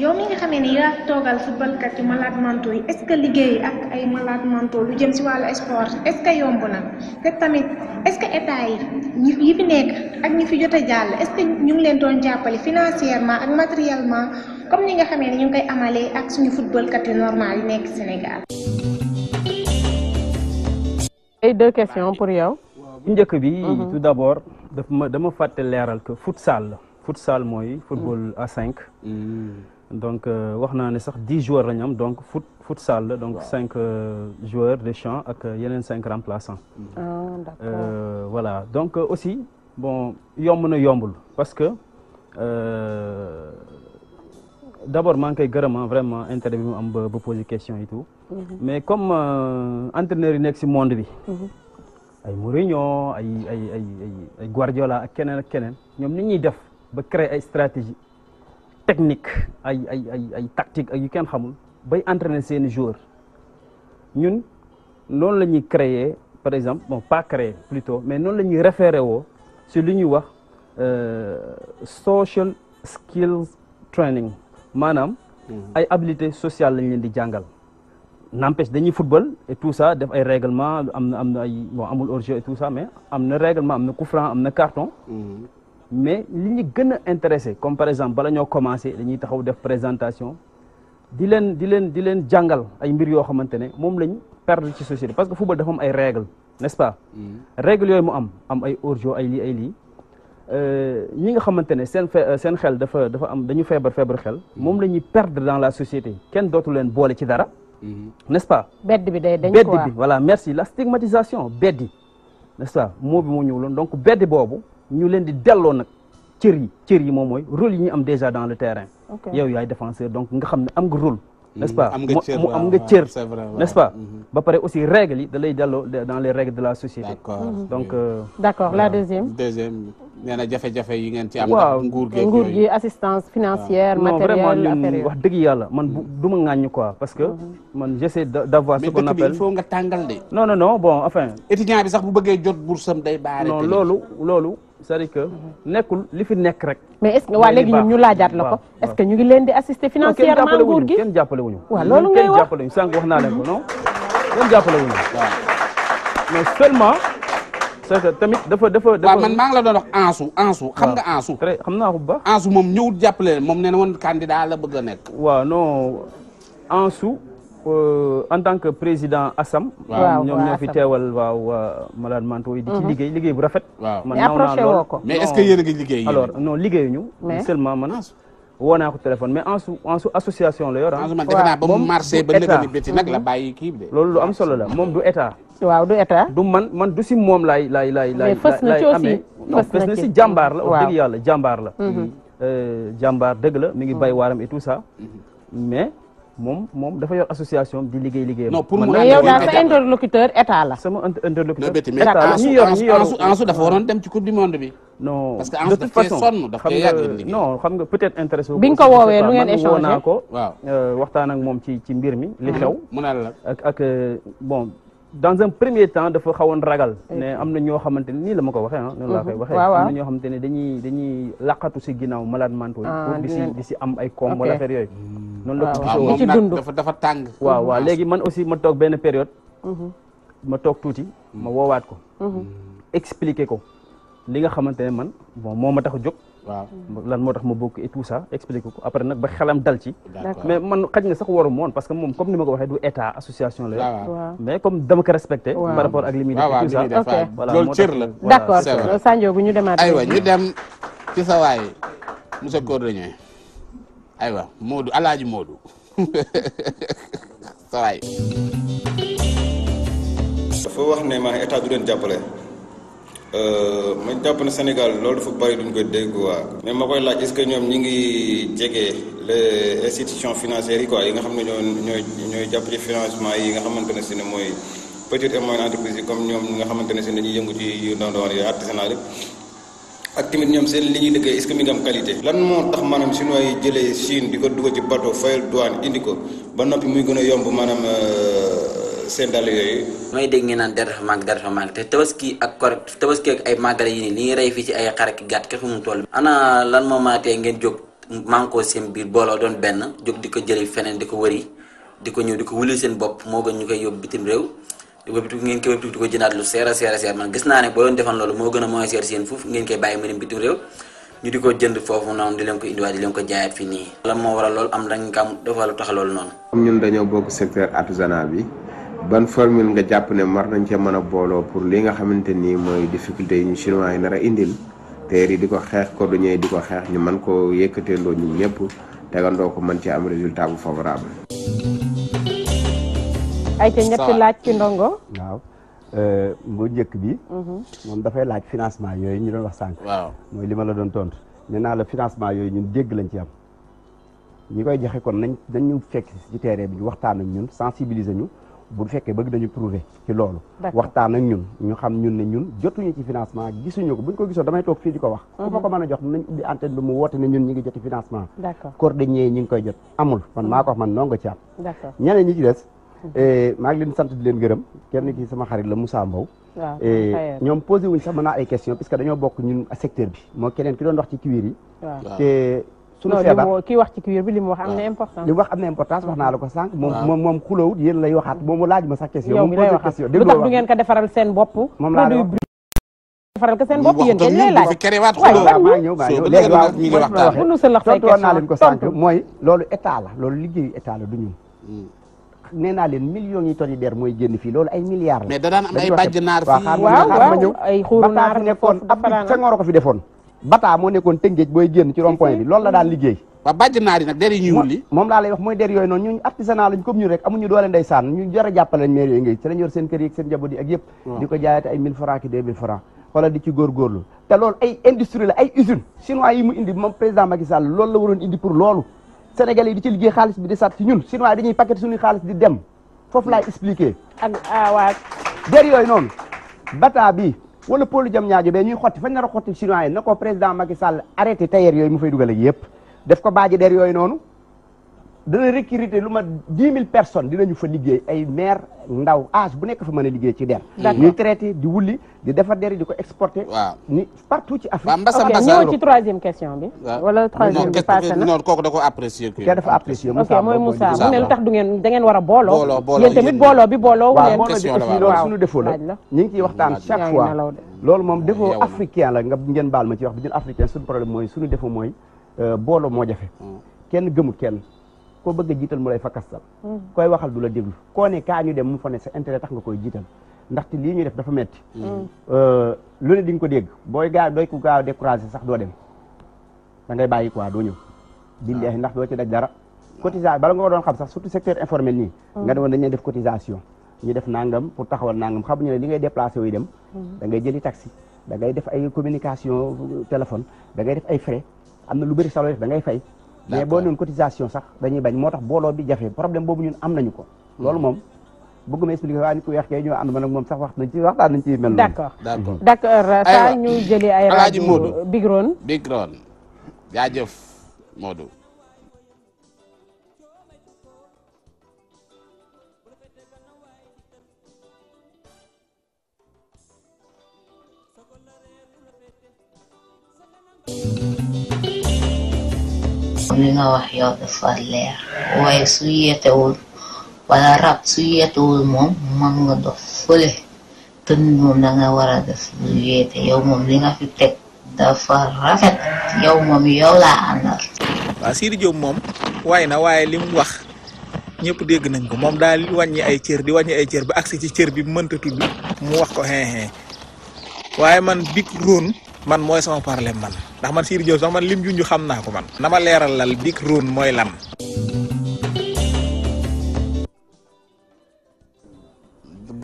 [SPEAKER 2] yow mi nga xamee ne yaa toogal footballkat yu malade mentaux yi est ce que liggéey ak ay malade mentaux lu jëm si wàllu sport est ce que yomb na te tamit est ce que état yi ñi yi fi nekk ak ñi fi jot a jàll est ce que ñu ngi leen doon jàppale financièrement ak matériellement comme ni nga xamee ne ñu ngi koy amalee ak suñu footballkat yu normal yi nekk Sénégal. ay deux questions pour yow.
[SPEAKER 4] njëkk bi. Mhm. tout d' abord daf ma dama fàtte leeral que futsal la futsal mooy. football mhm. à cinq. Mm. donc euh, wax naa ne sax dix joueurs la ñu am donc foot futsal la donc cinq euh, joueurs de champ ak euh, yeneen cinq remplaçants.
[SPEAKER 6] Mm. Ah, d'accord
[SPEAKER 4] voilà donc aussi yomb na yombul parce que. d' abord maa ngi koy gërëm vraiment intérêt bi mu am ba ba poser question et tout. Mm-hmm. mais comme euh, entraîneur yi nekk si monde bi. Mm-hmm. ay Mourinho ay ay ay ay Guardiola ak keneen ak keneen ñoom ni ñuy def ba créer ay stratégie technique ay ay ay ay tactique ak yu kenn xamul bay entraîner seeni joueurs ñun noonu la ñuy créer par exemple bon pas créer plutôt mais noonu la ñuy référé woo si lu ñuy wax euh, social skills training. maanaam mhm. ay habilité sociale lañ leen di jàngal n'empêche dañuy football et tout ça def ay règlement am na am na ay bon amul hors-jeu et tout ça mais am na règlement am na coup franc am na carton mhm. mais li ñu gën a intéressé comme par exemple bala ñoo commencé dañuy taxaw def présentation di leen di leen di leen jàngal ay mbir yoo xamante ne moom lañ perdre ci société parce que football dafa am ay règles n'est-ce pas mhm. règles yooyu mu am am ay hors ay lii ay lii Euh, ñi nga xamante ne seen euh, seen xel dafa dafa am dañu feebar feebar xel mm-hmm. moom la ñuy perdre dans la société kenn dootu leen boole ci dara mm-hmm. n'est-ce pas
[SPEAKER 2] bedd bi day dañ ko bedd bi
[SPEAKER 4] voilà merci la stigmatisation beddi n'est-ce pas moo bi moo ñëwuloon donc bedd boobu ñu leen di delloo nag cër yi cër yi moom mooy rôle yi ñu am déjà dans le terrain yow yaay défenseur donc nga xam ne am nga rôle n'est-ce pas am nga cër n'est-ce pas mhm. ba pare aussi règles yi da lay jàlloo dans les règles de la société mhm. donc euh, d'accord la deuxième deuxième nee na jafe-jafe yi ngeen ci am waaw nguur gi
[SPEAKER 2] assistance financière matériel non vraiment ñun wax
[SPEAKER 4] dëgg yàlla man mhm. du ma ŋàññ quoi parce que man j'essaie d'avoir ce qu'on appelle mais dëkk bi nga tàngal de non non non bon enfin étudiant bi sax bu bëggee jot boursam day baare non loolu loolu cest que nekkul li fi nekk rek.
[SPEAKER 2] mais est-ce que waa léegi ñun ñu laajaat la ko. est que ñu ngi leen di assister financièrement nguur
[SPEAKER 4] gi kenn jàppale wuñu waaw loolu ngay wax kenn jàppale wuñu sànq leen ko jàppale wuñu waaw mais seulement.
[SPEAKER 1] c'est tamit dafa dafa dafa. waaw man maa ngi la doon wax Ansu xam nga Ansu. très xam naa ko bu baax. Ansu moom ñëwut jàppale moom nee na woon candidat la bëgg a nekk. waa non Ansu.
[SPEAKER 4] Euh, en tant que président ASAM. waaw ñoom fi teewal waaw malades mentaux yi. di ci mhm. liggéey liggéey bu rafet. waaw man naaw naa lool mais est a ngi liggéey alors non liggéeyuñu. mais seulement man woo naa ko téléphone mais en su en su association la yor ah. waaw ba mu marché ba lëkkali bétti nag la mhm. bàyyi kii bi de. loolu lu am solo la moom du état.
[SPEAKER 2] waaw du état.
[SPEAKER 4] du man man si moom laay laay laay. laay na si jàmbaar la. waaw wax dëgg yàlla jàmbaar la. Mhm. Euh, jàmbaar dëgg mi ngi bay waaram et tout ça mais moom moom dafa yor association di liggéey liggéeyam. non pour mu mais yow daal sa
[SPEAKER 2] interlocuteur état la. sama
[SPEAKER 4] interlocuteur état la ñi yor ñi yor Ansu dafa waroon bi. de toute façon xam nga peut-être intéressé bi ko woowee lu ngeen échangé man naa ko. waaw euh, waxtaan ak moom ci ci mbir mi. li mm-hmm. xew mu naan la ak ak euh, bon. dans un premier temps dafa xawoon ragal. ne am na ñoo xamante ne nii la ma ko waxee ah. noonu laa koy mhm. waxee am na ñoo xamante ne dañuy dañuy laqatu si ginnaaw malade mentaux yi. Ah, pour di si am ay koom wala affaire yooyu. Mm. noonu la ko ci dund
[SPEAKER 1] dafa dafa tàng.
[SPEAKER 6] waaw mm. léegi man aussi
[SPEAKER 4] ma toog benn période. Mhm. ma toog tuuti ma woowaat ko. Mhm. expliquer ko li nga xamante ne man bon moom ma tax a jóg. waaw lan moo tax ma bokk et tout ça expliqué ko après nag ba xelam dal ci mais man xaj na sax warum woon parce que moom comme ni ko waxee du état association la mais comme dama ko respecté par rapport ak li muy def et tout ça voilà la d'accord
[SPEAKER 2] bu ñu demaat aywa ñu dem
[SPEAKER 1] ci sa waay monsieur Cordonnier ay wa alaaji Modou <laughs> sa waay dafa wax ne maanaam état du leen jàppale
[SPEAKER 4] Euh, ma jàpp ne Sénégal loolu dafa bari duñ koy dégg waa mais ma koy laaj est-ce que ñoom ñi ngi jege les institutions financières yi quoi yi nga xam ne ñoo ñooy ñooy jàpp ci financement yi nga xamante ne si ne mooy petite et moyenne yi comme ñoom ñi nga xamante ne si
[SPEAKER 7] ne dañuy yëngu ci yu ndaw ak tamit ñoom seen li ñuy liggéey est-ce que mi qualité.
[SPEAKER 4] lan moo tax maanaam chinois yi jëlee Chine di ko dugal ci bateau fayal douane indi ko ba noppi muy gën a yomb maanaam. Euh, seen dàll yooyu. damay dégg ngeen naan der dafa màgg der dafa màgg te tabaski
[SPEAKER 7] ak kor tabaski ak ay màggara yi nii li rey fii ci ay xar ak gàtt ke fu mu toll. ana lan moo maatee ngeen jóg mànkoo seen biir booloo doon benn jóg di ko jëlee feneen di ko wëri di ko ñëw di ko wuli seen moo gën ñu koy yóbbu bitim réew. wëbtu ngeen koy wëbtu di ko jënaat lu a seer a seer man gis naa ne boo doon defan loolu moo gën a moins seer seen ko jënd foofu noonu di leen ko indiwaat di leen ko jaayaat fii nii lan moo waral lool am dañ kam dafa lu tax loolu noonu
[SPEAKER 1] comme ñun dañoo bokk secteur artisanat bi ban formule nga jàpp ne mar nañ cee mën a booloo pour li nga xamante
[SPEAKER 5] nii mooy difficulté yi ñu chinois yi nar a indil teer yi di ko xeex ko du ñëwee di ko xeex ñu man koo yëkkateendoo ñun ñëpp tegandoo ko mën cee am résultat bu favorable.
[SPEAKER 2] ay laaj ndongo.
[SPEAKER 5] waaw euh, bu njëkk bi. Mhm. moom dafay laaj financement yooyu ñu doon wax sànq. waaw mooy li ma la doon tontu. nee naa la financement yooyu ñun dégg lañ ci am ñu koy joxe kon nañ nañ ñu fekk ci terrain bi ñu waxtaan ak ñun sensibiliser ñu. bu fekkee bëgg dañu prouver ci loolu waxtaan ak ñun ñu xam ñun ne ñun jotuñu ci financement gisuñu ko buñ ko gisoo damay toog fii di ko wax ku ma ko mhm. mën a jox nañ ngi joti financement coordonné ñi man maa ko wax man noo nga ci des mhm. eh, maa ngi leen sant di leen gërëm kenn ki sama xarit la Moussa
[SPEAKER 6] eh, ñoom
[SPEAKER 5] posé wuñ sax mën naa ay question puisque dañoo bokk ñun secteur bi moo keneen ki doon wax ci kiwiir yi sunu feebar
[SPEAKER 2] kii wax ci cuir
[SPEAKER 5] bi li mu wax am na ah. importance li wax am na importance wax naa la ko sànq moom ah. moom moom xulawut yéen lay waxaat moom laaj ma sax question yow mi lay waxaat moom mooy loolu état la loolu liggéeyu état du ñun hmm. nee naa leen millions yi der mooy génn loolu ay milliards mais da daan am ay bàjj naar fii waaw waaw ay xuuru naar nekkoon ab Senghor ko fi defoon bataa moo nekkoon tëngéej booy génn ci rond point bi loolu la daan liggéey waaw bàjj naar yi nag der yi ñuul li moom laa lay wax mooy der yooyu noonu ñun artisanat lañ comme ñun rek amuñu doole ndeysaan ñu jar a jàppale lañ maire yooyu ngay seen kër yi seen njaboot yi ak yëpp di ko jaayate ay 1000 francs ki 2000 francs wala di ci góorgóorlu te ay industrie la ay usine chinois mu indi moom président Macky Sall loolu la waroon indi pour loolu sénégalais yi liggéey xaalis bi di sat ci ñun chinois ah, bi wala pôle jam ñaajo bee ñuy xotti fañ nar a xotti chinois yi na ko président Macky Sall arrêté tailleur yooyu mu fay dugal ak yëpp def ko baaji der yooyu noonu dana recruter lu mat dix mille personnes dinañu fa liggéey ay maire ndaw âge bu nekk fa mën liggéey ci der ñuy traité di wulli di defar der di ko exporté waaw ni partout ci Afrique ok ñëw ci
[SPEAKER 2] troisième question
[SPEAKER 5] ko apprécié kii dafa apprécié Moussa mooy Moussa mu ne lu tax
[SPEAKER 2] du ngeen war
[SPEAKER 5] a booloo yéen tamit booloo bi booloo wu leen loolu suñu défaut la ñu ngi ciy waxtaan chaque fois loolu moom défaut africain la ngeen baal ma ci wax bi ñun africain suñu problème mooy suñu défaut mooy euh, booloo moo jafe hmm. kenn gëmul kenn koo bëgg a jiital mu lay fa kastal mm. koy waxal du la déglu koo ne kaa ñu dem mu fa ne sa intérêt tax nga koy jiital ndaxte lii ñuy def dafa metti mm. Mm. Euh, lu ne di ko dégg booy gaaw doy ko gaaw découragé sax doo dem da ngay bàyyi quoi doo ñëw billaahi ndax doo ci daj dara cotisation bala nga ko doon xam sax surtout secteur informel nii nga ne woon dañuy def cotisation ñu def nangam pour taxawal nangam xamuñu ne li ngay déplacé dem da ngay jëli taxi da euh, da ngay def ay frais am na lu bëri sax loo def da ngay mais boo noon cotisation sax dañuy bañ moo tax booloo bi jafe problème boobu ñun am nañu ko loolu moom bëgguma expliquer waaye ni ku weex kee ñoo ànd ma nag moom sax wax nañ ci waxtaan nañ ci mel noonu d'accord
[SPEAKER 2] d'accord saa ñu jëli ay rajo Modou Bigroon Bigroon li nga wax yow dafa leer waaye su yeetewul wala rab su yeetewul moom man nga dof fële te moom da nga war a def lu yeete yow moom li nga fi teg dafa rafet yow moom yow laa
[SPEAKER 3] àndal.
[SPEAKER 1] waaw Sidy moom waaye na waaye li mu wax ñëpp dégg nañ ko
[SPEAKER 8] moom daal wàññi ay cër di wàññi ay cër ba agsi ci cër bi mënta tudd mu wax ko xeexee waaye man big róon man mooy sama problème man. ndax man Sidy Diop sax xam
[SPEAKER 1] naa ko man. na ma leeralal dik roon mooy lan.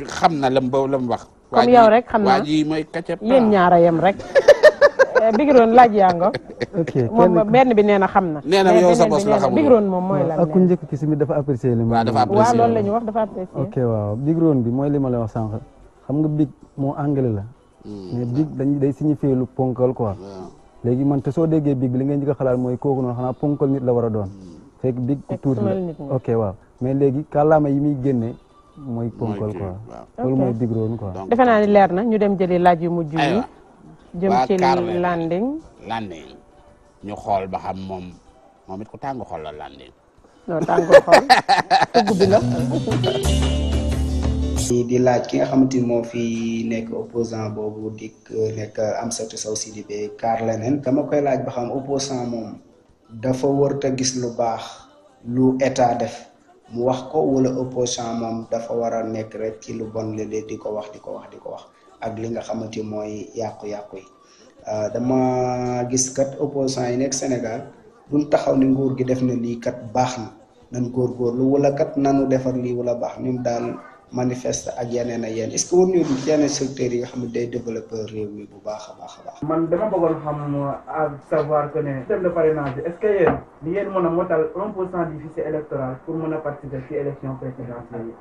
[SPEAKER 1] xam na lam boobu lam wax.
[SPEAKER 2] comme yow rek xam naa ji mooy kacep yéen ah. ñaara yem rek. bigiroon <laughs> eh, laaj yaa nga. ok moom bi nee na xam na. nee na yow sa bopp moom mooy lan. ak ku
[SPEAKER 7] njëkk ki simi dafa apprécier li ma. dafa la ñu wax
[SPEAKER 2] dafa apprécier. ok
[SPEAKER 7] waaw bigiroon bi mooy li ma wax sànq xam nga big moo anglais la. Hmm. mais big day signifier lu ponkal quoi. léegi manta te soo déggee big bi li ngay njëkk a xalaat mooy kooku noonu xanaa ponkal nit la war a doon fekk big tuuti la ok waaw mais léegi kàllaama yi muy génne mooy ponkal quoi loolu ko big roon quoi
[SPEAKER 2] defe na ñu dem jëli laaj yu mujj yi jëm ci landing
[SPEAKER 1] landing ñu xool ba xam moom moom ku tàng xool la landing non tàng xol tugg <laughs> bi la
[SPEAKER 5] di laaj ki nga xamante ni moo fi nekk opposant boobu di euh, nekk Amsatou Sow Sidibé kaar leneen dama koy laaj ba xam opposant moom dafa warta gis lu baax lu état def mu wax ko wala opposant dafa war a nekk rek ci lu bon la di ko wax di ko wax di ko wax ak li nga xamante ni mooy yàqu-yàqu yi euh, dama gis kat opposant yi nekk Sénégal duñ taxaw ni nguur gi def na lii kat baax na nan góorgóorlu wala kat nanu defar lii wala baax ñoom daal manifeste ak yeneen ak yeneen est-ce que war nañu xam ne day
[SPEAKER 7] développé réew mi bu baax a baax
[SPEAKER 4] a baax. man dama bëggoon xam à savoir que ne système de parrainage est-ce que yéen li ngeen mën a motal 1 pour cent du fichier électoral pour mën a participer ci élection
[SPEAKER 6] présidentielle yi.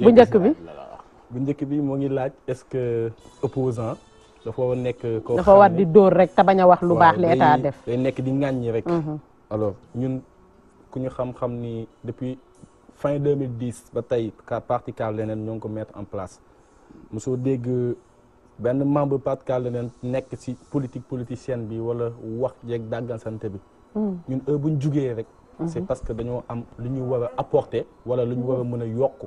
[SPEAKER 2] bu njëkk bi
[SPEAKER 8] bu njëkk bi moo ngi laaj est-ce que opposant dafa war nekk koo dafa di dóor rek ta bañ a wax lu baax l'état def day nekk di ŋàññi rek mhm. alors ku ñu xam-xam ni depuis fin 2010 ba tey ka parti Leneen ñoo ngi ko mettre en place mosoo dégg benn membre parti Leneen nekk ci politique politicienne bi wala wax jeeg dàggal sante bi. Hmm. ñun heure bu ñu jugee rek. Hmm. c'est parce que dañoo am lu ñu war a apporter wala lu ñu war a mën a yokk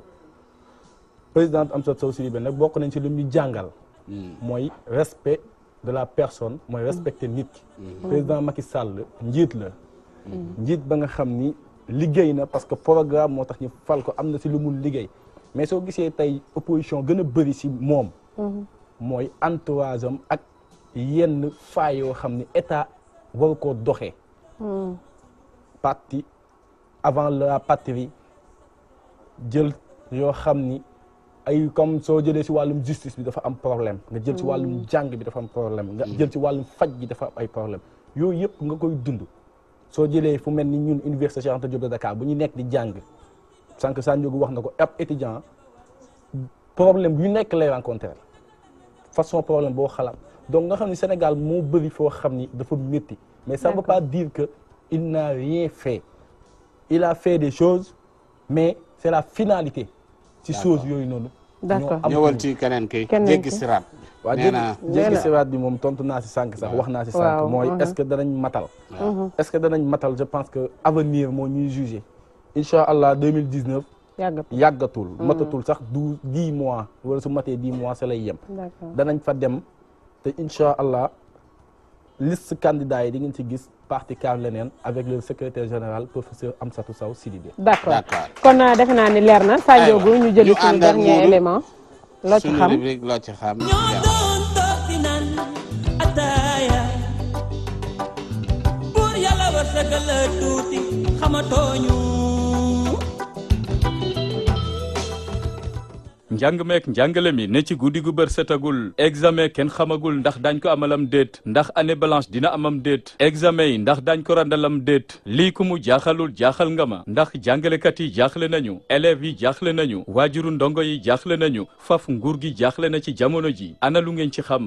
[SPEAKER 8] présidente Amsatou Sow Sidibé nag bokk nañ si lu ñu jàngal. Hmm. mooy respect de la personne mooy respecter nit ki. président Macky Sall njiit la. njiit ba nga xam ni liggéey na parce que programme moo tax ñu fal ko am na si lu mu liggéey mais soo gisee tey opposition gën a bëri si moom mooy entourage ak yenn faa yoo xam ni état waru ko doxee parti avant la patrie jël yoo xam ni ay comme soo jëlee si wàllum justice bi dafa am problème nga jël si wàllum jàng bi dafa am problème nga jël si wàllum faj bi dafa am ay problème yooyu yëpp nga koy dund soo jëlee fu mel ni ñun université Cheikh Anta Diop de Dakar bu ñu nekk di jàng sànq Sanjogu wax na ko ab étudiant problème bu nekk lay rencontré façon problème boo xalaat donc nga xam ne Sénégal moo bëri foo xam ni dafa métti mais ça ne veut pas dire que il n'a rien fait il a fait des choses mais c'est la finalité ci choses yooyu noonu d'accord ñëwal ci keneen
[SPEAKER 1] kay jéggi siraat waaw jékki siwaat
[SPEAKER 8] bi moom tontu naa si sànq sax wax naa si sànq mooy uh-huh. est-ce que danañ matal uh-huh. est-ce que danañ matal je pense que avenir moo ñuy jugé incha allah yàggatul mm-hmm. matatul sax douze dix mois wala su matee dix mois sa lay yem danañ fa dem te incha allah liste candidats yi di ngeen ci gis parti CAF leneen avec le secrétaire général professeur Amsatou Sow Sidibé d'accord
[SPEAKER 2] kon euh, defe naa ni leer na Sadio ñu jëli suñu dernier élément
[SPEAKER 8] loo ci xam suñu loo ci xam.
[SPEAKER 7] buur yàlla war sagal tuuti
[SPEAKER 3] njàng meek njàngale mi ne ci guddi gu bër setagul examen kenn xamagul ndax dañ ko amalam déet ndax année blanche dina amam déet examen yi ndax dañ ko randalam déet lii ku mu jaaxalul jaaxal nga ma ndax jàngalekat yi jaaxle nañu élèves yi jaaxle nañu waajuru ndongo yi jaaxle nañu faf nguur gi jaaxle na ci jamono ji ana lu ngeen ci xam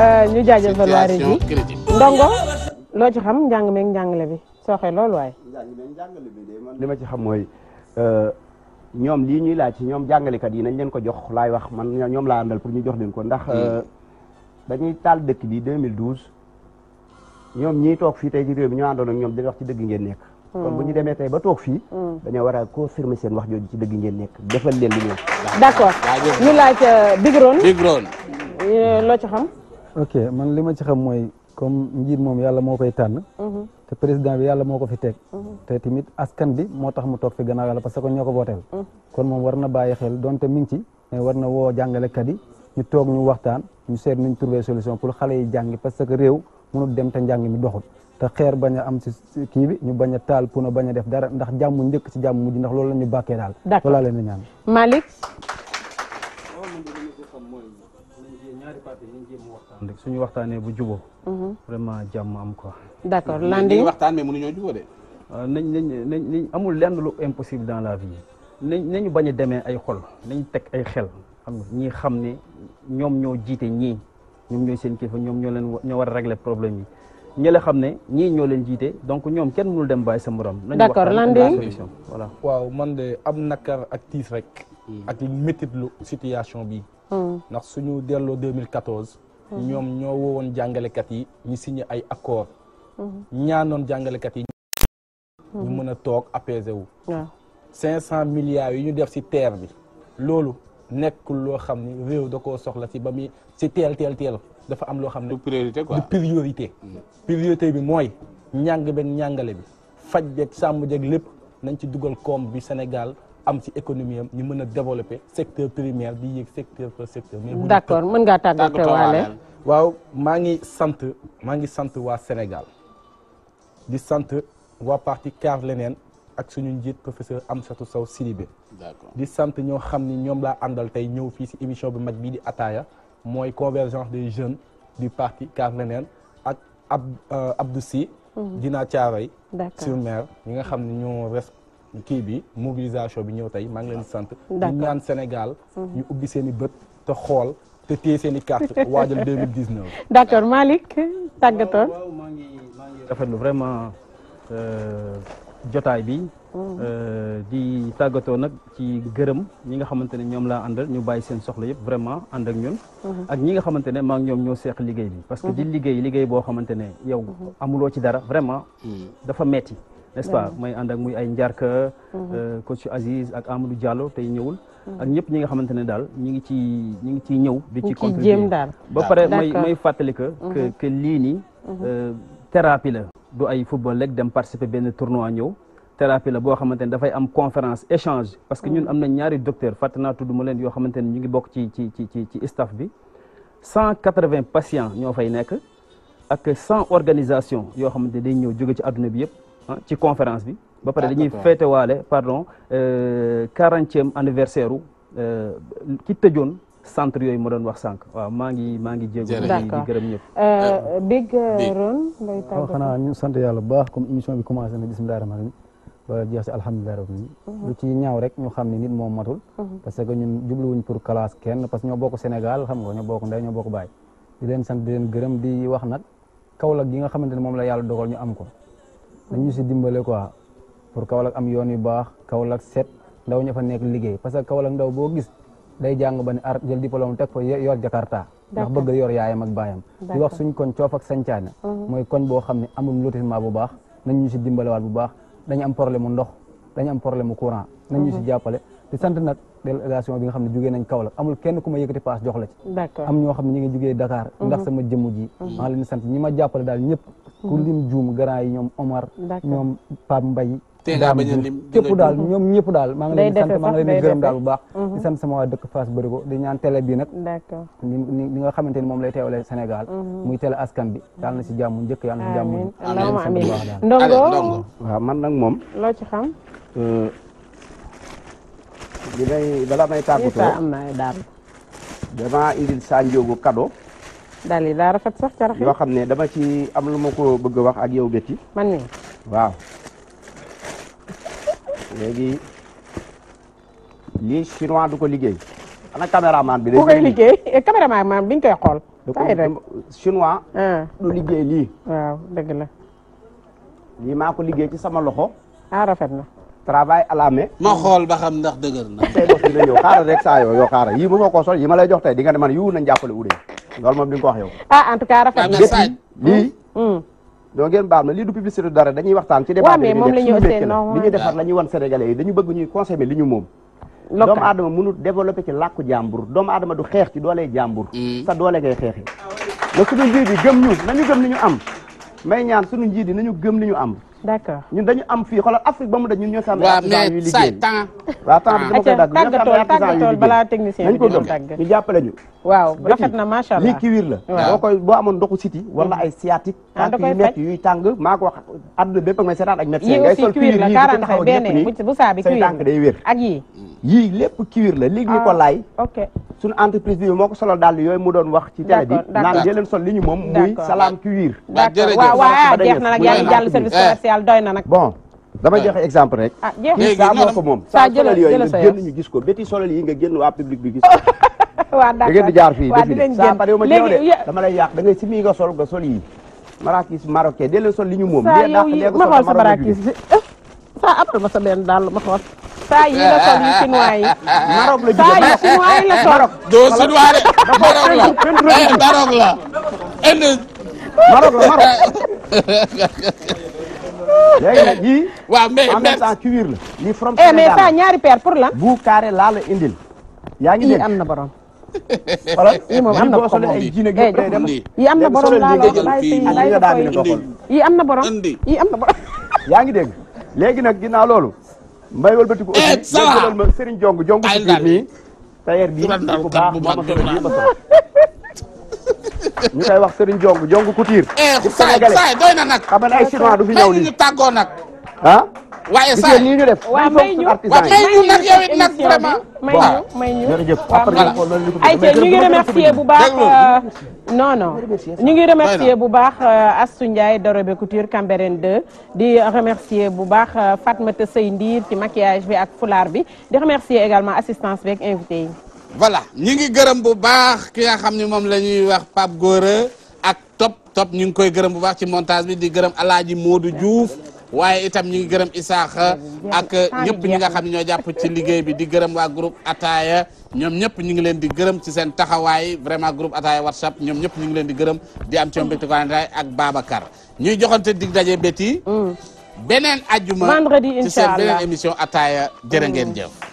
[SPEAKER 2] euh, ñu jaajëfal waa régi ndongo loo ci xam njàng meeg njàngale bi sooxe loolu waaye
[SPEAKER 5] li ma ci xam mooy Euh, ñoom lii ñuy laaj ci ñoom jàngalekat yi nañ leen ko jox laay wax man ñoom laa àndal pour ñu jox leen ko ndax dañuy hmm. euh, taal dëkk bi 2012 ñoom ñii toog fii tey ci réew mi ñoo àndoon ñoom di wax ci dëgg ngeen nekk hmm. kon bu ñu demee tey ba toog fii hmm. dañoo war a confirmer seen wax jooju ci dëgg ngeen nekk defal leen li ñoom d'accord ñu laaj euh, Big Rone
[SPEAKER 2] Big Rone loo xam
[SPEAKER 7] ok man li ma ci xam mooy comme njiit moom yàlla moo koy tànn mhm. te président bi yàlla moo ko fi teg mhm. te tamit askan bi moo tax mu toog fi gannaaw yàlla parce que ñoo ko booteel mhm. kon moom war na bàyyi xel donte mi ci mais war na woo jàngalekat yi ñu toog ñu waxtaan ñu seet nuñ trouver solution pour xale yi jàngi parce que réew mënul dem te njàng mi doxul te xeer bañ a am si kii bi ñu bañ a taal puno bañ a def dara ndax jàmm njëkk ci jàmm mujj ndax
[SPEAKER 4] loolu la ñu bàkkee daal d'accord loolu laa leen rek suñu waxtaanee bu juboo mhm. vraiment jàmm am quoi. d'accord landi dañuy waxtaan
[SPEAKER 1] mais mënuñoo juboo de.
[SPEAKER 4] Euh, nañ nañ nañ amul lenn lu impossible dans la vie nañ nañu bañ a demee ay xol nañ teg ay xel xam nga ñii xam ne ñoom ñoo jiite ñii ñoom ñooy seen kilifa ñoom ñoo leen ñoo war a régler problème yi. ñi la xam ne ñii ñoo leen jiite donc ñoom kenn mënul dem bàyyi sa morom. d'accord lan de
[SPEAKER 8] voilà. waaw man de am nakar ak tiis rek. Hmm. ak métit lu situation bi. Hmm. ndax suñu delloo 2014. ñoom ñoo woowoon jàngalekat yi ñu signé ay accord mhm. ñaanoon jàngalekat yi ñu mhm. mën a toog apaisé wu cinq cent milliards yi ñu def ci terre bi loolu nekkul loo xam ni réew da ko soxla ci ba muy ci teel teel teel dafa am loo xam ne du priorité mm. bi mooy ñàng benn ñàngale bi faj beeg sàmm jeeg lépp nañ ci dugal koom bi Sénégal am ci économie am ñu mën a développer secteur primaire di yéeg secteur par secteur. mais d'accord
[SPEAKER 2] mën ngaa tàggatoo waale
[SPEAKER 8] waaw maa ngi sant maa ngi sant waa Sénégal di sant waa parti Kaar leneen ak suñu njiit professeur Amsatou Sow Sidibé. d'accord di sant ñoo xam ni ñoom laa àndal tey ñëw fii ci émission bu mag bii di ataaya mooy convergence des jeunes du parti Kaar leneen ak ab euh, Abdou caaray mhm. sur mer ñi nga xam ne ñoo kii bi mobilisation bi ñëw tey maa ngi leen sant ñu ñaan Sénégal mhm. ñu ubbi seen i bët te xool te téye seen i carte <laughs> waajal 2019
[SPEAKER 2] d'accord Malick tàggatoo waaw maa ngi
[SPEAKER 4] maa ngi rafetlu vraiment euh, jotaay bi mhm. euh, di tàggatoo nag ci gërëm ñi nga xamante ne ñoom laa àndal ñu bàyyi seen soxla yëpp vraiment ànd ak ñun mhm. ak ñi nga xamante ne maa ngi ñoom ñoo seeq liggéey bi parce que di liggéey liggéey boo xamante ne yow amuloo ci dara vraiment dafa metti n'est-ce pas may ànd ak muy ay njarka mhm. euh, coach Aziz ak Amadou Diallo tey ñëwul mhm. ak ñëpp ñi nga xamante ne daal ñu ngi ci ñi ngi ciy ñëw di ci contribuer ba pare may may fàttali mhm. lii nii euh, thérapie la du ay football rek dem participer benn tournoi ñëw thérapie la boo xamante ne dafay am conférence échange parce que ñun am na ñaari docteur fàtte naa leen yoo xamante ne ñu ngi bokk ci ci ci ci ci staff bi cent quatre-vingts patients ñoo fay nekk ak cent organisation yoo xamante ne day ñëw jóge ci àdduna bi yëpp Ah, ci conférence bi ba pare ah, dañuy féetewaale pardon euh, quarantième anniversaire u euh, ki tëjoon centre yooyu ma doon wax sànq waaw maa ngi maa ngi jéego di gërëm ñëpp
[SPEAKER 2] euh, big ron ngay oh, tàggatoo
[SPEAKER 4] xanaa
[SPEAKER 7] ñu sant yàlla bu baax comme émission bi commencé na bismillah rahmaan rahim ba jeex si alhamdulilah rabbil mhm. lu ci ñaaw rek ñu xam ne nit moom matul mhm. parce que ñu jubluwuñ pour classe kenn parce que ñoo bokk Sénégal xam nga ñoo bokk ndey ñoo bokk baay di leen sant di leen gërëm di wax nag Kaolack gi nga xamante ne moom la yàlla dogal ñu am ko nañu si dimbale quoi pour Kaolack am yoon yu baax Kaolack set ndaw ña fa nekk liggéey parce que Kaolack ndaw boo gis day jàng ba ne ar jël diplôme teg fa yor Jakarta ndax bëgg yor yaayam ak baayam di wax suñ koñ coof ak uh-huh. mooy koñ boo xam ne amul lotissement bu baax nañu si dimbalewaat bu baax dañu am problème mu ndox dañ am problème mu courant nañu si uh-huh. jàppale di sant nag délégation bi nga xam ne jógee nañ Kaolack amul kenn ku ma yëkkati paas jox la ci am ñoo xam ne ñi ngi jógee Dakar mhm. ndax sama jëmm ji mhm. maa sant ñi jàppale daal ñëpp mhm. ñoom daal ñoom ñëpp daal maa ngi leen di sant maa ngi leen di gërëm daal bu baax di sant sama waa dëkk Fass Bërigo di ñaan télé bi nag li nga xamante ni moom lay teewalee Sénégal muy télé askan bi na si jàmm njëkk yàlla na si jàmm
[SPEAKER 2] ndongo
[SPEAKER 5] waaw man nag moom loo ci li may bala may am na daal damaa kado
[SPEAKER 2] daal daa rafet sax carax yoo
[SPEAKER 5] xam ne dama ci am lu ma ko bëgg a wax ak yow Betty man mi waaw léegi lii chinois du ko liggéey ana caméraman bi. ku koy liggéey eh, caméraman bi ñu koy xool. taay rek chinois. Ah. du liggéey lii. waaw dëgg la. lii ko liggéey ci sama loxo. ah rafet na. travail à la ma xool ba xam ndax dëgër na. tey bos dina ñëw xaaral rek saa yoo yoo xaaral ma lay jox tey di nga ne man yu nañ jàppale ude loolu moom di nga wax yow.
[SPEAKER 2] ah en tout cas rafet na
[SPEAKER 5] lii. Hmm. doo ngeen baal ma lii du publicité dara dañuy waxtaan ci débat bi li ñuy defar la ñuy wan sénégalais yi ñu du xeex ci hmm. doole ngay xeexi na suñu njiit yi gëm ñu nañu gëm li ñu am may ñaan suñu njiit yi nañu gëm li ñu am d'accord ñun dañu am fii xoolal Afrique ba mu daj fi am. waaw mais say temps waaw temps bi dama koy ñu jàppale ñu waaw
[SPEAKER 6] rafet na la
[SPEAKER 5] boo koy boo amoon ndoxu siti wala mm-hmm. ay ah, ko wax àdduna bépp ak may seetaan ak médecin ngay la lépp kiwiir la lii ñu ah, entreprise bi moo ko solal daal yooyu mu doon wax ci télé bi naan jëleen sol li moom muy salaam kiwiir waaw waaw ah, jeex na nag yaa ngi jàll service commercial yàlla doy na nag. bon dama joxe exemple rek. ah jeex saa moo ko moom. saa jëla yooyu nga génn ñu gis ko béti solal yi nga génn waa public bi gis <laughs> ko.
[SPEAKER 2] waaw d'accord da jaar fii défi saa ma jëloon
[SPEAKER 5] dama lay yàq da ngay simi nga sol nga sol yi. marakis marocain dee leen sol li ñu moom. saa yow yi ma xool sa marakis bi
[SPEAKER 2] <laughs> saa ma sa benn daal ma xool. saa yi la sol yi chinois yi. <laughs> Maroc la jógee la sol. doo chinois
[SPEAKER 6] la Maroc la
[SPEAKER 5] léegi nag yii. <laughs> waaw mais en même temps cuir la. lii from eh, Sénégal mais
[SPEAKER 2] ñaari paire pour la.
[SPEAKER 5] bu carré laa la indil. yaa ngi dégg am na borom. voilà <laughs> <laughs> yii moom am na ko moom yii am na borom eh, laa la yii am na borom yaa ngi dégg léegi nag ginnaaw loolu. mbay wëlbati ko eh, aussi dégg ma Serigne Jong Jong. ay tailleur bi bu baax bu baax ñu koy wax Serigne Jong Jong Couture. Eh, di Sénégalais doy na nag. xam nga ay chinois du fi ñëw nii ñu tàggoo ah. waaye saa ñu def. waaw may may ñu nag yow ñu ngi euh, remercier bu baax.
[SPEAKER 2] non non ñu ngi remercier bu baax Astou Ndiaye Dorobe Couture Cambérène 2 di remercier bu baax euh, Fatmata Sey Ndiir ci maquillage bi ak fulaar bi di remercier également assistance beeg invité yi.
[SPEAKER 1] voilà ñi ngi gërëm bu baax ki nga xam ni moom la ñuy wax Pape Gora ak top top ñu ngi koy gërëm bu baax ci montage bi di gërëm Alaaji Moodu Diouf waaye itam ñu ngi gërëm Isaaxa ak ñëpp ñi nga xam ne ñoo jàpp ci liggéey bi di gërëm waa groupe Ataaya ñoom ñëpp ñu ngi leen di gërëm ci seen taxawaay vraiment groupe Ataaya WhatsApp ñoom ñëpp ñu ngi leen di gërëm di am ci ñoom mbégte ak Babacar ñuy joxante dig daje beti mm. beneen ajjuma ci seen beneen émission Ataaya jërë ngeen
[SPEAKER 6] jëf